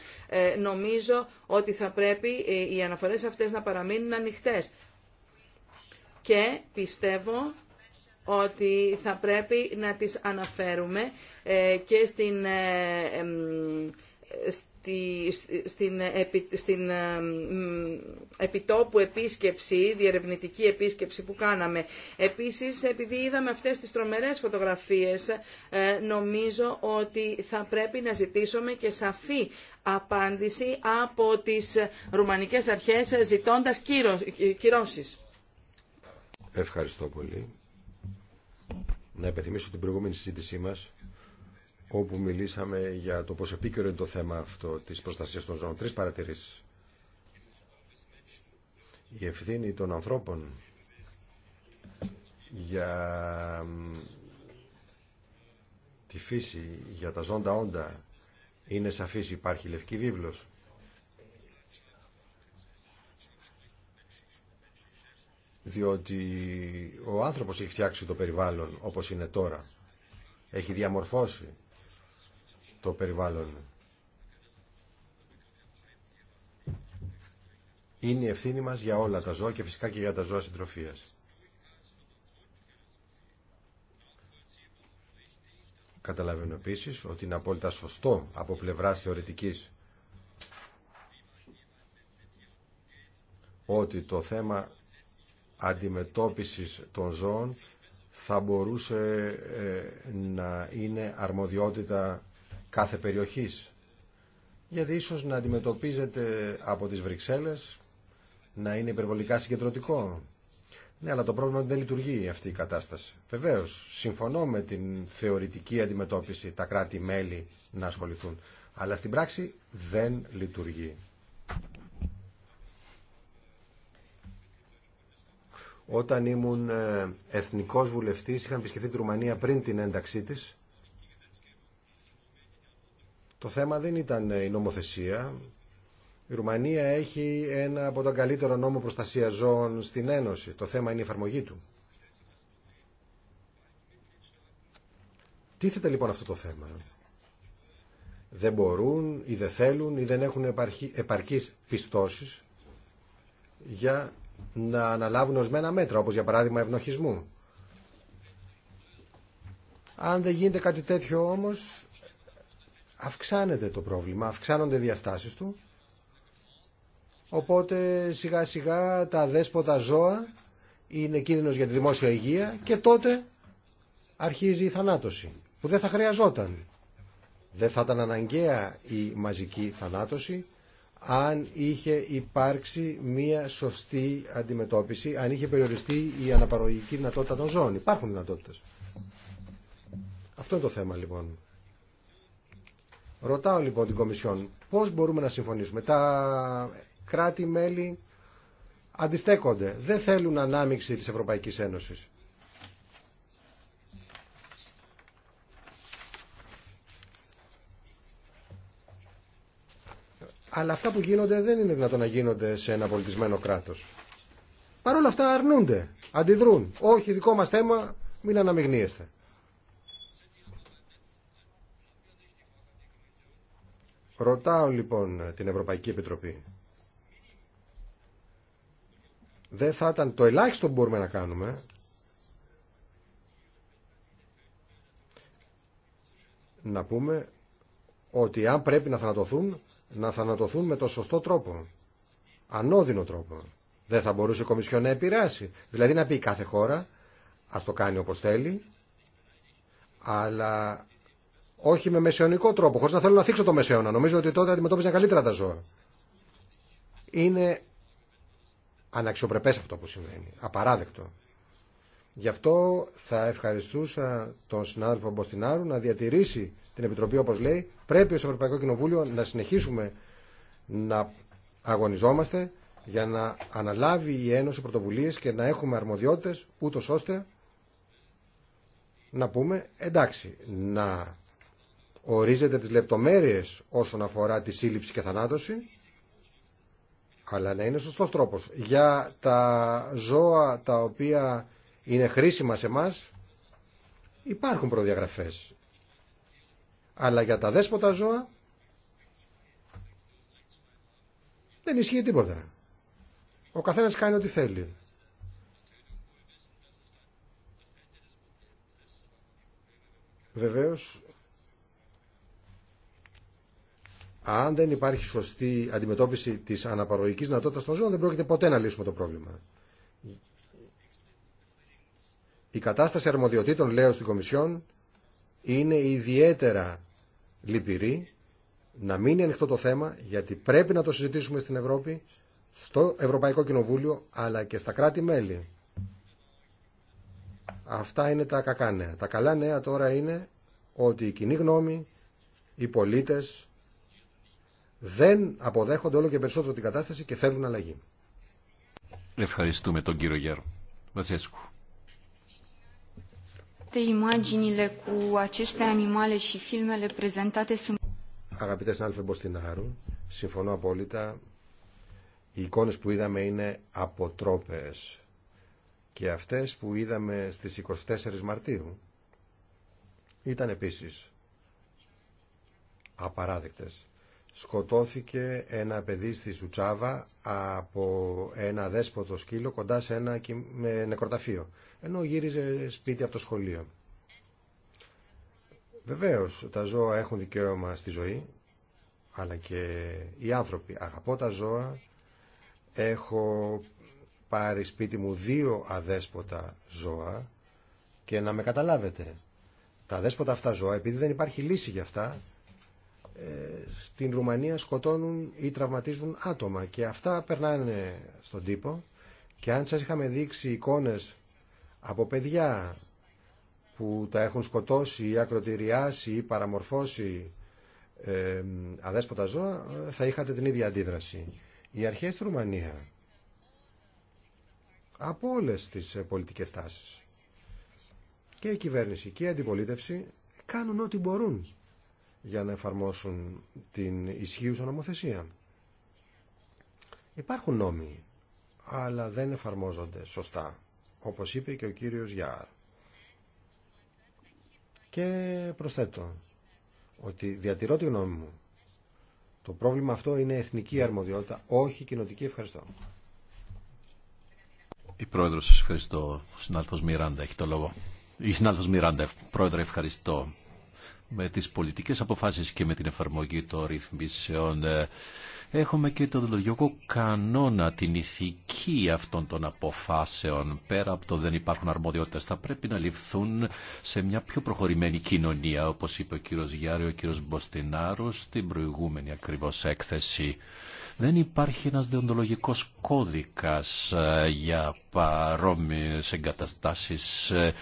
Νομίζω ότι θα πρέπει οι αναφορές αυτές να παραμείνουν ανοιχτές. Και πιστεύω ότι θα πρέπει να τις αναφέρουμε ε, και στην, ε, στη, στην, στην επιτόπου επίσκεψη, διερευνητική επίσκεψη που κάναμε. Επίσης, επειδή είδαμε αυτές τις τρομερές φωτογραφίες, ε, νομίζω ότι θα πρέπει να ζητήσουμε και σαφή απάντηση από τις ρουμανικές αρχές ζητώντας κυρώσεις. Ευχαριστώ πολύ να υπενθυμίσω την προηγούμενη συζήτησή μας όπου μιλήσαμε για το πόσο επίκαιρο είναι το θέμα αυτό της προστασίας των ζώων. τρει παρατηρήσεις. Η ευθύνη των ανθρώπων για τη φύση, για τα ζώντα όντα είναι σαφής. Υπάρχει λευκή βίβλος διότι ο άνθρωπος έχει φτιάξει το περιβάλλον όπως είναι τώρα. Έχει διαμορφώσει το περιβάλλον. Είναι η ευθύνη μας για όλα τα ζώα και φυσικά και για τα ζώα συντροφίας. Καταλαβαίνω επίσης ότι είναι απόλυτα σωστό από πλευράς θεωρητικής ότι το θέμα αντιμετώπισης των ζώων θα μπορούσε ε, να είναι αρμοδιότητα κάθε περιοχής. Γιατί ίσως να αντιμετωπίζεται από τις Βρυξέλλες, να είναι υπερβολικά συγκεντρωτικό. Ναι, αλλά το πρόβλημα δεν λειτουργεί αυτή η κατάσταση. Βεβαίω, συμφωνώ με την θεωρητική αντιμετώπιση τα κράτη-μέλη να ασχοληθούν. Αλλά στην πράξη δεν λειτουργεί. Όταν ήμουν ε, εθνικός βουλευτής είχαν επισκεφθεί τη Ρουμανία πριν την ένταξή της. Το θέμα δεν ήταν ε, η νομοθεσία. Η Ρουμανία έχει ένα από τα καλύτερα νόμο προστασία ζώων στην Ένωση. Το θέμα είναι η εφαρμογή του. Τίθεται λοιπόν αυτό το θέμα. Δεν μπορούν ή δεν θέλουν ή δεν έχουν επαρκείς πιστώσεις για να αναλάβουν ορισμένα μέτρα, όπως για παράδειγμα ευνοχισμού. Αν δεν γίνεται κάτι τέτοιο όμως, αυξάνεται το πρόβλημα, αυξάνονται οι διαστάσεις του, οπότε σιγά σιγά τα δέσποτα ζώα είναι κίνδυνος για τη δημόσια υγεία και τότε αρχίζει η θανάτωση, που δεν θα χρειαζόταν. Δεν θα ήταν αναγκαία η μαζική θανάτωση, αν είχε υπάρξει μία σωστή αντιμετώπιση, αν είχε περιοριστεί η αναπαραγωγική δυνατότητα των ζώων. Υπάρχουν δυνατότητε. Αυτό είναι το θέμα λοιπόν. Ρωτάω λοιπόν την Κομισιόν πώς μπορούμε να συμφωνήσουμε. Τα κράτη-μέλη αντιστέκονται. Δεν θέλουν ανάμειξη της Ευρωπαϊκής Ένωσης. Αλλά αυτά που γίνονται δεν είναι δυνατόν να γίνονται σε ένα πολιτισμένο κράτος. Παρ' όλα αυτά αρνούνται, αντιδρούν. Όχι, δικό μας θέμα, μην αναμειγνύεστε. Ρωτάω λοιπόν την Ευρωπαϊκή Επιτροπή. Δεν θα ήταν το ελάχιστο που μπορούμε να κάνουμε να πούμε ότι αν πρέπει να θανατωθούν να θανατωθούν με το σωστό τρόπο. Ανώδυνο τρόπο. Δεν θα μπορούσε η Κομισιόν να επηρεάσει. Δηλαδή να πει κάθε χώρα, ας το κάνει όπως θέλει, αλλά όχι με μεσαιωνικό τρόπο, χωρίς να θέλω να θίξω το μεσαίωνα. Νομίζω ότι τότε αντιμετώπιζαν καλύτερα τα ζώα. Είναι αναξιοπρεπές αυτό που συμβαίνει. Απαράδεκτο. Γι' αυτό θα ευχαριστούσα τον συνάδελφο Μποστινάρου να διατηρήσει την Επιτροπή όπως λέει. Πρέπει ως Ευρωπαϊκό Κοινοβούλιο να συνεχίσουμε να αγωνιζόμαστε για να αναλάβει η Ένωση πρωτοβουλίες και να έχουμε αρμοδιότητες ούτω ώστε να πούμε εντάξει να ορίζεται τις λεπτομέρειες όσον αφορά τη σύλληψη και θανάτωση αλλά να είναι σωστός τρόπος για τα ζώα τα οποία είναι χρήσιμα σε εμά, υπάρχουν προδιαγραφές. Αλλά για τα δέσποτα ζώα δεν ισχύει τίποτα. Ο καθένας κάνει ό,τι θέλει. Βεβαίως, αν δεν υπάρχει σωστή αντιμετώπιση της αναπαροϊκής δυνατότητα των ζώων, δεν πρόκειται ποτέ να λύσουμε το πρόβλημα. Η κατάσταση αρμοδιοτήτων, λέω στην Κομισιόν, είναι ιδιαίτερα λυπηρή να μην είναι ανοιχτό το θέμα, γιατί πρέπει να το συζητήσουμε στην Ευρώπη, στο Ευρωπαϊκό Κοινοβούλιο, αλλά και στα κράτη-μέλη. Αυτά είναι τα κακά νέα. Τα καλά νέα τώρα είναι ότι η κοινή γνώμη, οι πολίτες δεν αποδέχονται όλο και περισσότερο την κατάσταση και θέλουν αλλαγή. Ευχαριστούμε τον κύριο Γέρο Imaginile cu aceste animale și filmele Αγαπητέ Άλφε Μποστινάρου, συμφωνώ απόλυτα. Οι εικόνε που είδαμε είναι αποτρόπες και αυτέ που είδαμε στι 24 Μαρτίου ήταν επίση απαράδεκτες σκοτώθηκε ένα παιδί στη Σουτσάβα από ένα δέσποτο σκύλο κοντά σε ένα νεκροταφείο, ενώ γύριζε σπίτι από το σχολείο. Βεβαίως, τα ζώα έχουν δικαίωμα στη ζωή, αλλά και οι άνθρωποι. Αγαπώ τα ζώα, έχω πάρει σπίτι μου δύο αδέσποτα ζώα και να με καταλάβετε. Τα αδέσποτα αυτά ζώα, επειδή δεν υπάρχει λύση για αυτά, στην Ρουμανία σκοτώνουν ή τραυματίζουν άτομα και αυτά περνάνε στον τύπο και αν σας είχαμε δείξει εικόνες από παιδιά που τα έχουν σκοτώσει ή ακροτηριάσει ή παραμορφώσει ε, αδέσποτα ζώα ε, θα είχατε την ίδια αντίδραση. Οι αρχές της Ρουμανία από όλες τις ε, πολιτικές τάσεις και η κυβέρνηση και η αντιπολίτευση κάνουν ό,τι μπορούν για να εφαρμόσουν την ισχύουσα νομοθεσία. Υπάρχουν νόμοι, αλλά δεν εφαρμόζονται σωστά, όπως είπε και ο κύριος Γιάρ. Και προσθέτω ότι διατηρώ τη γνώμη μου. Το πρόβλημα αυτό είναι εθνική αρμοδιότητα, όχι κοινοτική. Ευχαριστώ. Η πρόεδρος σας ευχαριστώ. Ο συνάδελφος Μιράντα έχει το λόγο. Η συνάδελφος Μιράντα, πρόεδρε ευχαριστώ με τις πολιτικές αποφάσεις και με την εφαρμογή των ρυθμίσεων. Έχουμε και το δολογικό κανόνα, την ηθική αυτών των αποφάσεων. Πέρα από το δεν υπάρχουν αρμοδιότητες, θα πρέπει να ληφθούν σε μια πιο προχωρημένη κοινωνία, όπως είπε ο κύριος Γιάριο, ο κύριος Μποστινάρου στην προηγούμενη ακριβώς έκθεση. Δεν υπάρχει ένας δεοντολογικός κώδικας ε, για παρόμοιες εγκαταστάσεις ε,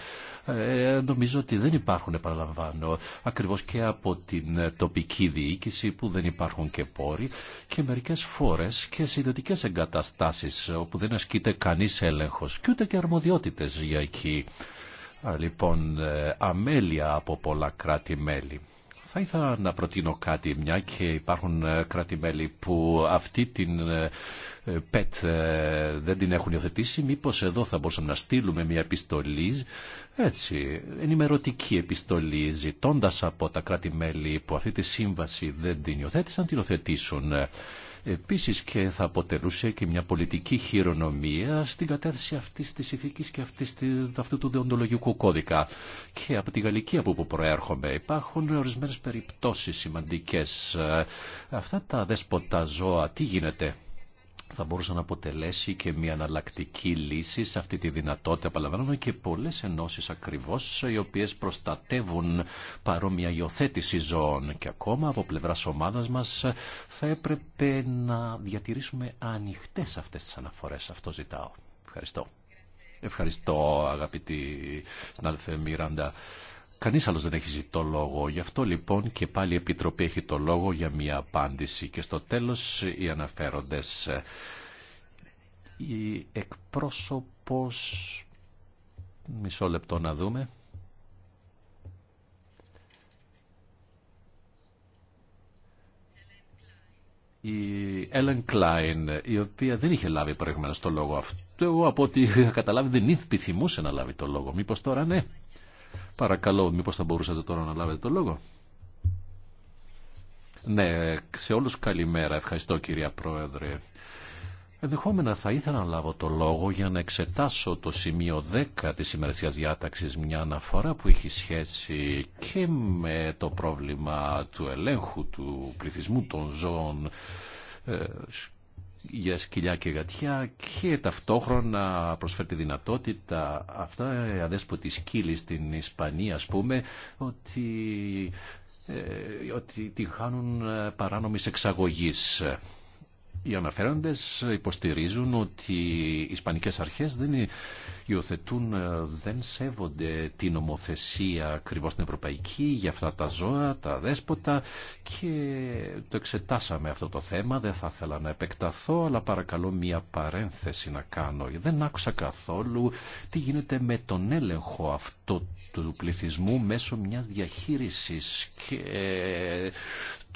ε, νομίζω ότι δεν υπάρχουν, επαναλαμβάνω, ακριβώς και από την τοπική διοίκηση που δεν υπάρχουν και πόροι και μερικές φορές και σε εγκαταστάσεις όπου δεν ασκείται κανείς έλεγχος και ούτε και αρμοδιότητες για εκεί. Λοιπόν, ε, αμέλεια από πολλά κράτη-μέλη. Θα ήθελα να προτείνω κάτι, μια και υπάρχουν ε, κράτη-μέλη που αυτή την ε, ε, ΠΕΤ δεν την έχουν υιοθετήσει. Μήπως εδώ θα μπορούσαμε να στείλουμε μια επιστολή, έτσι, ενημερωτική επιστολή, ζητώντας από τα κράτη-μέλη που αυτή τη σύμβαση δεν την υιοθέτησαν, την υιοθετήσουν. Επίσης και θα αποτελούσε και μια πολιτική χειρονομία στην κατεύθυνση αυτής της ηθικής και αυτής, αυτού του δεοντολογικού κώδικα. Και από τη Γαλλική από που προέρχομαι υπάρχουν ορισμένες περιπτώσεις σημαντικές. Ε, αυτά τα δέσποτα ζώα, τι γίνεται θα μπορούσε να αποτελέσει και μια αναλλακτική λύση σε αυτή τη δυνατότητα. Παλαβαίνουμε και πολλές ενώσει ακριβώς οι οποίες προστατεύουν παρόμοια υιοθέτηση ζώων και ακόμα από πλευρά ομάδα μας θα έπρεπε να διατηρήσουμε ανοιχτέ αυτές τις αναφορές. Αυτό ζητάω. Ευχαριστώ. Ευχαριστώ αγαπητή συνάδελφε Μιράντα. Κανείς άλλος δεν έχει ζητήσει το λόγο. Γι' αυτό λοιπόν και πάλι η Επιτροπή έχει το λόγο για μια απάντηση. Και στο τέλος οι αναφέροντες. Η εκπρόσωπος... Μισό λεπτό να δούμε. η Έλεν Κλάιν, η οποία δεν είχε λάβει προηγουμένω το λόγο αυτό, από ό,τι καταλάβει δεν επιθυμούσε να λάβει το λόγο. Μήπω τώρα ναι. Παρακαλώ, μήπως θα μπορούσατε τώρα να λάβετε το λόγο. Ναι, σε όλους καλημέρα. Ευχαριστώ κυρία Πρόεδρε. Ενδεχόμενα θα ήθελα να λάβω το λόγο για να εξετάσω το σημείο 10 της ημερησίας διάταξης μια αναφορά που έχει σχέση και με το πρόβλημα του ελέγχου του πληθυσμού των ζώων ε, για σκυλιά και γατιά και ταυτόχρονα προσφέρει τη δυνατότητα αυτά ε, αδέσποτη σκύλη στην Ισπανία ας πούμε ότι ε, ότι την χάνουν ε, παράνομης εξαγωγής. Οι αναφέροντες υποστηρίζουν ότι οι Ισπανικές αρχές δεν είναι υιοθετούν ε, δεν σέβονται την νομοθεσία ακριβώς την ευρωπαϊκή για αυτά τα ζώα, τα δέσποτα και το εξετάσαμε αυτό το θέμα, δεν θα ήθελα να επεκταθώ αλλά παρακαλώ μία παρένθεση να κάνω. Δεν άκουσα καθόλου τι γίνεται με τον έλεγχο αυτού του πληθυσμού μέσω μιας διαχείρισης και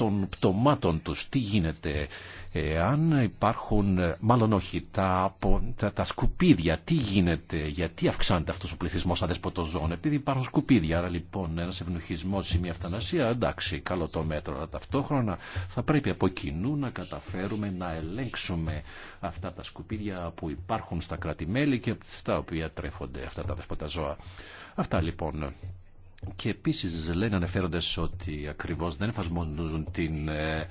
των πτωμάτων τους. Τι γίνεται αν υπάρχουν, μάλλον όχι, τα, τα, τα, σκουπίδια. Τι γίνεται, γιατί αυξάνεται αυτός ο πληθυσμός σαν Επειδή υπάρχουν σκουπίδια, άρα λοιπόν ένας ευνοχισμός ή μια αυτανασία, εντάξει, καλό το μέτρο. Αλλά ταυτόχρονα θα πρέπει από κοινού να καταφέρουμε να ελέγξουμε αυτά τα σκουπίδια που υπάρχουν στα κρατημέλη και στα οποία τρέφονται αυτά τα δεσποτα ζώα. Αυτά λοιπόν. Και επίση λένε αναφέροντα ότι ακριβώς δεν εφαρμόζουν την ε,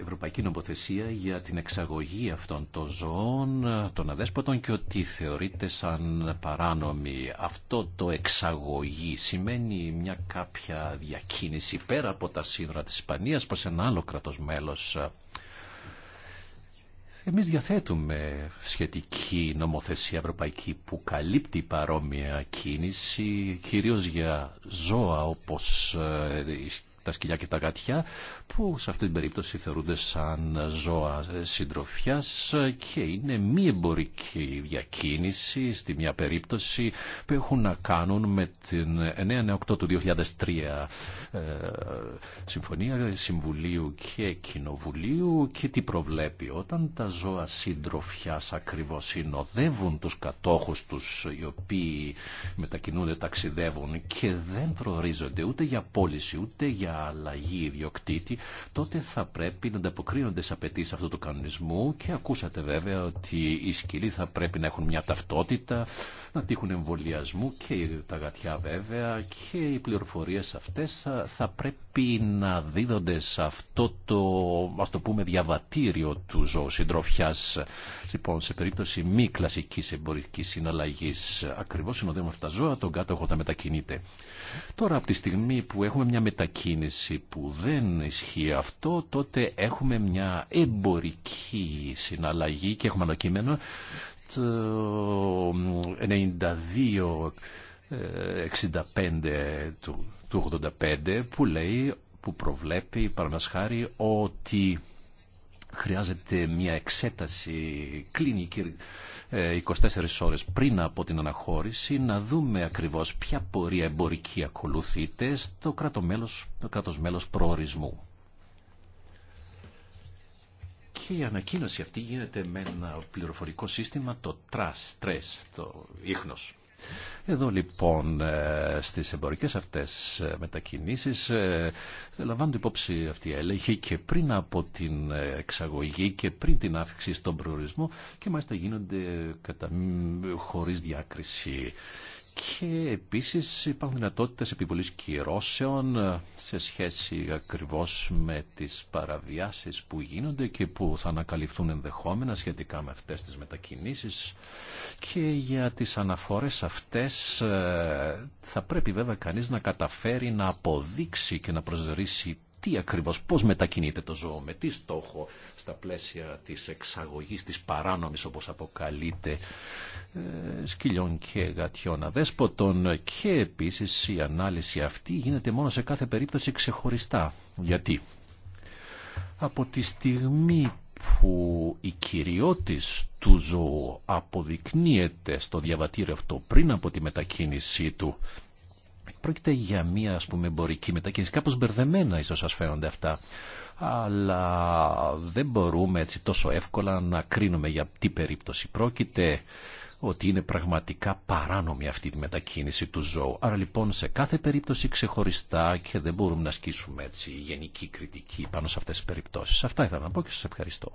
ευρωπαϊκή νομοθεσία για την εξαγωγή αυτών των ζωών, των αδέσποτων και ότι θεωρείται σαν παράνομη. Αυτό το εξαγωγή σημαίνει μια κάποια διακίνηση πέρα από τα σύνορα της Ισπανίας προς ένα άλλο κρατος μέλος. Εμείς διαθέτουμε σχετική νομοθεσία ευρωπαϊκή που καλύπτει παρόμοια κίνηση, κυρίως για ζώα όπως ε, τα σκυλιά και τα γατιά που σε αυτή την περίπτωση θεωρούνται σαν ζώα ε, συντροφιάς και είναι μη εμπορική διακίνηση στη μια περίπτωση που έχουν να κάνουν με την 8 του 2003 ε, συμφωνία Συμβουλίου και Κοινοβουλίου και τι προβλέπει όταν τα ζώα συντροφιάς ακριβώς συνοδεύουν τους κατόχους τους οι οποίοι μετακινούνται, ταξιδεύουν και δεν προορίζονται ούτε για πώληση ούτε για αλλαγή ιδιοκτήτη, τότε θα πρέπει να ανταποκρίνονται σε απαιτήσει αυτού του κανονισμού και ακούσατε βέβαια ότι οι σκυλοί θα πρέπει να έχουν μια ταυτότητα, να τύχουν εμβολιασμού και τα γατιά βέβαια και οι πληροφορίε αυτέ θα πρέπει να δίδονται σε αυτό το α το πούμε διαβατήριο του ζώου συντροφιά. λοιπόν σε περίπτωση μη κλασική εμπορική συναλλαγή, Ακριβώ συνοδεύουμε αυτά τα ζώα τον κάτοχο τα μετακινείται τώρα από τη στιγμή που έχουμε μια μετακίνηση κυβέρνηση που δεν ισχύει αυτό, τότε έχουμε μια εμπορική συναλλαγή και έχουμε ανακείμενο το 92 65 ε, του, του 85 που λέει που προβλέπει παρανασχάρη ότι χρειάζεται μια εξέταση κλινική 24 ε, ώρες πριν από την αναχώρηση να δούμε ακριβώς ποια πορεία εμπορική ακολουθείται στο κράτος μέλος προορισμού. Και η ανακοίνωση αυτή γίνεται με ένα πληροφορικό σύστημα, το TRAS, το ίχνος. Εδώ λοιπόν ε, στις εμπορικές αυτές ε, μετακινήσεις ε, λαμβάνονται υπόψη αυτή η έλεγχη και πριν από την εξαγωγή και πριν την άφηξη στον προορισμό και μάλιστα γίνονται κατά, χωρίς διάκριση και επίσης υπάρχουν δυνατότητες επιβολής κυρώσεων ε, σε σχέση ακριβώς με τις παραβιάσεις που γίνονται και που θα ανακαλυφθούν ενδεχόμενα σχετικά με αυτές τις μετακινήσεις και για τις αναφορές αυτές ε, θα πρέπει βέβαια κανείς να καταφέρει να αποδείξει και να προσδιορίσει τι ακριβώς, πώς μετακινείται το ζώο, με τι στόχο στα πλαίσια της εξαγωγής, της παράνομης όπως αποκαλείται ε, σκυλιών και γατιών αδέσποτων και επίσης η ανάλυση αυτή γίνεται μόνο σε κάθε περίπτωση ξεχωριστά. Γιατί από τη στιγμή που η κυριότης του ζώου αποδεικνύεται στο διαβατήριο αυτό πριν από τη μετακίνησή του Πρόκειται για μία ας πούμε εμπορική μετακίνηση. Κάπως μπερδεμένα ίσως σας φαίνονται αυτά. Αλλά δεν μπορούμε έτσι τόσο εύκολα να κρίνουμε για τι περίπτωση πρόκειται ότι είναι πραγματικά παράνομη αυτή τη μετακίνηση του ζώου. Άρα λοιπόν σε κάθε περίπτωση ξεχωριστά και δεν μπορούμε να ασκήσουμε έτσι γενική κριτική πάνω σε αυτές τις περιπτώσεις. Αυτά ήθελα να πω και σας ευχαριστώ.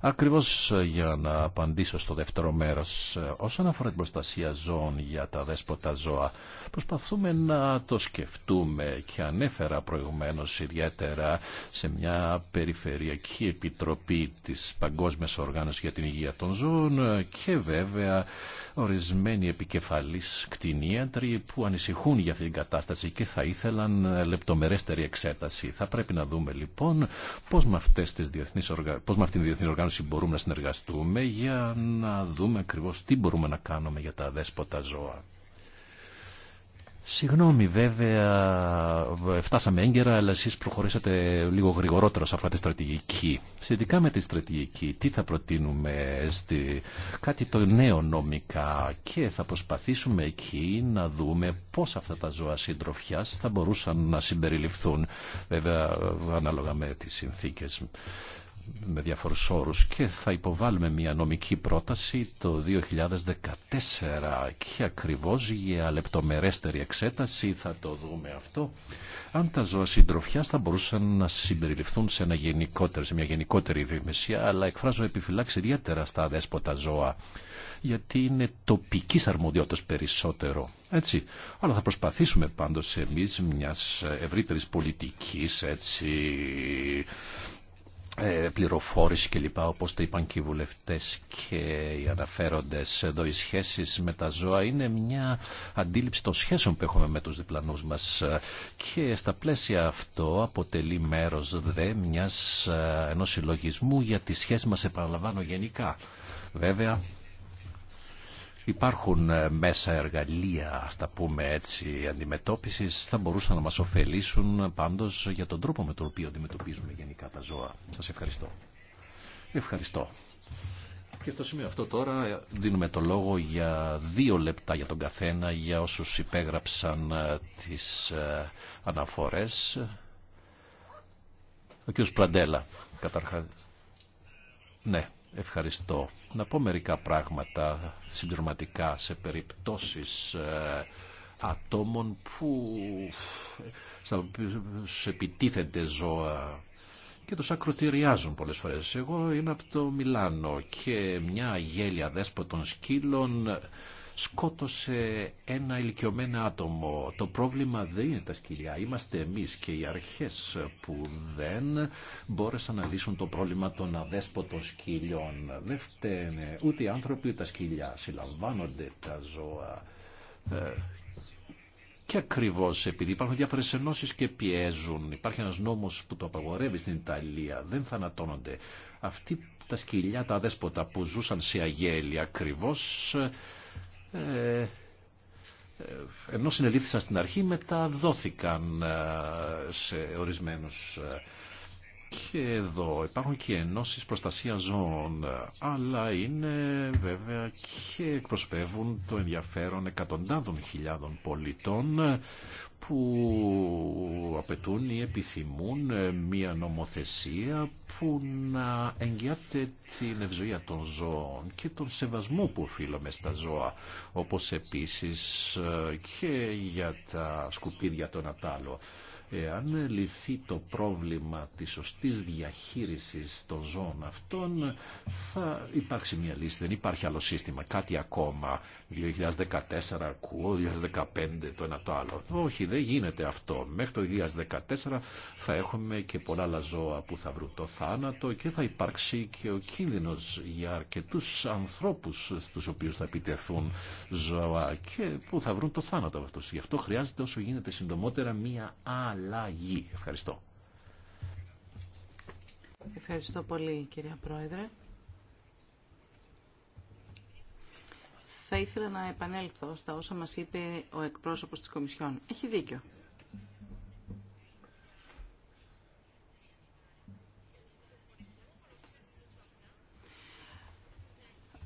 Ακριβώς ε, για να απαντήσω στο δεύτερο μέρος, ε, όσον αφορά την προστασία ζώων για τα δέσποτα ζώα, προσπαθούμε να το σκεφτούμε και ανέφερα προηγουμένως ιδιαίτερα σε μια περιφερειακή επιτροπή της Παγκόσμιας Οργάνωσης για την Υγεία των Ζώων ε, και βέβαια ορισμένοι επικεφαλής κτηνίατροι που ανησυχούν για αυτή την κατάσταση και θα ήθελαν λεπτομερέστερη εξέταση. Θα πρέπει να δούμε λοιπόν με, διεθνή οργάνωση οργάνωση μπορούμε να συνεργαστούμε για να δούμε ακριβώ τι μπορούμε να κάνουμε για τα δέσποτα ζώα. Συγγνώμη βέβαια, φτάσαμε έγκαιρα, αλλά εσείς προχωρήσατε λίγο γρηγορότερο σε αυτή τη στρατηγική. Σχετικά με τη στρατηγική, τι θα προτείνουμε, στη... κάτι το νέο νομικά και θα προσπαθήσουμε εκεί να δούμε πώς αυτά τα ζώα συντροφιά θα μπορούσαν να συμπεριληφθούν, βέβαια ανάλογα με τις συνθήκες με διάφορους όρους και θα υποβάλουμε μια νομική πρόταση το 2014 και ακριβώς για λεπτομερέστερη εξέταση θα το δούμε αυτό αν τα ζώα συντροφιά θα μπορούσαν να συμπεριληφθούν σε, ένα γενικότερο, σε μια γενικότερη δημησία αλλά εκφράζω επιφυλάξει ιδιαίτερα στα αδέσποτα ζώα γιατί είναι τοπικής αρμοδιότητας περισσότερο. Έτσι. Αλλά θα προσπαθήσουμε πάντως εμείς μιας ευρύτερης πολιτικής έτσι, ε, πληροφόρηση κλπ. Όπως το είπαν και οι βουλευτές και οι αναφέροντες εδώ οι σχέσεις με τα ζώα είναι μια αντίληψη των σχέσεων που έχουμε με τους διπλανούς μας και στα πλαίσια αυτό αποτελεί μέρος δε μιας ε, ενός συλλογισμού για τις σχέσεις μας επαναλαμβάνω γενικά. Βέβαια Υπάρχουν ε, μέσα εργαλεία, ας τα πούμε έτσι, αντιμετώπισης, θα μπορούσαν να μας ωφελήσουν πάντως για τον τρόπο με τον οποίο αντιμετωπίζουμε γενικά τα ζώα. Σας ευχαριστώ. Ευχαριστώ. Και στο σημείο αυτό τώρα ε, δίνουμε το λόγο για δύο λεπτά για τον καθένα, για όσους υπέγραψαν ε, τις αναφορές. Ο κ. Πραντέλα. καταρχάς. Ναι, ευχαριστώ να πω μερικά πράγματα συντροματικά σε περιπτώσεις ε, ατόμων που σε επιτίθενται ζώα και τους ακροτηριάζουν πολλές φορές. Εγώ είμαι από το Μιλάνο και μια γέλια δέσποτων σκύλων σκότωσε ένα ηλικιωμένο άτομο. Το πρόβλημα δεν είναι τα σκυλιά. Είμαστε εμείς και οι αρχές που δεν μπόρεσαν να λύσουν το πρόβλημα των αδέσποτων σκυλιών. Δεν φταίνε ούτε οι άνθρωποι ούτε τα σκυλιά. Συλλαμβάνονται τα ζώα. Ε, και ακριβώ επειδή υπάρχουν διάφορε ενώσει και πιέζουν, υπάρχει ένα νόμο που το απαγορεύει στην Ιταλία, δεν θανατώνονται. Αυτοί τα σκυλιά, τα αδέσποτα που ζούσαν σε αγέλη ακριβώ ε, ε, ενώ συνελήφθησαν στην αρχή, μετά δόθηκαν ε, σε ορισμένους και εδώ υπάρχουν και ενώσεις προστασία ζώων, αλλά είναι βέβαια και εκπροσπεύουν το ενδιαφέρον εκατοντάδων χιλιάδων πολιτών που απαιτούν ή επιθυμούν μια νομοθεσία που να εγγυάται την ευζοία των ζώων και τον σεβασμό που οφείλουμε στα ζώα, όπως επίσης και για τα σκουπίδια των ατάλων. Εάν λυθεί το πρόβλημα της σωστής διαχείρισης των ζώων αυτών, θα υπάρξει μια λύση. Δεν υπάρχει άλλο σύστημα, κάτι ακόμα. 2014 ακούω, 2015 το ένα το άλλο. Όχι, δεν γίνεται αυτό. Μέχρι το 2014 θα έχουμε και πολλά άλλα ζώα που θα βρουν το θάνατο και θα υπάρξει και ο κίνδυνος για αρκετούς ανθρώπους στους οποίους θα επιτεθούν ζώα και που θα βρουν το θάνατο αυτό. αυτούς. Γι' αυτό χρειάζεται όσο γίνεται συντομότερα μία αλλαγή. Ευχαριστώ. Ευχαριστώ πολύ κυρία Πρόεδρε. θα ήθελα να επανέλθω στα όσα μας είπε ο εκπρόσωπος της Κομισιόν. Έχει δίκιο.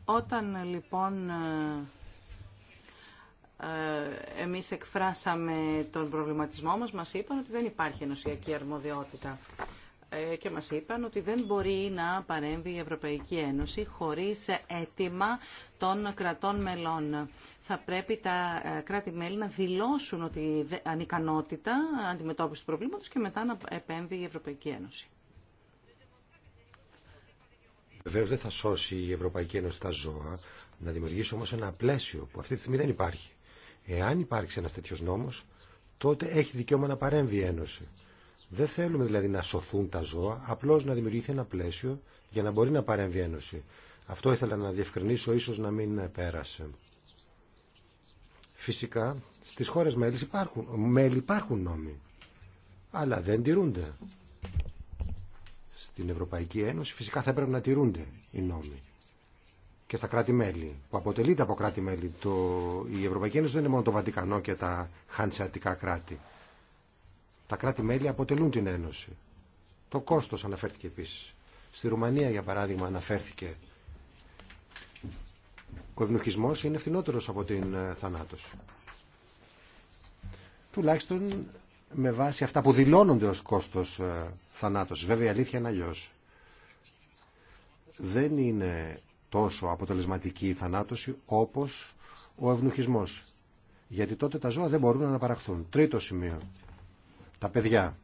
Όταν λοιπόν ε, ε, εμείς εκφράσαμε τον προβληματισμό μας, μας είπαν ότι δεν υπάρχει ενωσιακή αρμοδιότητα. Ε, και μας είπαν ότι δεν μπορεί να παρέμβει η Ευρωπαϊκή Ένωση χωρίς αίτημα των κρατών μελών. Θα πρέπει τα ε, κράτη-μέλη να δηλώσουν ότι ανικανότητα αντιμετώπιση του προβλήματος και μετά να επέμβει η Ευρωπαϊκή Ένωση. Βεβαίω δεν θα σώσει η Ευρωπαϊκή Ένωση τα ζώα, να δημιουργήσει όμως ένα πλαίσιο που αυτή τη στιγμή δεν υπάρχει. Εάν υπάρξει ένας τέτοιος νόμος, τότε έχει δικαίωμα να παρέμβει η Ένωση. Δεν θέλουμε δηλαδή να σωθούν τα ζώα, απλώ να δημιουργηθεί ένα πλαίσιο για να μπορεί να παρέμβει η Ένωση. Αυτό ήθελα να διευκρινίσω, ίσω να μην πέρασε. Φυσικά στις χώρες μέλη υπάρχουν, μέλη υπάρχουν νόμοι, αλλά δεν τηρούνται. Στην Ευρωπαϊκή Ένωση φυσικά θα έπρεπε να τηρούνται οι νόμοι και στα κράτη-μέλη, που αποτελείται από κράτη-μέλη. Το... Η Ευρωπαϊκή Ένωση δεν είναι μόνο το Βατικανό και τα χανσιατικά κράτη. Τα κράτη-μέλη αποτελούν την Ένωση. Το κόστος αναφέρθηκε επίσης. Στη Ρουμανία, για παράδειγμα, αναφέρθηκε. Ο ευνοχισμός είναι φθηνότερος από την ε, θανάτωση. Τουλάχιστον με βάση αυτά που δηλώνονται ως κόστος ε, θανάτωσης. Βέβαια η αλήθεια είναι αλλιώ. Δεν είναι τόσο αποτελεσματική η θανάτωση όπως ο ευνουχισμός. Γιατί τότε τα ζώα δεν μπορούν να αναπαραχθούν. Τρίτο σημείο τα παιδιά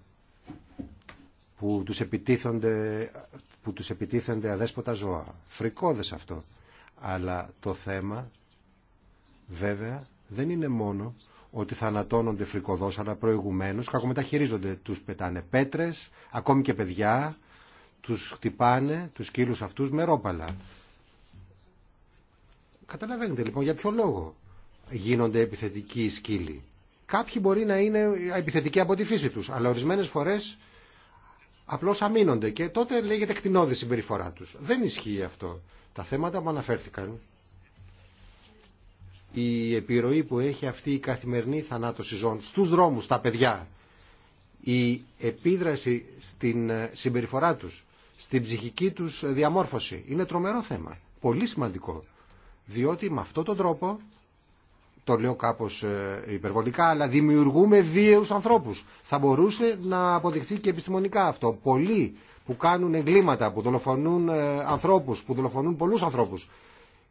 που τους επιτίθενται, που τους επιτίθενται αδέσποτα ζώα. Φρικόδες αυτό. Αλλά το θέμα βέβαια δεν είναι μόνο ότι θα ανατώνονται φρικοδός, αλλά προηγουμένως κακομεταχειρίζονται. Τους πετάνε πέτρες, ακόμη και παιδιά, τους χτυπάνε, τους σκύλους αυτούς με ρόπαλα. Καταλαβαίνετε λοιπόν για ποιο λόγο γίνονται επιθετικοί σκύλοι. Κάποιοι μπορεί να είναι επιθετικοί από τη φύση τους, αλλά ορισμένες φορές απλώς αμήνονται και τότε λέγεται κτηνώδη συμπεριφορά τους. Δεν ισχύει αυτό. Τα θέματα που αναφέρθηκαν, η επιρροή που έχει αυτή η καθημερινή θανάτωση ζώων στους δρόμους, στα παιδιά, η επίδραση στην ε, συμπεριφορά τους, στην ψυχική τους διαμόρφωση, είναι τρομερό θέμα. Πολύ σημαντικό. Διότι με αυτόν τον τρόπο το λέω κάπως ε, υπερβολικά, αλλά δημιουργούμε βίαιους ανθρώπους. Θα μπορούσε να αποδειχθεί και επιστημονικά αυτό. Πολλοί που κάνουν εγκλήματα, που δολοφονούν ε, ανθρώπους, που δολοφονούν πολλούς ανθρώπους,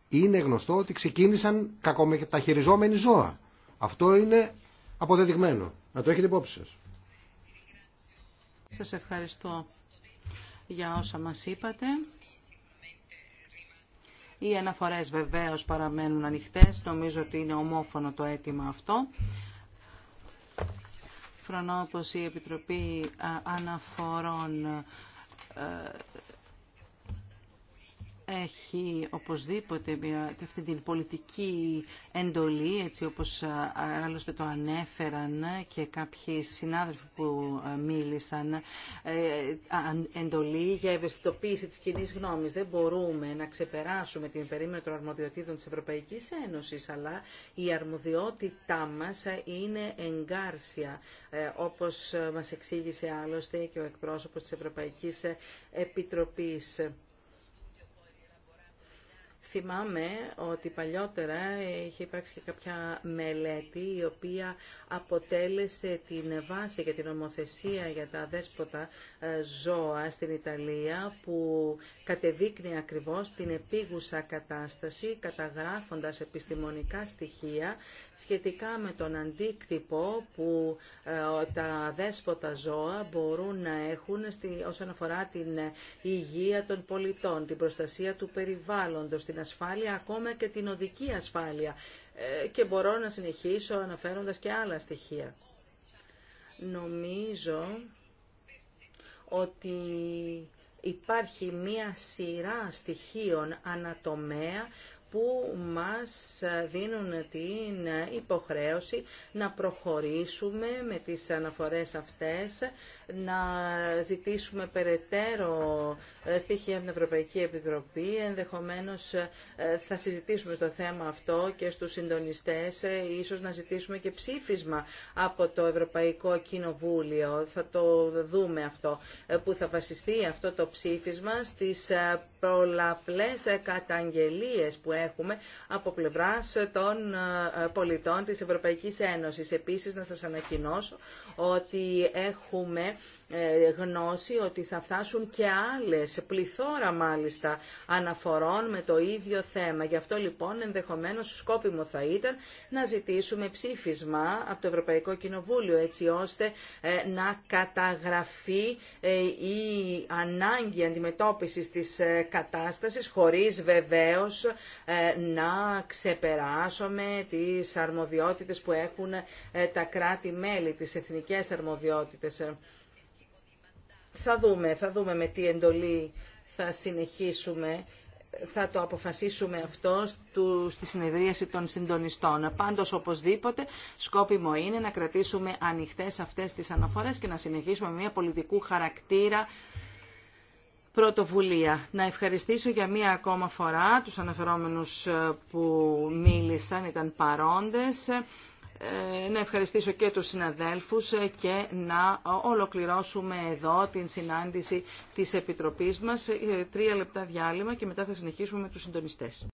είναι γνωστό ότι ξεκίνησαν κακομεταχειριζόμενοι ζώα. Αυτό είναι αποδεδειγμένο. Να το έχετε υπόψη σας. Σας ευχαριστώ για όσα μας είπατε. Οι αναφορές βεβαίως παραμένουν ανοιχτές. Νομίζω ότι είναι ομόφωνο το αίτημα αυτό. Φρονώ πως η Επιτροπή ε, Αναφορών ε, έχει οπωσδήποτε μια, αυτή την πολιτική εντολή, έτσι όπως άλλωστε το ανέφεραν και κάποιοι συνάδελφοι που μίλησαν, ε, εντολή για ευαισθητοποίηση της κοινή γνώμης. Δεν μπορούμε να ξεπεράσουμε την περίμετρο αρμοδιοτήτων της Ευρωπαϊκής Ένωσης, αλλά η αρμοδιότητά μας είναι εγκάρσια, ε, όπως ε, μας εξήγησε άλλωστε και ο εκπρόσωπος της Ευρωπαϊκής Επιτροπής. Θυμάμαι ότι παλιότερα είχε υπάρξει και κάποια μελέτη η οποία αποτέλεσε την βάση για την ομοθεσία για τα δέσποτα ε, ζώα στην Ιταλία που κατεδείκνει ακριβώς την επίγουσα κατάσταση καταγράφοντας επιστημονικά στοιχεία σχετικά με τον αντίκτυπο που ε, τα δέσποτα ζώα μπορούν να έχουν όσον αφορά την υγεία των πολιτών, την προστασία του περιβάλλοντος, ασφάλεια, ακόμα και την οδική ασφάλεια. Ε, και μπορώ να συνεχίσω αναφέροντας και άλλα στοιχεία. Νομίζω ότι υπάρχει μία σειρά στοιχείων ανατομέα που μας δίνουν την υποχρέωση να προχωρήσουμε με τις αναφορές αυτές, να ζητήσουμε περαιτέρω στοιχεία από την Ευρωπαϊκή Επιτροπή. Ενδεχομένως ε, θα συζητήσουμε το θέμα αυτό και στους συντονιστές, ε, ίσως να ζητήσουμε και ψήφισμα από το Ευρωπαϊκό Κοινοβούλιο. Θα το δούμε αυτό, ε, που θα βασιστεί αυτό το ψήφισμα στις πολλαπλές καταγγελίες που έχουμε από πλευράς των ε, πολιτών της Ευρωπαϊκής Ένωσης. Επίσης, να σας ανακοινώσω ότι έχουμε ε, γνώση ότι θα φτάσουν και άλλες, πληθώρα μάλιστα, αναφορών με το ίδιο θέμα. Γι' αυτό λοιπόν ενδεχομένως σκόπιμο θα ήταν να ζητήσουμε ψήφισμα από το Ευρωπαϊκό Κοινοβούλιο έτσι ώστε ε, να καταγραφεί ε, η ανάγκη αντιμετώπισης της κατάστασης χωρίς βεβαίως να ξεπεράσουμε τις αρμοδιότητες που έχουν τα κράτη-μέλη, τις εθνικές αρμοδιότητες. Θα δούμε, θα δούμε με τι εντολή θα συνεχίσουμε. Θα το αποφασίσουμε αυτό στη συνεδρίαση των συντονιστών. Πάντως, οπωσδήποτε, σκόπιμο είναι να κρατήσουμε ανοιχτές αυτές τις αναφορές και να συνεχίσουμε μια πολιτικού χαρακτήρα πρωτοβουλία. Να ευχαριστήσω για μία ακόμα φορά τους αναφερόμενους ε, που μίλησαν, ήταν παρόντες. Ε, να ευχαριστήσω και τους συναδέλφους ε, και να ολοκληρώσουμε εδώ την συνάντηση της Επιτροπής μας. Ε, τρία λεπτά διάλειμμα και μετά θα συνεχίσουμε με τους συντονιστές.